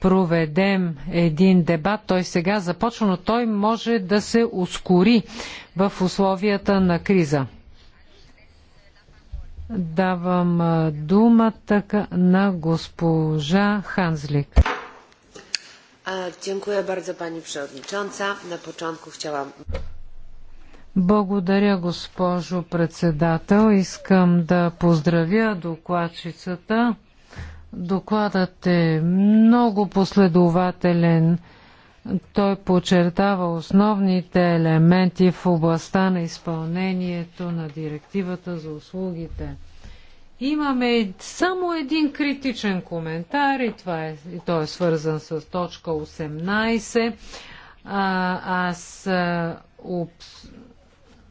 проведем един дебат. Той сега започва, но той може да се ускори в условията на криза. Давам думата на госпожа Ханзлик. Благодаря, госпожо председател. Искам да поздравя докладчицата Докладът е много последователен. Той подчертава основните елементи в областта на изпълнението на директивата за услугите. Имаме само един критичен коментар и, това е, и той е свързан с точка 18. А, аз, обс...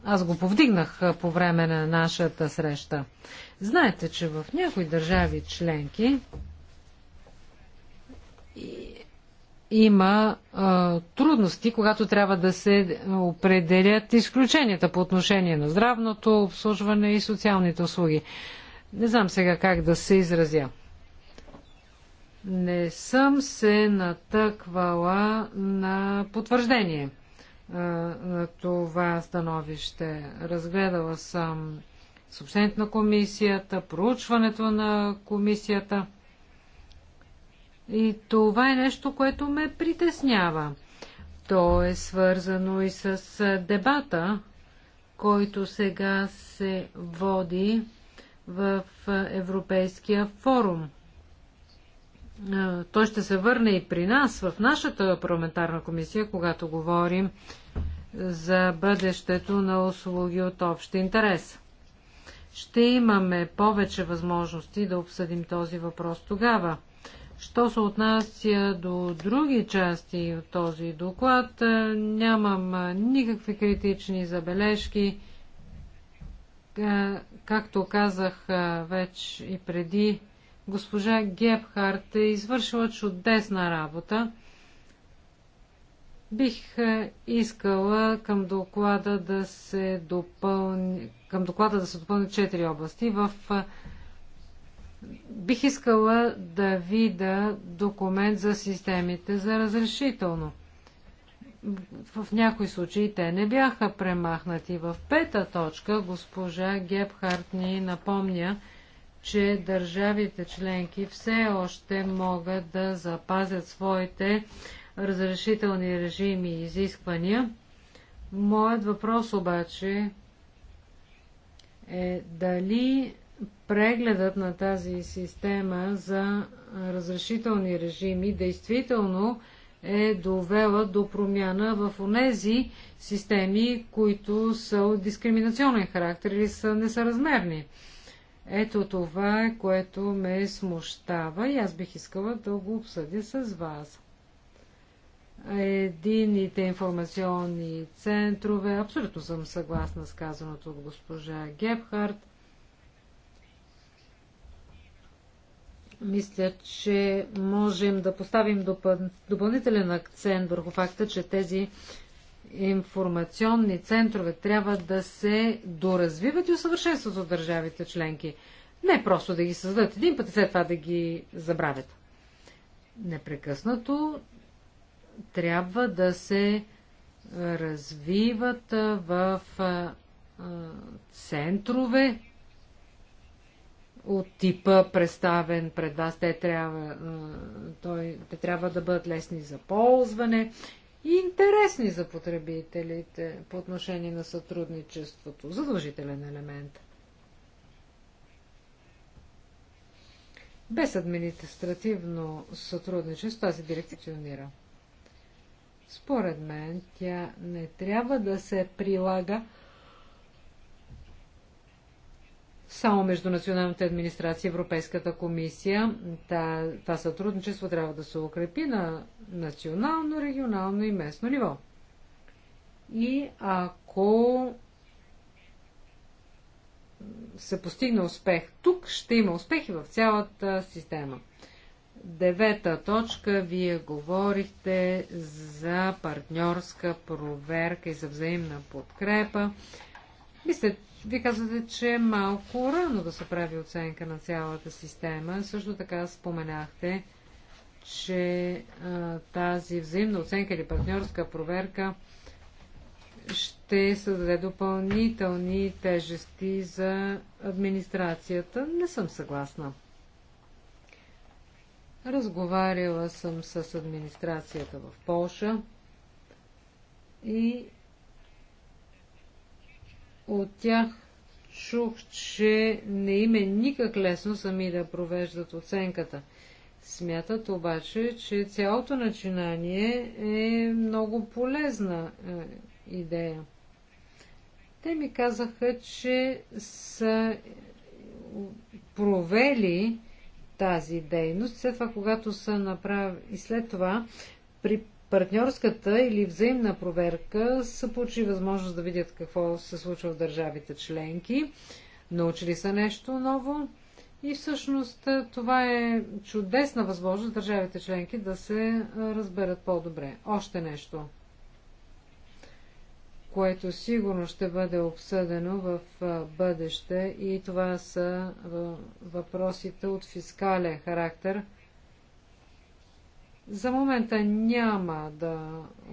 аз го повдигнах по време на нашата среща. Знаете, че в някои държави членки има а, трудности, когато трябва да се определят изключенията по отношение на здравното обслужване и социалните услуги. Не знам сега как да се изразя. Не съм се натъквала на потвърждение на това становище. Разгледала съм съобщението на комисията, проучването на комисията. И това е нещо, което ме притеснява. То е свързано и с дебата, който сега се води в Европейския форум. Той ще се върне и при нас, в нашата парламентарна комисия, когато говорим за бъдещето на услуги от общ интерес ще имаме повече възможности да обсъдим този въпрос тогава. Що се отнася до други части от този доклад, е, нямам е, никакви критични забележки. Е, както казах вече и преди, госпожа Гебхарт е извършила чудесна работа. Бих искала към доклада да се допълни, към доклада да се допълнят четири области. В Бих искала да вида документ за системите за разрешително. В някои случаи те не бяха премахнати. В пета точка госпожа Гебхарт ни напомня, че държавите членки все още могат да запазят своите разрешителни режими и изисквания. Моят въпрос обаче е дали прегледът на тази система за разрешителни режими действително е довела до промяна в онези системи, които са от дискриминационен характер или са несъразмерни. Ето това е, което ме смущава и аз бих искала да го обсъдя с вас единните информационни центрове. Абсолютно съм съгласна с казаното от госпожа Гебхарт. Мисля, че можем да поставим допълнителен акцент върху факта, че тези информационни центрове трябва да се доразвиват и усъвършенстват от държавите членки. Не просто да ги създадат един път и след това да ги забравят. Непрекъснато трябва да се развиват в центрове от типа представен пред вас. Те трябва, той, те трябва да бъдат лесни за ползване и интересни за потребителите по отношение на сътрудничеството. Задължителен елемент. Без административно сътрудничество тази директива функционира. Според мен тя не трябва да се прилага само между националните администрации и Европейската комисия. Та, това сътрудничество трябва да се укрепи на национално, регионално и местно ниво. И ако се постигне успех тук, ще има успехи в цялата система девета точка вие говорихте за партньорска проверка и за взаимна подкрепа. Мисля, ви казвате, че е малко рано да се прави оценка на цялата система. Също така споменахте, че а, тази взаимна оценка или партньорска проверка ще създаде допълнителни тежести за администрацията. Не съм съгласна. Разговаряла съм с администрацията в Полша и от тях чух, че не им е никак лесно сами да провеждат оценката. Смятат обаче, че цялото начинание е много полезна е, идея. Те ми казаха, че са провели тази дейност. След това, когато са направи и след това, при партньорската или взаимна проверка са получили възможност да видят какво се случва в държавите членки, научили са нещо ново и всъщност е, това е чудесна възможност държавите членки да се разберат по-добре. Още нещо – което сигурно ще бъде обсъдено в бъдеще и това са въпросите от фискален характер. За момента няма да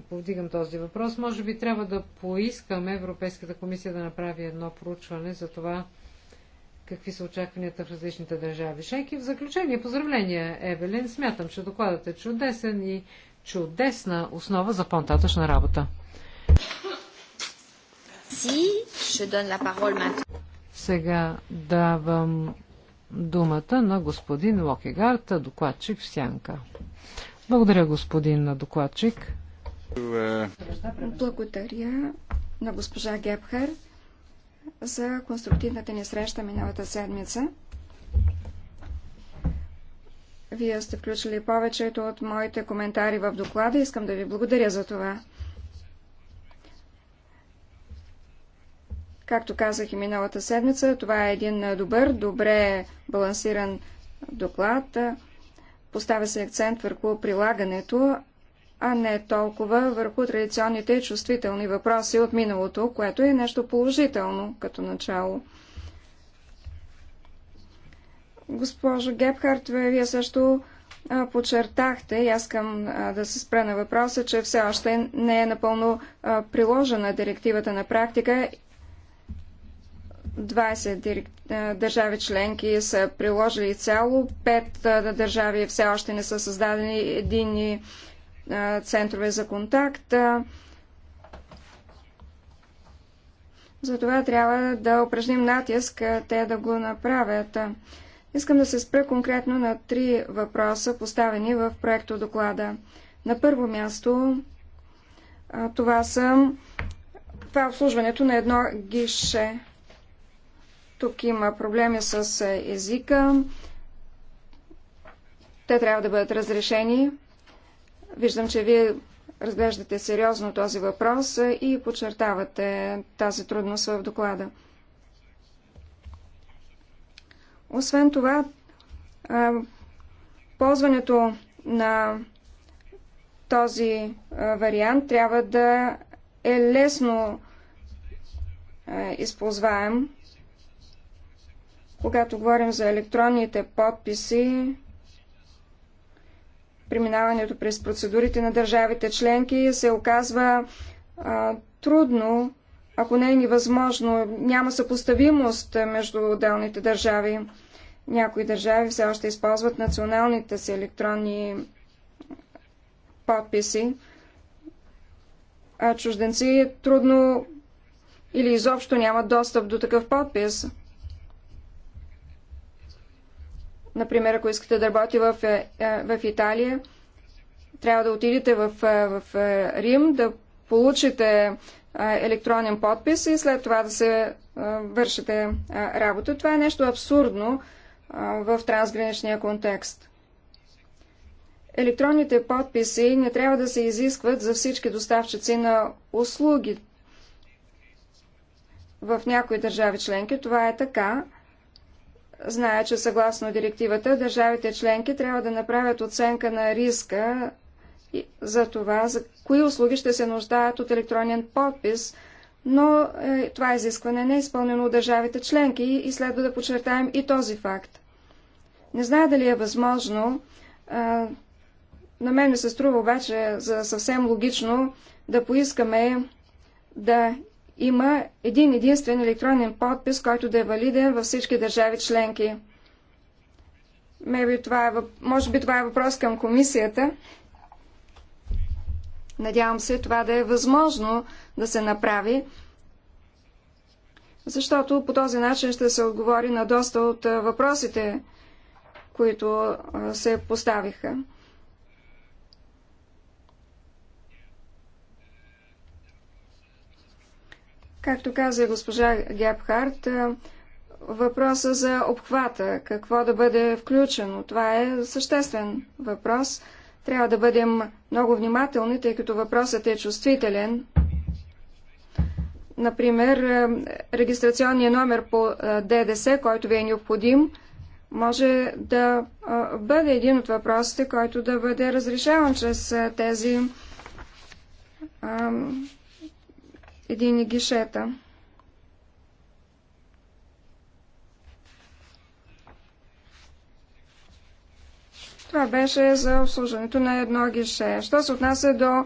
повдигам този въпрос. Може би трябва да поискаме Европейската комисия да направи едно проучване за това какви са очакванията в различните държави. Шейки, в заключение, поздравления, Евелин. Смятам, че докладът е чудесен и чудесна основа за по-нататъчна работа. Сега давам думата на господин Локегард, докладчик в Сянка. Благодаря, господин на докладчик. Благодаря на госпожа Гепхер за конструктивната ни среща миналата седмица. Вие сте включили повечето от моите коментари в доклада. Искам да ви благодаря за това. Както казах и миналата седмица, това е един добър, добре балансиран доклад. Поставя се акцент върху прилагането, а не толкова върху традиционните чувствителни въпроси от миналото, което е нещо положително като начало. Госпожо Гепхарт, вие също подчертахте, и аз искам да се спра на въпроса, че все още не е напълно приложена директивата на практика 20 държави членки са приложили цяло, 5 държави все още не са създадени единни центрове за контакт. Затова трябва да упражним натиск те да го направят. Искам да се спра конкретно на три въпроса, поставени в проекто доклада. На първо място това са това е обслужването на едно гише. Тук има проблеми с езика. Те трябва да бъдат разрешени. Виждам, че вие разглеждате сериозно този въпрос и подчертавате тази трудност в доклада. Освен това, ползването на този вариант трябва да е лесно използваем. Когато говорим за електронните подписи, преминаването през процедурите на държавите членки се оказва а, трудно, ако не е невъзможно. Няма съпоставимост между отделните държави. Някои държави все още използват националните си електронни подписи, а чужденци трудно или изобщо нямат достъп до такъв подпис. Например, ако искате да работите в, е, е, в Италия, трябва да отидете в, е, в Рим, да получите електронен подпис и след това да се вършите работа. Това е нещо абсурдно в трансграничния контекст. Електронните подписи не трябва да се изискват за всички доставчици на услуги. В някои държави членки това е така, Зная, че съгласно директивата държавите членки трябва да направят оценка на риска за това, за кои услуги ще се нуждаят от електронен подпис, но е, това изискване не е изпълнено от държавите членки и следва да подчертаем и този факт. Не зная дали е възможно, а, на мен ми се струва обаче за съвсем логично да поискаме да има един единствен електронен подпис, който да е валиден във всички държави членки. Е може би това е въпрос към комисията. Надявам се това да е възможно да се направи, защото по този начин ще се отговори на доста от въпросите, които се поставиха. Както каза госпожа Гебхарт, въпроса за обхвата, какво да бъде включено, това е съществен въпрос. Трябва да бъдем много внимателни, тъй като въпросът е чувствителен. Например, регистрационният номер по ДДС, който ви е необходим, може да бъде един от въпросите, който да бъде разрешаван чрез тези едини гишета. Това беше за обслужването на едно гише. Що се отнася до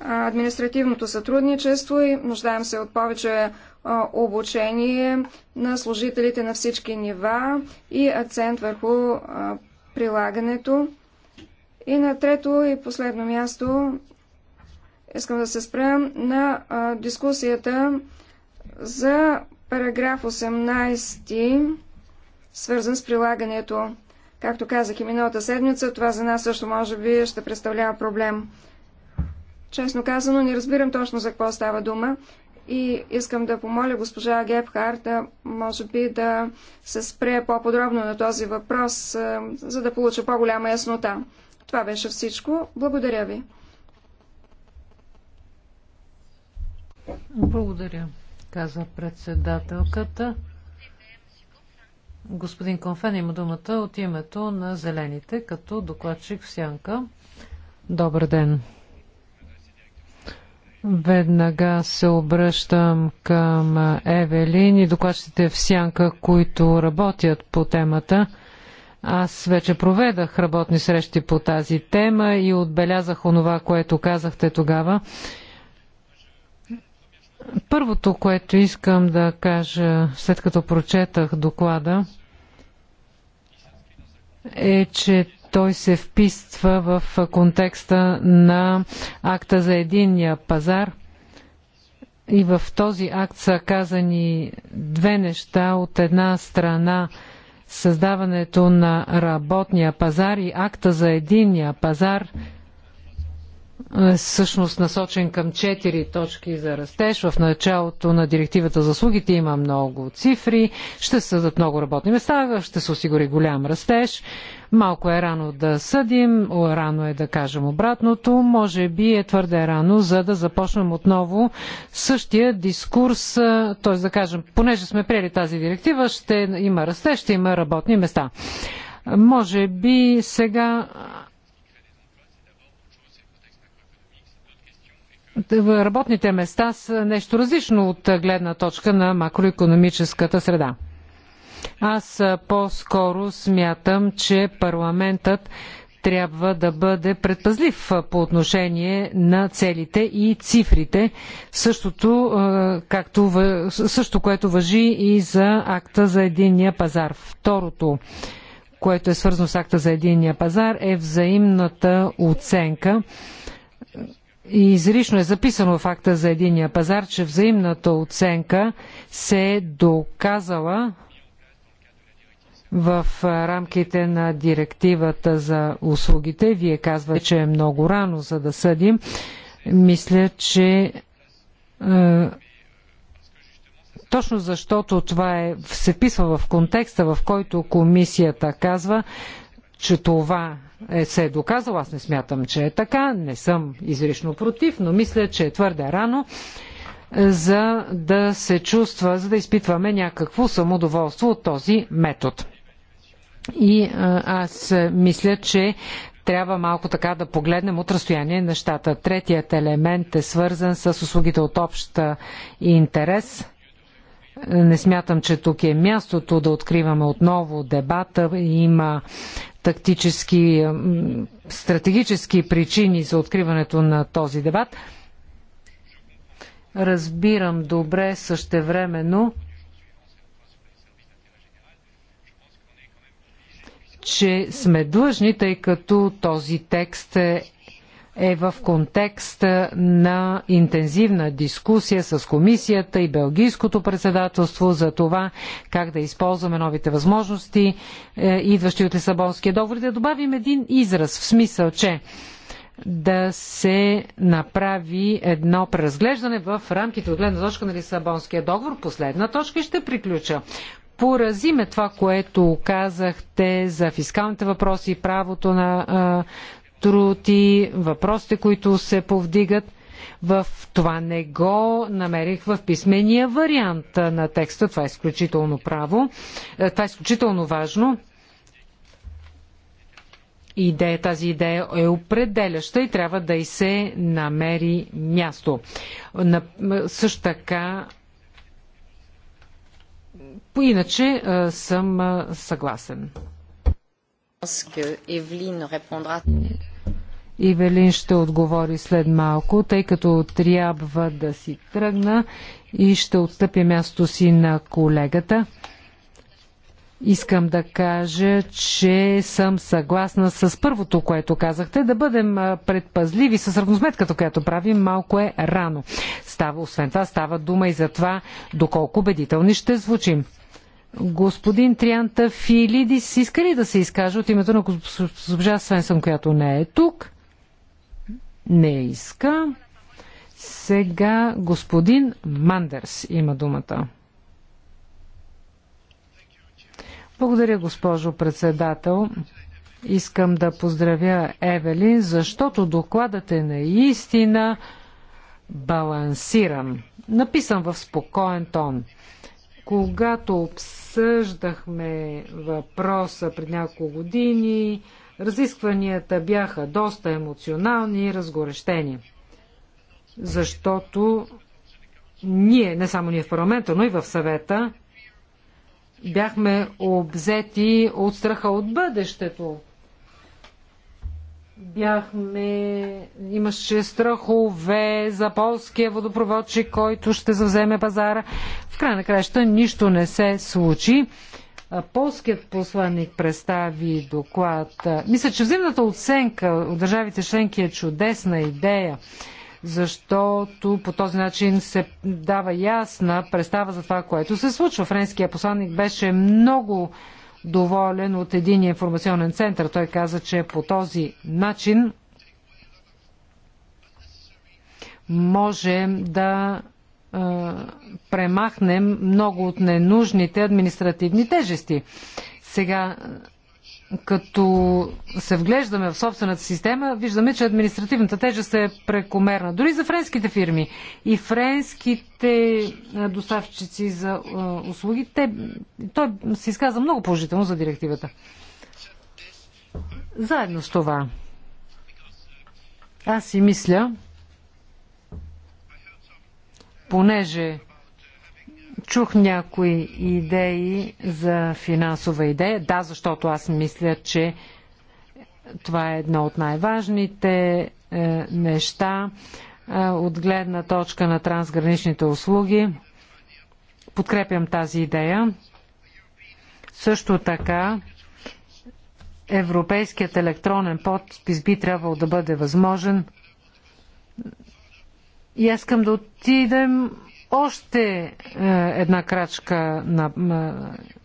административното сътрудничество и нуждаем се от повече обучение на служителите на всички нива и акцент върху прилагането. И на трето и последно място Искам да се спра на а, дискусията за параграф 18, свързан с прилагането. Както казах и миналата седмица, това за нас също може би ще представлява проблем. Честно казано, не разбирам точно за какво става дума и искам да помоля госпожа Гепхарт да може би да се спре по-подробно на този въпрос, за да получа по-голяма яснота. Това беше всичко. Благодаря ви. Благодаря, каза председателката. Господин Конфен има думата от името на Зелените, като докладчик в Сянка. Добър ден! Веднага се обръщам към Евелин и докладчите в Сянка, които работят по темата. Аз вече проведах работни срещи по тази тема и отбелязах онова, което казахте тогава. Първото, което искам да кажа, след като прочетах доклада, е, че той се вписва в контекста на акта за единния пазар. И в този акт са казани две неща. От една страна създаването на работния пазар и акта за единния пазар – е, всъщност насочен към четири точки за растеж. В началото на директивата за услугите има много цифри, ще съдат много работни места, ще се осигури голям растеж. Малко е рано да съдим, рано е да кажем обратното. Може би е твърде рано, за да започнем отново същия дискурс, е, т.е. да кажем, понеже сме приели тази директива, ще има растеж, ще има работни места. Може би сега работните места са нещо различно от гледна точка на макроекономическата среда. Аз по-скоро смятам, че парламентът трябва да бъде предпазлив по отношение на целите и цифрите, същото, както, също което въжи и за акта за единния пазар. Второто, което е свързано с акта за единния пазар, е взаимната оценка и изрично е записано факта за единия пазар, че взаимната оценка се е доказала в рамките на директивата за услугите. Вие казвате, че е много рано за да съдим. Мисля, че е, точно защото това е, се писва в контекста, в който комисията казва, че това е, се е доказал. Аз не смятам, че е така. Не съм изрично против, но мисля, че е твърде рано е, за да се чувства, за да изпитваме някакво самодоволство от този метод. И е, аз мисля, че трябва малко така да погледнем от разстояние нещата. Третият елемент е свързан с услугите от общ е, интерес. Не смятам, че тук е мястото да откриваме отново дебата. Има тактически, стратегически причини за откриването на този дебат. Разбирам добре същевременно, че сме длъжни, тъй като този текст е е в контекст на интензивна дискусия с комисията и Белгийското председателство за това как да използваме новите възможности, е, идващи от Лисабонския договор. Да добавим един израз в смисъл, че да се направи едно преразглеждане в рамките от гледна точка на Лисабонския договор. Последна точка и ще приключа. Поразиме това, което казахте за фискалните въпроси и правото на труд и въпросите, които се повдигат. В това не го намерих в писмения вариант на текста. Това е изключително право. Е, това е изключително важно. Идея, тази идея е определяща и трябва да й се намери място. На, също така, по иначе е, съм е, съгласен. Ивелин ще отговори след малко, тъй като трябва да си тръгна и ще отстъпя място си на колегата. Искам да кажа, че съм съгласна с първото, което казахте, да бъдем предпазливи с равносметката, която правим, малко е рано. Става, освен това става дума и за това, доколко убедителни ще звучим. Господин Трианта Филидис, иска ли да се изкаже от името на госпожа Свенсън, която не е тук? Не иска. Сега господин Мандерс има думата. Благодаря, госпожо председател. Искам да поздравя Евелин, защото докладът е наистина балансиран. Написан в спокоен тон. Когато обсъждахме въпроса пред няколко години, Разискванията бяха доста емоционални и разгорещени, защото ние, не само ние в парламента, но и в съвета, бяхме обзети от страха от бъдещето. Бяхме... Имаше страхове за полския водопроводчик, който ще завземе пазара. В край на краища нищо не се случи. Полският посланник представи доклад. Мисля, че взаимната оценка от държавите членки е чудесна идея, защото по този начин се дава ясна представа за това, което се случва. Френския посланник беше много доволен от един информационен център. Той каза, че по този начин можем да премахнем много от ненужните административни тежести. Сега, като се вглеждаме в собствената система, виждаме, че административната тежест е прекомерна. Дори за френските фирми и френските доставчици за услуги, те, той се изказа много положително за директивата. Заедно с това, аз си мисля, понеже чух някои идеи за финансова идея. Да, защото аз мисля, че това е едно от най-важните е, неща е, от гледна точка на трансграничните услуги. Подкрепям тази идея. Също така, европейският електронен подпис би трябвало да бъде възможен и аз искам да отидем още е, една крачка на,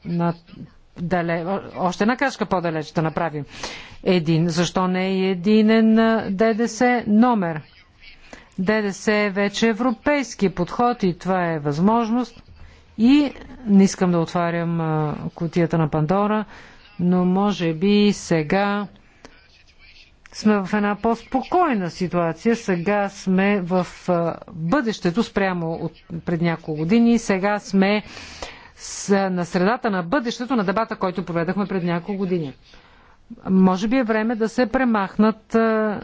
на дале, още една крачка по-далеч да направим. Един. Защо не е единен ДДС номер? ДДС е вече европейски подход и това е възможност. И не искам да отварям е, кутията на Пандора, но може би сега сме в една по-спокойна ситуация. Сега сме в бъдещето, спрямо от пред няколко години. Сега сме с, на средата на бъдещето на дебата, който проведахме пред няколко години. Може би е време да се премахнат а,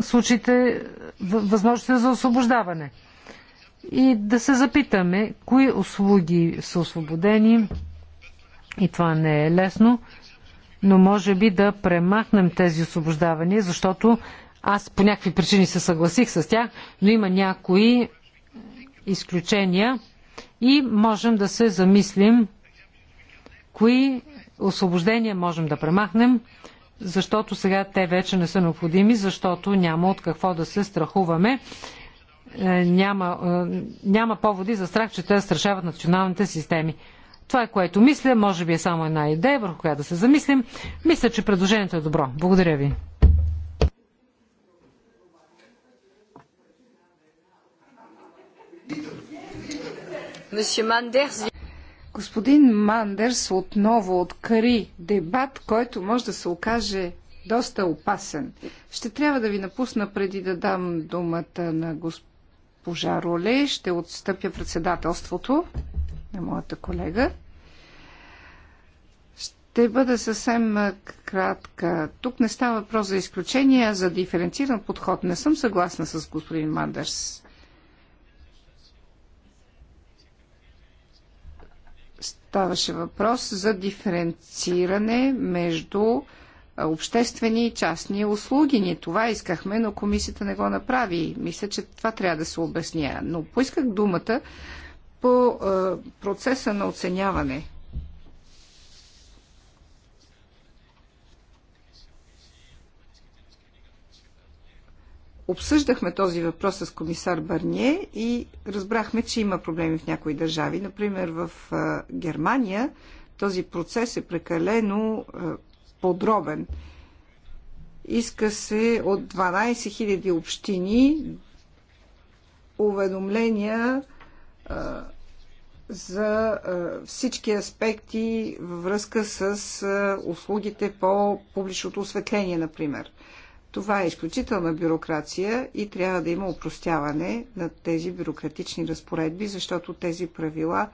случаите, възможностите за освобождаване. И да се запитаме, кои услуги са освободени. И това не е лесно но може би да премахнем тези освобождавания, защото аз по някакви причини се съгласих с тях, но има някои изключения и можем да се замислим кои освобождения можем да премахнем, защото сега те вече не са необходими, защото няма от какво да се страхуваме. Е, няма, е, няма поводи за страх, че те страшават националните системи. Това е което мисля. Може би е само една идея, върху която да се замислим. Мисля, че предложението е добро. Благодаря ви. Господин Мандерс отново откри дебат, който може да се окаже доста опасен. Ще трябва да ви напусна преди да дам думата на госпожа Роле. Ще отстъпя председателството на моята колега. Ще бъда съвсем кратка. Тук не става въпрос за изключения, за диференциран подход. Не съм съгласна с господин Мандърс. Ставаше въпрос за диференциране между обществени и частни услуги. Ние това искахме, но комисията не го направи. Мисля, че това трябва да се обясня. Но поисках думата, по е, процеса на оценяване. Обсъждахме този въпрос с комисар Барние и разбрахме, че има проблеми в някои държави. Например, в е, Германия този процес е прекалено е, подробен. Иска се от 12 000 общини уведомления за всички аспекти във връзка с услугите по публичното осветление, например. Това е изключителна бюрокрация и трябва да има упростяване на тези бюрократични разпоредби, защото тези правила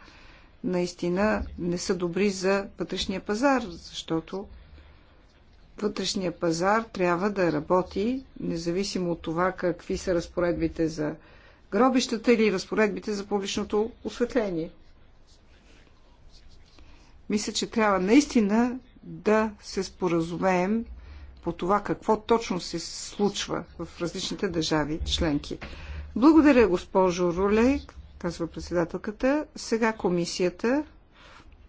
наистина не са добри за вътрешния пазар, защото вътрешния пазар трябва да работи, независимо от това какви са разпоредбите за гробищата или разпоредбите за публичното осветление. Мисля, че трябва наистина да се споразумеем по това какво точно се случва в различните държави членки. Благодаря, госпожо Руле, казва председателката. Сега комисията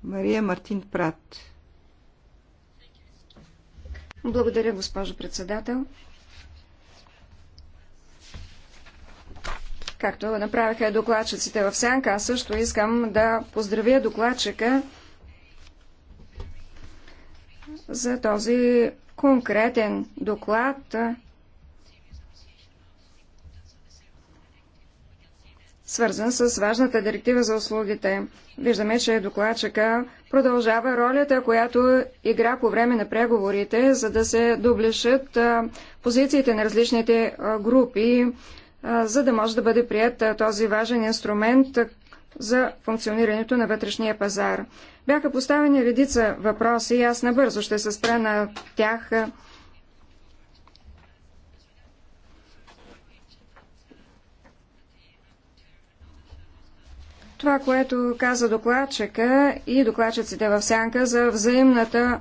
Мария Мартин Прат. Благодаря, госпожо председател. Както направиха докладчиците в Сянка, аз също искам да поздравя докладчика за този конкретен доклад, свързан с важната директива за услугите. Виждаме, че докладчика продължава ролята, която игра по време на преговорите, за да се доблешат позициите на различните групи за да може да бъде прият този важен инструмент за функционирането на вътрешния пазар. Бяха поставени редица въпроси и аз набързо ще се спра на тях. Това, което каза докладчика и докладчиците в сянка за взаимната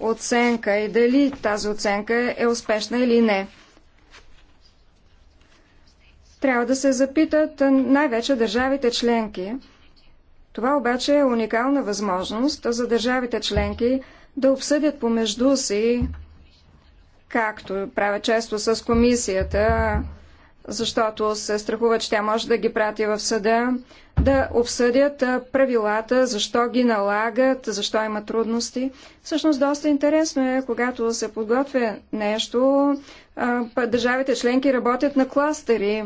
оценка и дали тази оценка е успешна или не. Трябва да се запитат най-вече държавите членки. Това обаче е уникална възможност за държавите членки да обсъдят помежду си, както правят често с комисията, защото се страхува, че тя може да ги прати в съда, да обсъдят правилата, защо ги налагат, защо има трудности. Всъщност доста интересно е, когато се подготвя нещо, държавите членки работят на кластери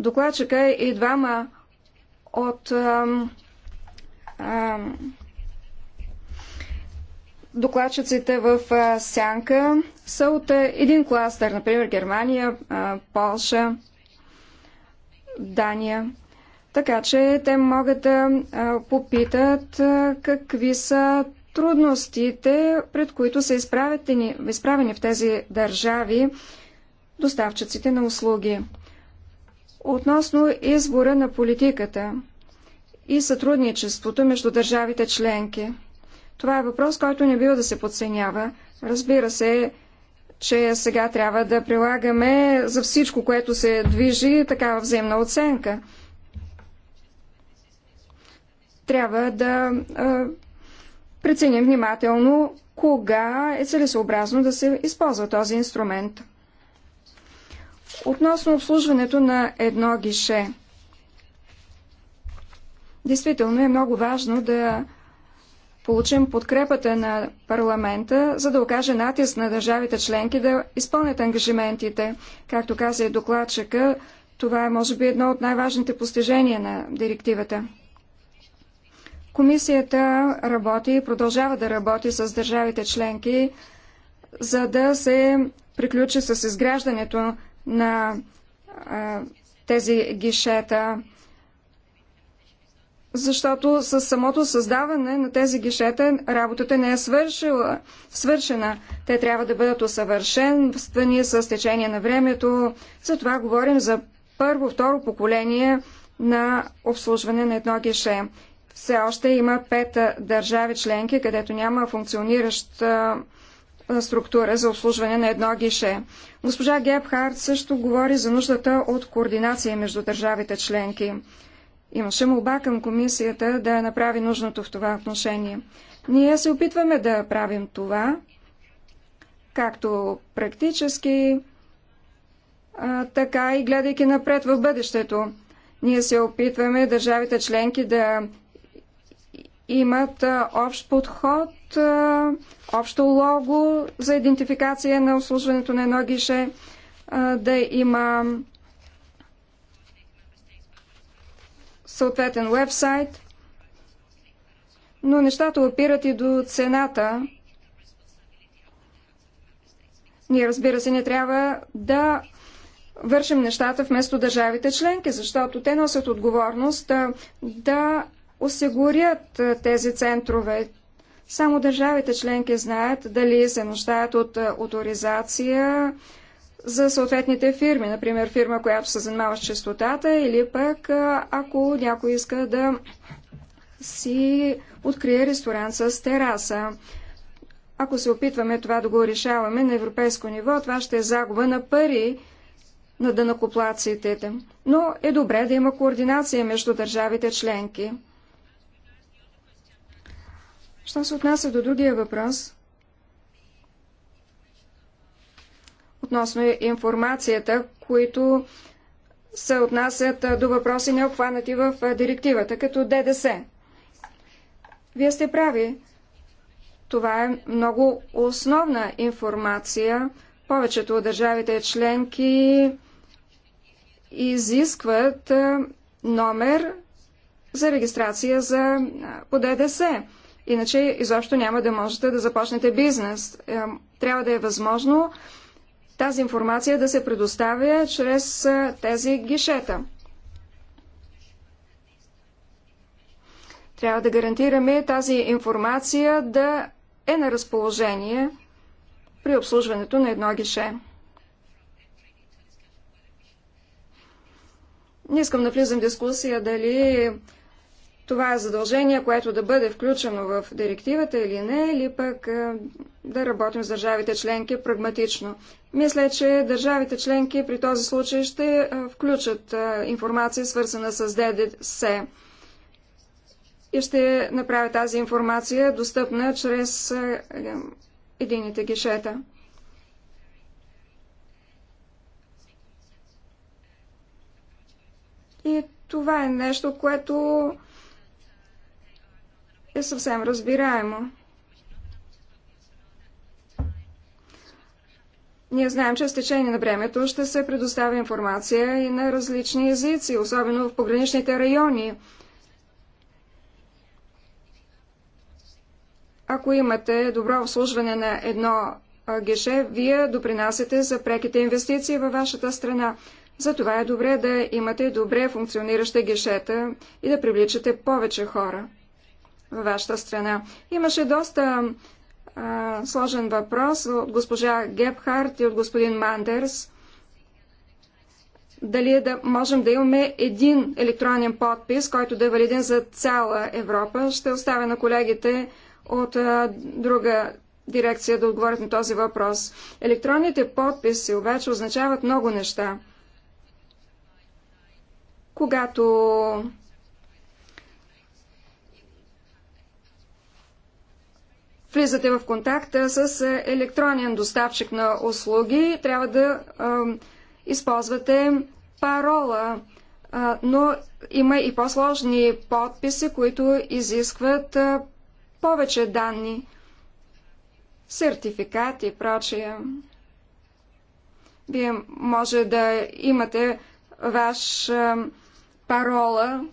докладчика е и двама от ам, ам, докладчиците в а, Сянка са от а, един кластър, например Германия, а, Полша, Дания. Така че те могат да попитат какви са трудностите, пред които са изправени, изправени в тези държави доставчиците на услуги относно избора на политиката и сътрудничеството между държавите членки. Това е въпрос, който не бива да се подценява. Разбира се, че сега трябва да прилагаме за всичко, което се движи, такава взаимна оценка. Трябва да преценим внимателно кога е целесообразно да се използва този инструмент. Относно обслужването на едно гише. Действително е много важно да получим подкрепата на парламента, за да окаже натиск на държавите членки да изпълнят ангажиментите. Както каза и докладчика, това е може би едно от най-важните постижения на директивата. Комисията работи и продължава да работи с държавите членки, за да се приключи с изграждането на а, тези гишета, защото с самото създаване на тези гишета работата не е свършила, свършена. Те трябва да бъдат усъвършенствани с течение на времето. Затова говорим за първо, второ поколение на обслужване на едно гише. Все още има пет държави членки, където няма функциониращ структура за обслужване на едно гише. Госпожа Гебхард също говори за нуждата от координация между държавите членки. Имаше молба към комисията да направи нужното в това отношение. Ние се опитваме да правим това, както практически, а, така и гледайки напред в бъдещето. Ние се опитваме държавите членки да имат общ подход, общо лого за идентификация на обслужването на едно гише, да има съответен вебсайт, но нещата опират и до цената. Ние, разбира се, не трябва да вършим нещата вместо държавите членки, защото те носят отговорност да, да осигурят тези центрове. Само държавите членки знаят дали се нуждаят от авторизация за съответните фирми, например фирма, която се занимава с чистотата или пък ако някой иска да си открие ресторант с тераса. Ако се опитваме това да го решаваме на европейско ниво, това ще е загуба на пари на дънакоплациите. Но е добре да има координация между държавите членки. Що се отнася до другия въпрос, относно информацията, които се отнасят до въпроси не обхванати в директивата, като ДДС. Вие сте прави. Това е много основна информация. Повечето от държавите членки изискват номер за регистрация за, по ДДС. Иначе изобщо няма да можете да започнете бизнес. Трябва да е възможно тази информация да се предоставя чрез е, тези гишета. Трябва да гарантираме тази информация да е на разположение при обслужването на едно гише. Не искам да влизам в дискусия дали това е задължение, което да бъде включено в директивата или не, или пък да работим с държавите членки прагматично. Мисля, че държавите членки при този случай ще включат информация, свързана с ДДС и ще направят тази информация достъпна чрез едините гишета. И това е нещо, което е съвсем разбираемо. Ние знаем, че с течение на времето ще се предоставя информация и на различни езици, особено в пограничните райони. Ако имате добро обслужване на едно геше, вие допринасяте за преките инвестиции във вашата страна. Затова е добре да имате добре функционираща гешета и да привличате повече хора във вашата страна. Имаше доста а, сложен въпрос от госпожа Гепхарт и от господин Мандерс. Дали е да можем да имаме един електронен подпис, който да е валиден за цяла Европа, ще оставя на колегите от а, друга дирекция да отговорят на този въпрос. Електронните подписи обаче означават много неща. Когато влизате в контакт с е, електронен доставчик на услуги, трябва да е, използвате парола, е, но има и по-сложни подписи, които изискват повече данни, сертификати и прочие. Вие може да имате ваш парола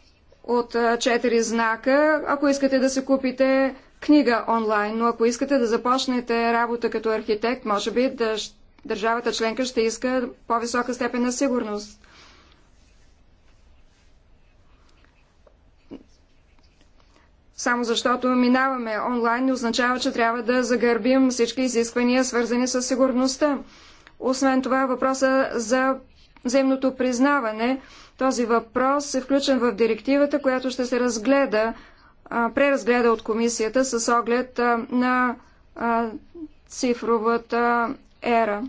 от четири знака, ако искате да се купите книга онлайн, но ако искате да започнете работа като архитект, може би да, държавата членка ще иска по-висока степен на сигурност. Само защото минаваме онлайн не означава, че трябва да загърбим всички изисквания, свързани с сигурността. Освен това, въпроса за взаимното признаване. Този въпрос е включен в директивата, която ще се разгледа преразгледа от комисията с оглед на цифровата ера.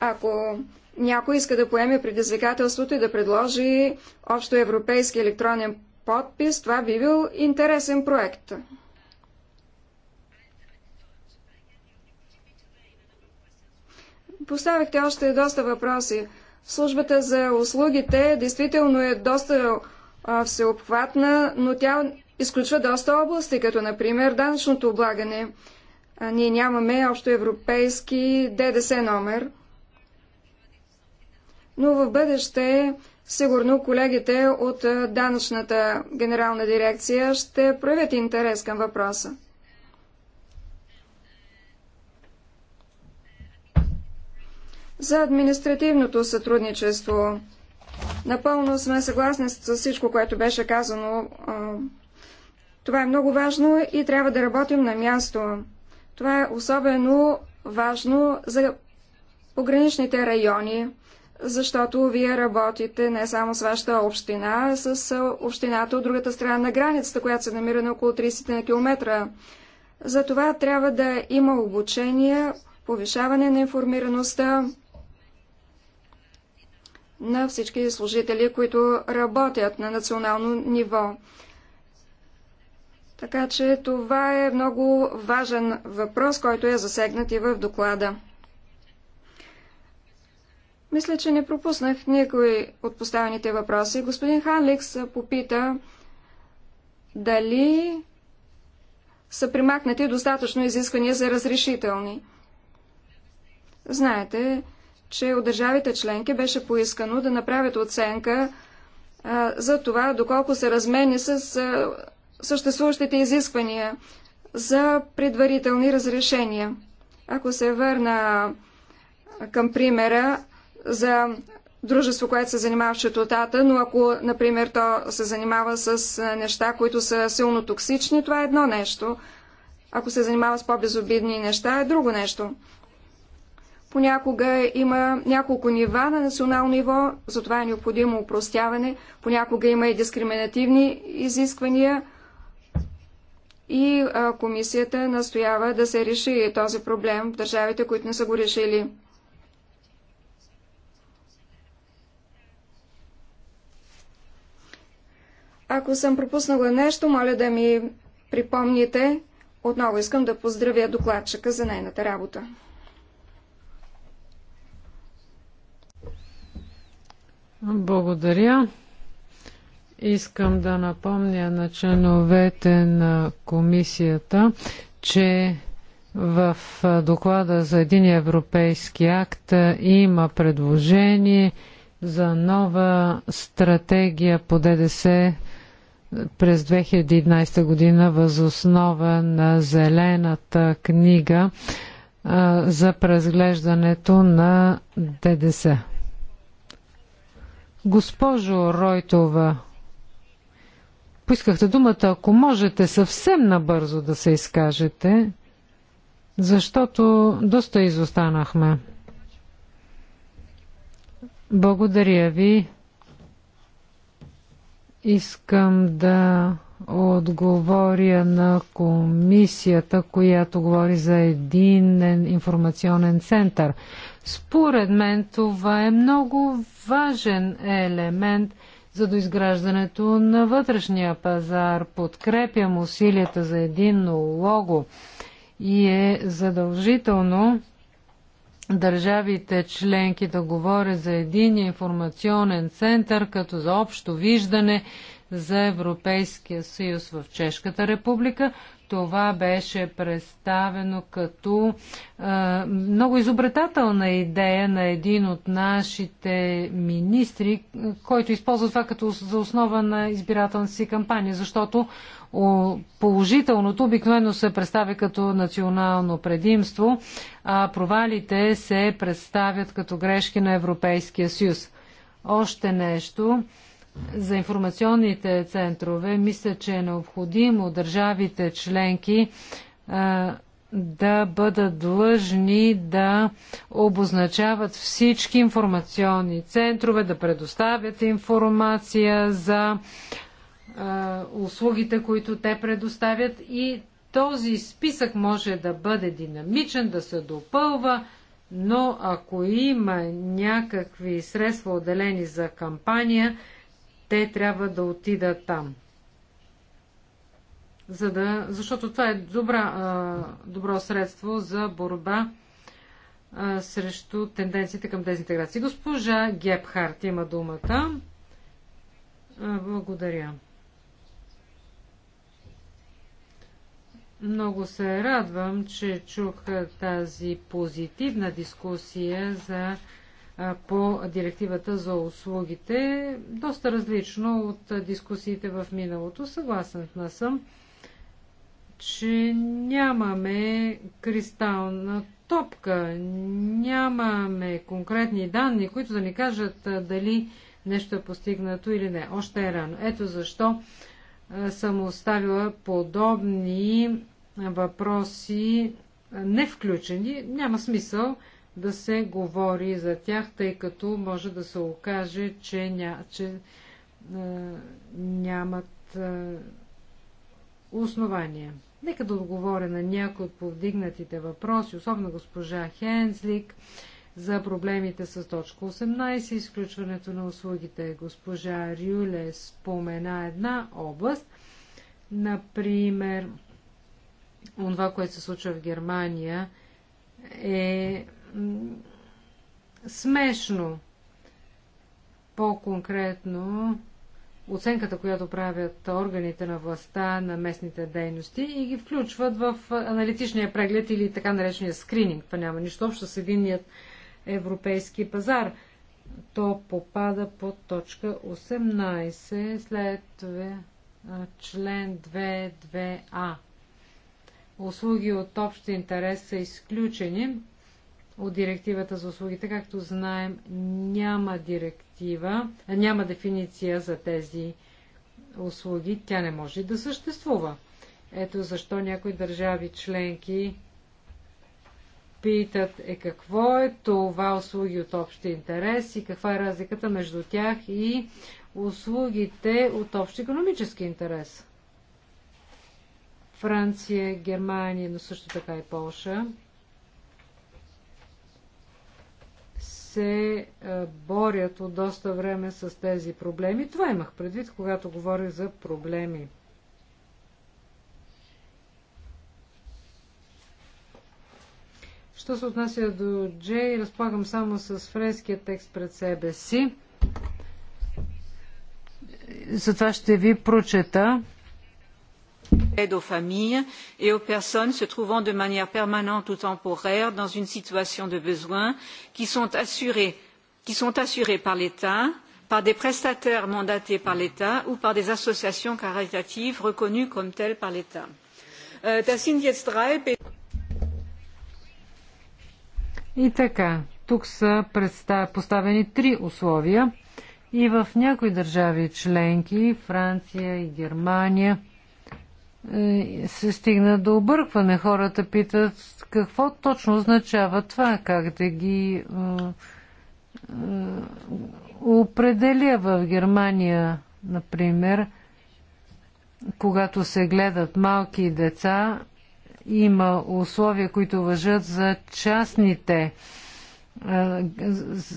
Ако някой иска да поеме предизвикателството и да предложи общо европейски електронен подпис, това би бил интересен проект. Поставихте още доста въпроси. Службата за услугите действително е доста а, всеобхватна, но тя изключва доста области, като например данъчното облагане. А, ние нямаме общо европейски ДДС номер. Но в бъдеще сигурно колегите от данъчната генерална дирекция ще проявят интерес към въпроса. За административното сътрудничество. Напълно сме съгласни с всичко, което беше казано. Това е много важно и трябва да работим на място. Това е особено важно за пограничните райони, защото вие работите не само с вашата община, а с общината от другата страна на границата, която се намира на около 30 на километра. За това трябва да има обучение, повишаване на информираността, на всички служители, които работят на национално ниво. Така че това е много важен въпрос, който е засегнат и в доклада. Мисля, че не пропуснах никой от поставените въпроси. Господин Ханликс попита дали са примакнати достатъчно изисквания за разрешителни. Знаете, че от държавите членки беше поискано да направят оценка а, за това, доколко се размени с а, съществуващите изисквания за предварителни разрешения. Ако се върна към примера за дружество, което се занимава в четотата, но ако, например, то се занимава с неща, които са силно токсични, това е едно нещо. Ако се занимава с по-безобидни неща, е друго нещо. Понякога има няколко нива на национално ниво, затова е необходимо упростяване. Понякога има и дискриминативни изисквания. И а, комисията настоява да се реши този проблем в държавите, които не са го решили. Ако съм пропуснала нещо, моля да ми припомните. Отново искам да поздравя докладчика за нейната работа. Благодаря. Искам да напомня на членовете на комисията, че в доклада за един европейски акт има предложение за нова стратегия по ДДС през 2011 година възоснова на зелената книга за преразглеждането на ДДС. Госпожо Ройтова, поискахте думата, ако можете съвсем набързо да се изкажете, защото доста изостанахме. Благодаря ви. Искам да отговоря на комисията, която говори за един информационен център. Според мен това е много важен елемент за доизграждането на вътрешния пазар. Подкрепям усилията за единно лого и е задължително държавите членки да говорят за един информационен център като за общо виждане за Европейския съюз в Чешката република. Това беше представено като а, много изобретателна идея на един от нашите министри, който използва това като за основа на избирателната си кампания, защото положителното обикновено се представя като национално предимство, а провалите се представят като грешки на Европейския съюз. Още нещо за информационните центрове, мисля, че е необходимо държавите членки да бъдат длъжни да обозначават всички информационни центрове, да предоставят информация за услугите, които те предоставят и този списък може да бъде динамичен, да се допълва, но ако има някакви средства отделени за кампания, те трябва да отидат там. За да, защото това е добра, добро средство за борба срещу тенденциите към дезинтеграция. Госпожа Гепхарт има думата. Благодаря. Много се радвам, че чух тази позитивна дискусия за по директивата за услугите, доста различно от дискусиите в миналото. Съгласна съм, че нямаме кристална топка, нямаме конкретни данни, които да ни кажат дали нещо е постигнато или не. Още е рано. Ето защо съм оставила подобни въпроси не включени. Няма смисъл да се говори за тях, тъй като може да се окаже, че, ня, че е, нямат е, основания. Нека да отговоря на някои от повдигнатите въпроси, особено госпожа Хензлик за проблемите с точка 18, изключването на услугите. Госпожа Рюле спомена една област, например, това, което се случва в Германия, е смешно. По-конкретно, оценката, която правят органите на властта на местните дейности и ги включват в аналитичния преглед или така наречения скрининг. Това няма нищо общо с единният европейски пазар. То попада под точка 18 след член 2.2а. Услуги от общ интерес са изключени от директивата за услугите. Както знаем, няма директива, няма дефиниция за тези услуги. Тя не може да съществува. Ето защо някои държави членки питат е какво е това услуги от общи интерес и каква е разликата между тях и услугите от общ економически интерес. Франция, Германия, но също така и Полша се е, борят от доста време с тези проблеми. Това имах предвид, когато говорих за проблеми. Що се отнася до Джей, разполагам само с френския текст пред себе си. Затова ще ви прочета aide aux familles et aux personnes se trouvant de manière permanente ou temporaire dans une situation de besoin qui sont assurées par l'état par des prestataires mandatés par l'état ou par des associations caritatives reconnues comme telles par l'état. И така, тук са поставени три условия и в някои държави членки, Франция и Германия, е, се стигна до объркване. Хората питат какво точно означава това, как да ги е, е, определя в Германия, например, когато се гледат малки деца, има условия, които въжат за частните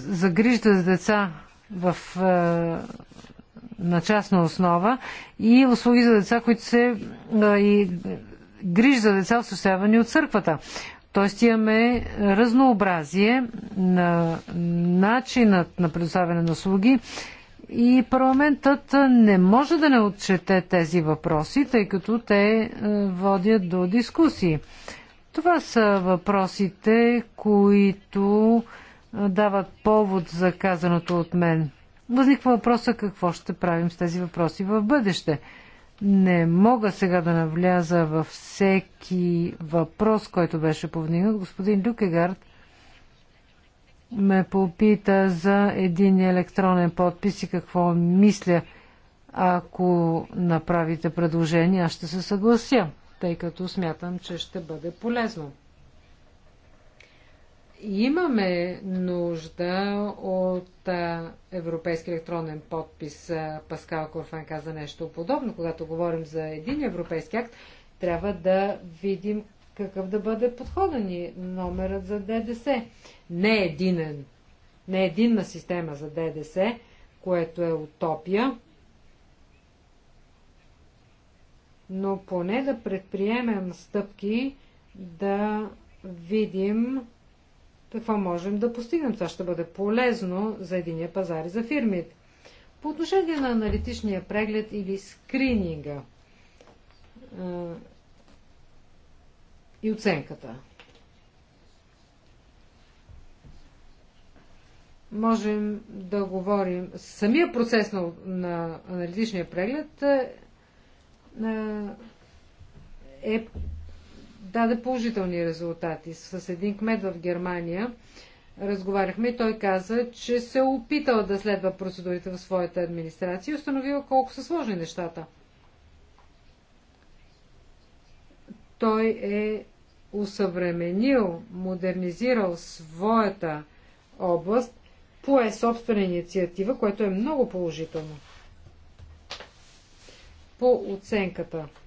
загрижда с деца в на частна основа и услуги за деца, които се и грижи за деца, осъществявани от църквата. Тоест имаме разнообразие на начинът на предоставяне на услуги и парламентът не може да не отчете тези въпроси, тъй като те е, водят до дискусии. Това са въпросите, които дават повод за казаното от мен. Възниква въпроса какво ще правим с тези въпроси в бъдеще. Не мога сега да навляза във всеки въпрос, който беше повдигнат. Господин Люкегард ме попита за един електронен подпис и какво мисля, ако направите предложение, аз ще се съглася, тъй като смятам, че ще бъде полезно имаме нужда от а, европейски електронен подпис. А, Паскал Корфан каза нещо подобно. Когато говорим за един европейски акт, трябва да видим какъв да бъде подхода ни номерът за ДДС. Не единен, не единна система за ДДС, което е утопия, но поне да предприемем стъпки да видим какво можем да постигнем. Това ще бъде полезно за единия пазар и за фирмите. По отношение на аналитичния преглед или скрининга а, и оценката. Можем да говорим. Самия процес на, на аналитичния преглед е, е даде положителни резултати. С един кмет в Германия разговаряхме и той каза, че се е опитал да следва процедурите в своята администрация и установила колко са сложни нещата. Той е усъвременил, модернизирал своята област, по е собствена инициатива, което е много положително. По оценката –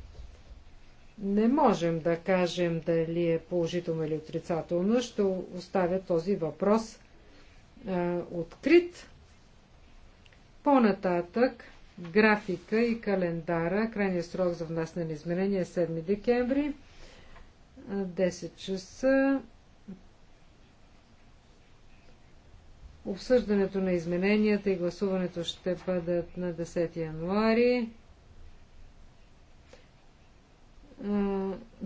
не можем да кажем дали е положително или отрицателно. Ще оставя този въпрос а, открит. По-нататък графика и календара. Крайният срок за внасяне на изменения е 7 декември. 10 часа. Обсъждането на измененията и гласуването ще бъдат на 10 януари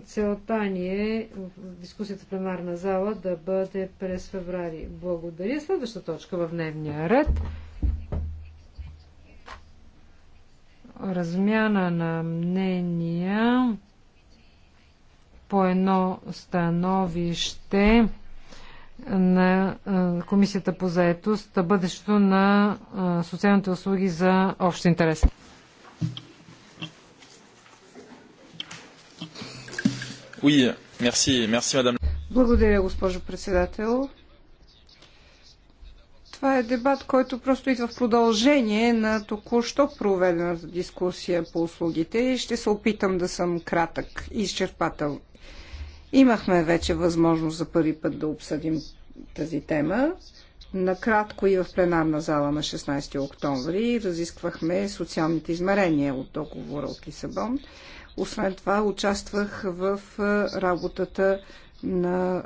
целта ни е в дискусията в пленарна зала да бъде през феврари. Благодаря. Следваща точка в дневния ред. Размяна на мнения по едно становище на Комисията по заетост, бъдещето на социалните услуги за общ интерес. Oui, merci, merci, madame. Благодаря, госпожо председател. Това е дебат, който просто идва в продължение на току-що проведената дискусия по услугите и ще се опитам да съм кратък и изчерпател. Имахме вече възможност за първи път да обсъдим тази тема. Накратко и в пленарна зала на 16 октомври разисквахме социалните измерения от договора от Лисабон. Освен това, участвах в работата на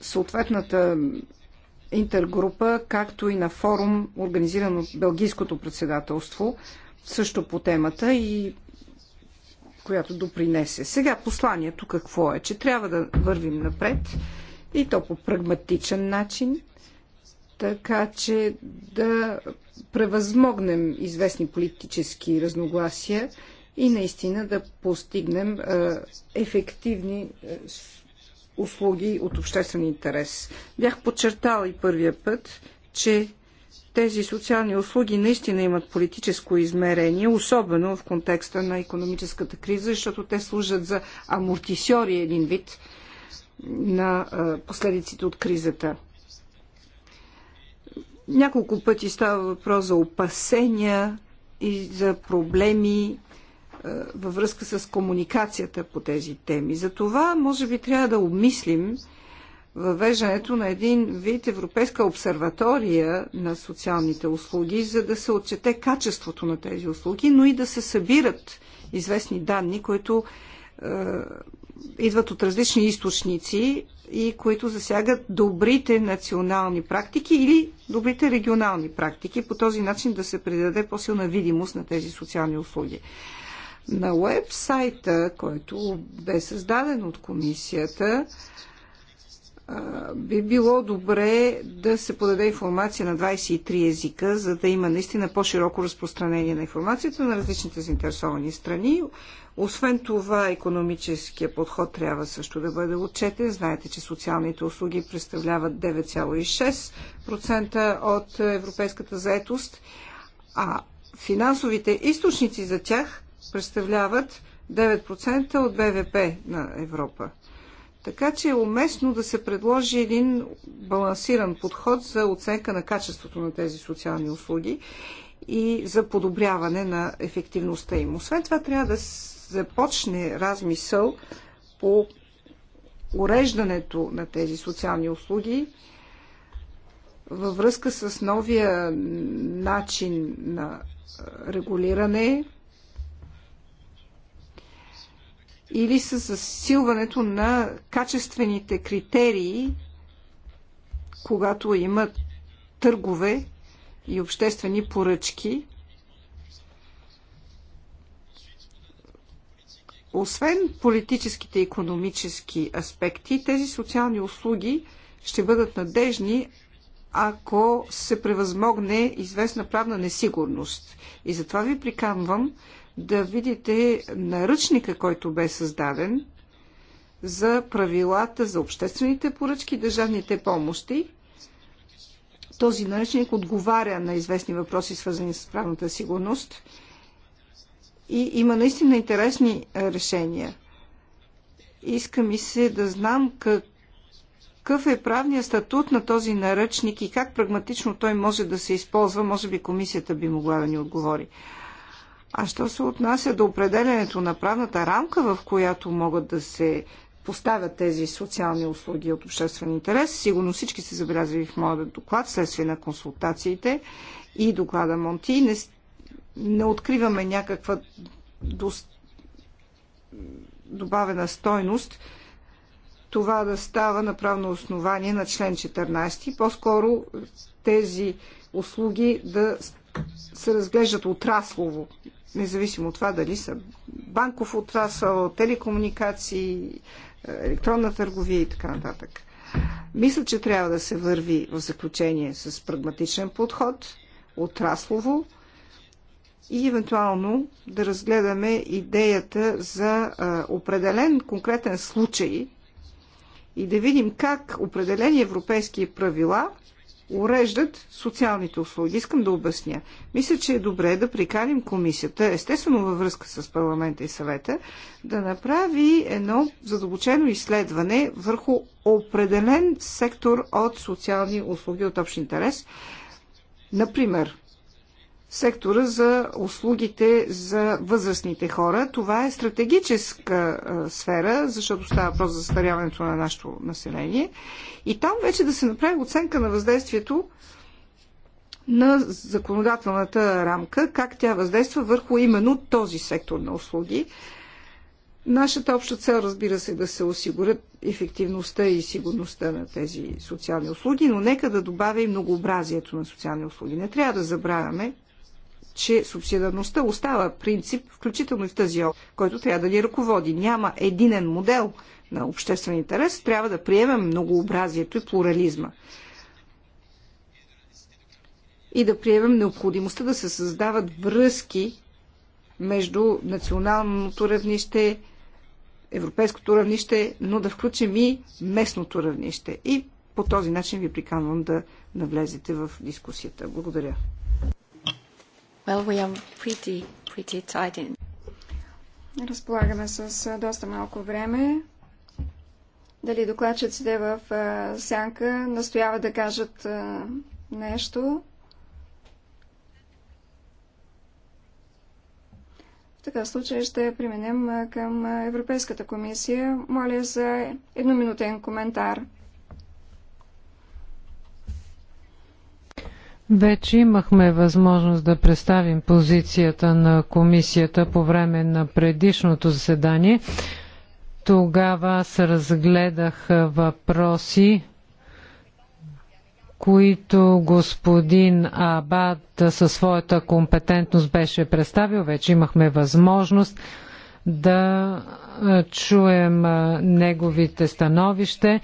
съответната интергрупа, както и на форум, организиран от Белгийското председателство, също по темата и която допринесе. Сега посланието какво е? Че трябва да вървим напред и то по прагматичен начин – така че да превъзмогнем известни политически разногласия и наистина да постигнем ефективни услуги от обществен интерес. Бях подчертал и първия път, че тези социални услуги наистина имат политическо измерение, особено в контекста на економическата криза, защото те служат за амортисьори един вид на последиците от кризата. Няколко пъти става въпрос за опасения и за проблеми е, във връзка с комуникацията по тези теми. За това, може би, трябва да обмислим въвеждането на един вид европейска обсерватория на социалните услуги, за да се отчете качеството на тези услуги, но и да се събират известни данни, които е, идват от различни източници и които засягат добрите национални практики или добрите регионални практики, по този начин да се придаде по-силна видимост на тези социални услуги. На уебсайта, който бе създаден от комисията, би било добре да се подаде информация на 23 езика, за да има наистина по-широко разпространение на информацията на различните заинтересовани страни. Освен това, економическия подход трябва също да бъде отчетен. Знаете, че социалните услуги представляват 9,6% от европейската заетост, а финансовите източници за тях представляват 9% от БВП на Европа. Така че е уместно да се предложи един балансиран подход за оценка на качеството на тези социални услуги и за подобряване на ефективността им. Освен това трябва да започне размисъл по уреждането на тези социални услуги във връзка с новия начин на регулиране или с засилването на качествените критерии, когато има търгове и обществени поръчки, Освен политическите и економически аспекти, тези социални услуги ще бъдат надежни, ако се превъзмогне известна правна несигурност. И затова ви приканвам да видите наръчника, който бе създаден за правилата за обществените поръчки, държавните помощи. Този наръчник отговаря на известни въпроси, свързани с правната сигурност – и има наистина интересни е, решения. Иска ми се да знам как, какъв е правният статут на този наръчник и как прагматично той може да се използва. Може би комисията би могла да ни отговори. А що се отнася до определенето на правната рамка, в която могат да се поставят тези социални услуги от обществен интерес, сигурно всички се забелязали в моят доклад, следствие на консултациите и доклада Монти. Не не откриваме някаква дост... добавена стойност, това да става на правно основание на член 14. По-скоро тези услуги да се разглеждат отраслово, независимо от това дали са банков отрасъл, телекомуникации, електронна търговия и така нататък. Мисля, че трябва да се върви в заключение с прагматичен подход, отраслово, и евентуално да разгледаме идеята за определен конкретен случай и да видим как определени европейски правила уреждат социалните услуги. Искам да обясня. Мисля, че е добре да приканим комисията, естествено във връзка с парламента и съвета, да направи едно задълбочено изследване върху определен сектор от социални услуги от общ интерес. Например, сектора за услугите за възрастните хора. Това е стратегическа сфера, защото става въпрос за застаряването на нашето население. И там вече да се направи оценка на въздействието на законодателната рамка, как тя въздейства върху именно този сектор на услуги. Нашата обща цел, разбира се, е да се осигурят ефективността и сигурността на тези социални услуги, но нека да добавя и многообразието на социални услуги. Не трябва да забравяме, че субсидарността остава принцип, включително и в тази област, който трябва да ни ръководи. Няма единен модел на обществен интерес, трябва да приемем многообразието и плурализма. И да приемем необходимостта да се създават връзки между националното равнище, европейското равнище, но да включим и местното равнище. И по този начин ви приканвам да навлезете в дискусията. Благодаря. Well, we are pretty, pretty tight in. Разполагаме с доста малко време. Дали докладчиците в сянка настояват да кажат нещо? В така случай ще преминем към Европейската комисия. Моля за едноминутен коментар. Вече имахме възможност да представим позицията на комисията по време на предишното заседание. Тогава аз разгледах въпроси, които господин Абад със своята компетентност беше представил. Вече имахме възможност да чуем неговите становище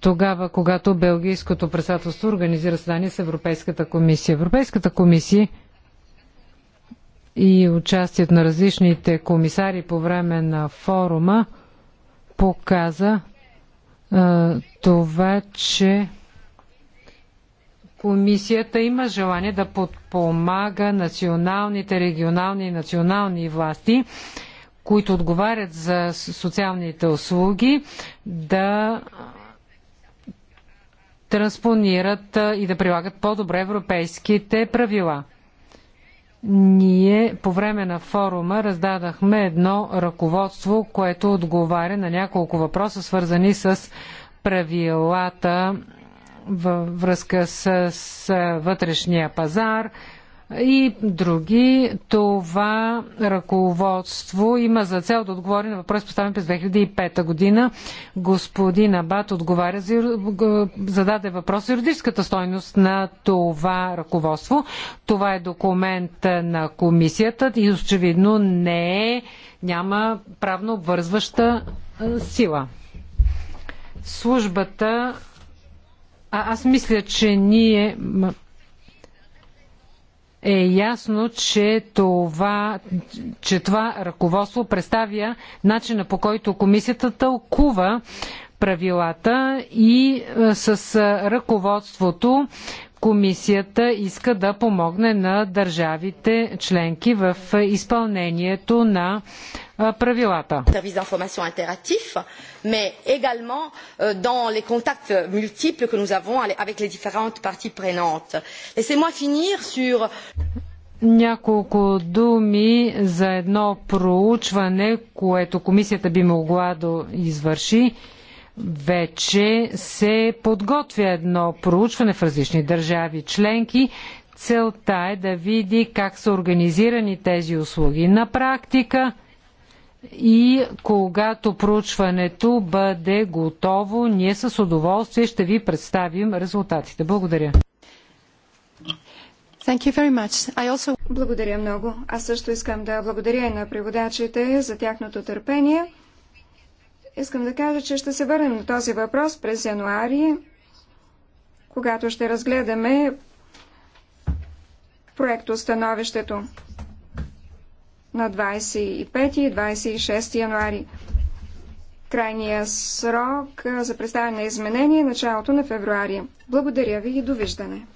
тогава, когато Белгийското председателство организира съдание с Европейската комисия. Европейската комисия и участието на различните комисари по време на форума показа а, това, че комисията има желание да подпомага националните, регионални и национални власти които отговарят за социалните услуги, да транспонират и да прилагат по-добре европейските правила. Ние по време на форума раздадахме едно ръководство, което отговаря на няколко въпроса, свързани с правилата във връзка с вътрешния пазар, и други. Това ръководство има за цел да отговори на въпрос поставен през 2005 година. Господин Абат отговаря за, зададе въпрос за юридическата стойност на това ръководство. Това е документ на комисията и очевидно не е, няма правно обвързваща сила. Службата а, аз мисля, че ние е ясно, че това, че това ръководство представя начина по който комисията тълкува правилата и е, с е, ръководството комисията иска да помогне на държавите членки в е, изпълнението на правилата. Euh, няколко думи за едно проучване, което комисията би могла да извърши. Вече се подготвя едно проучване в различни държави членки. Целта е да види как са организирани тези услуги на практика и когато проучването бъде готово, ние с удоволствие ще ви представим резултатите. Благодаря. Also... Благодаря много. Аз също искам да благодаря и на преводачите за тяхното търпение. Искам да кажа, че ще се върнем на този въпрос през януари, когато ще разгледаме проекто становището на 25 и 26 януари. Крайния срок за представяне на изменение е началото на февруари. Благодаря ви и довиждане.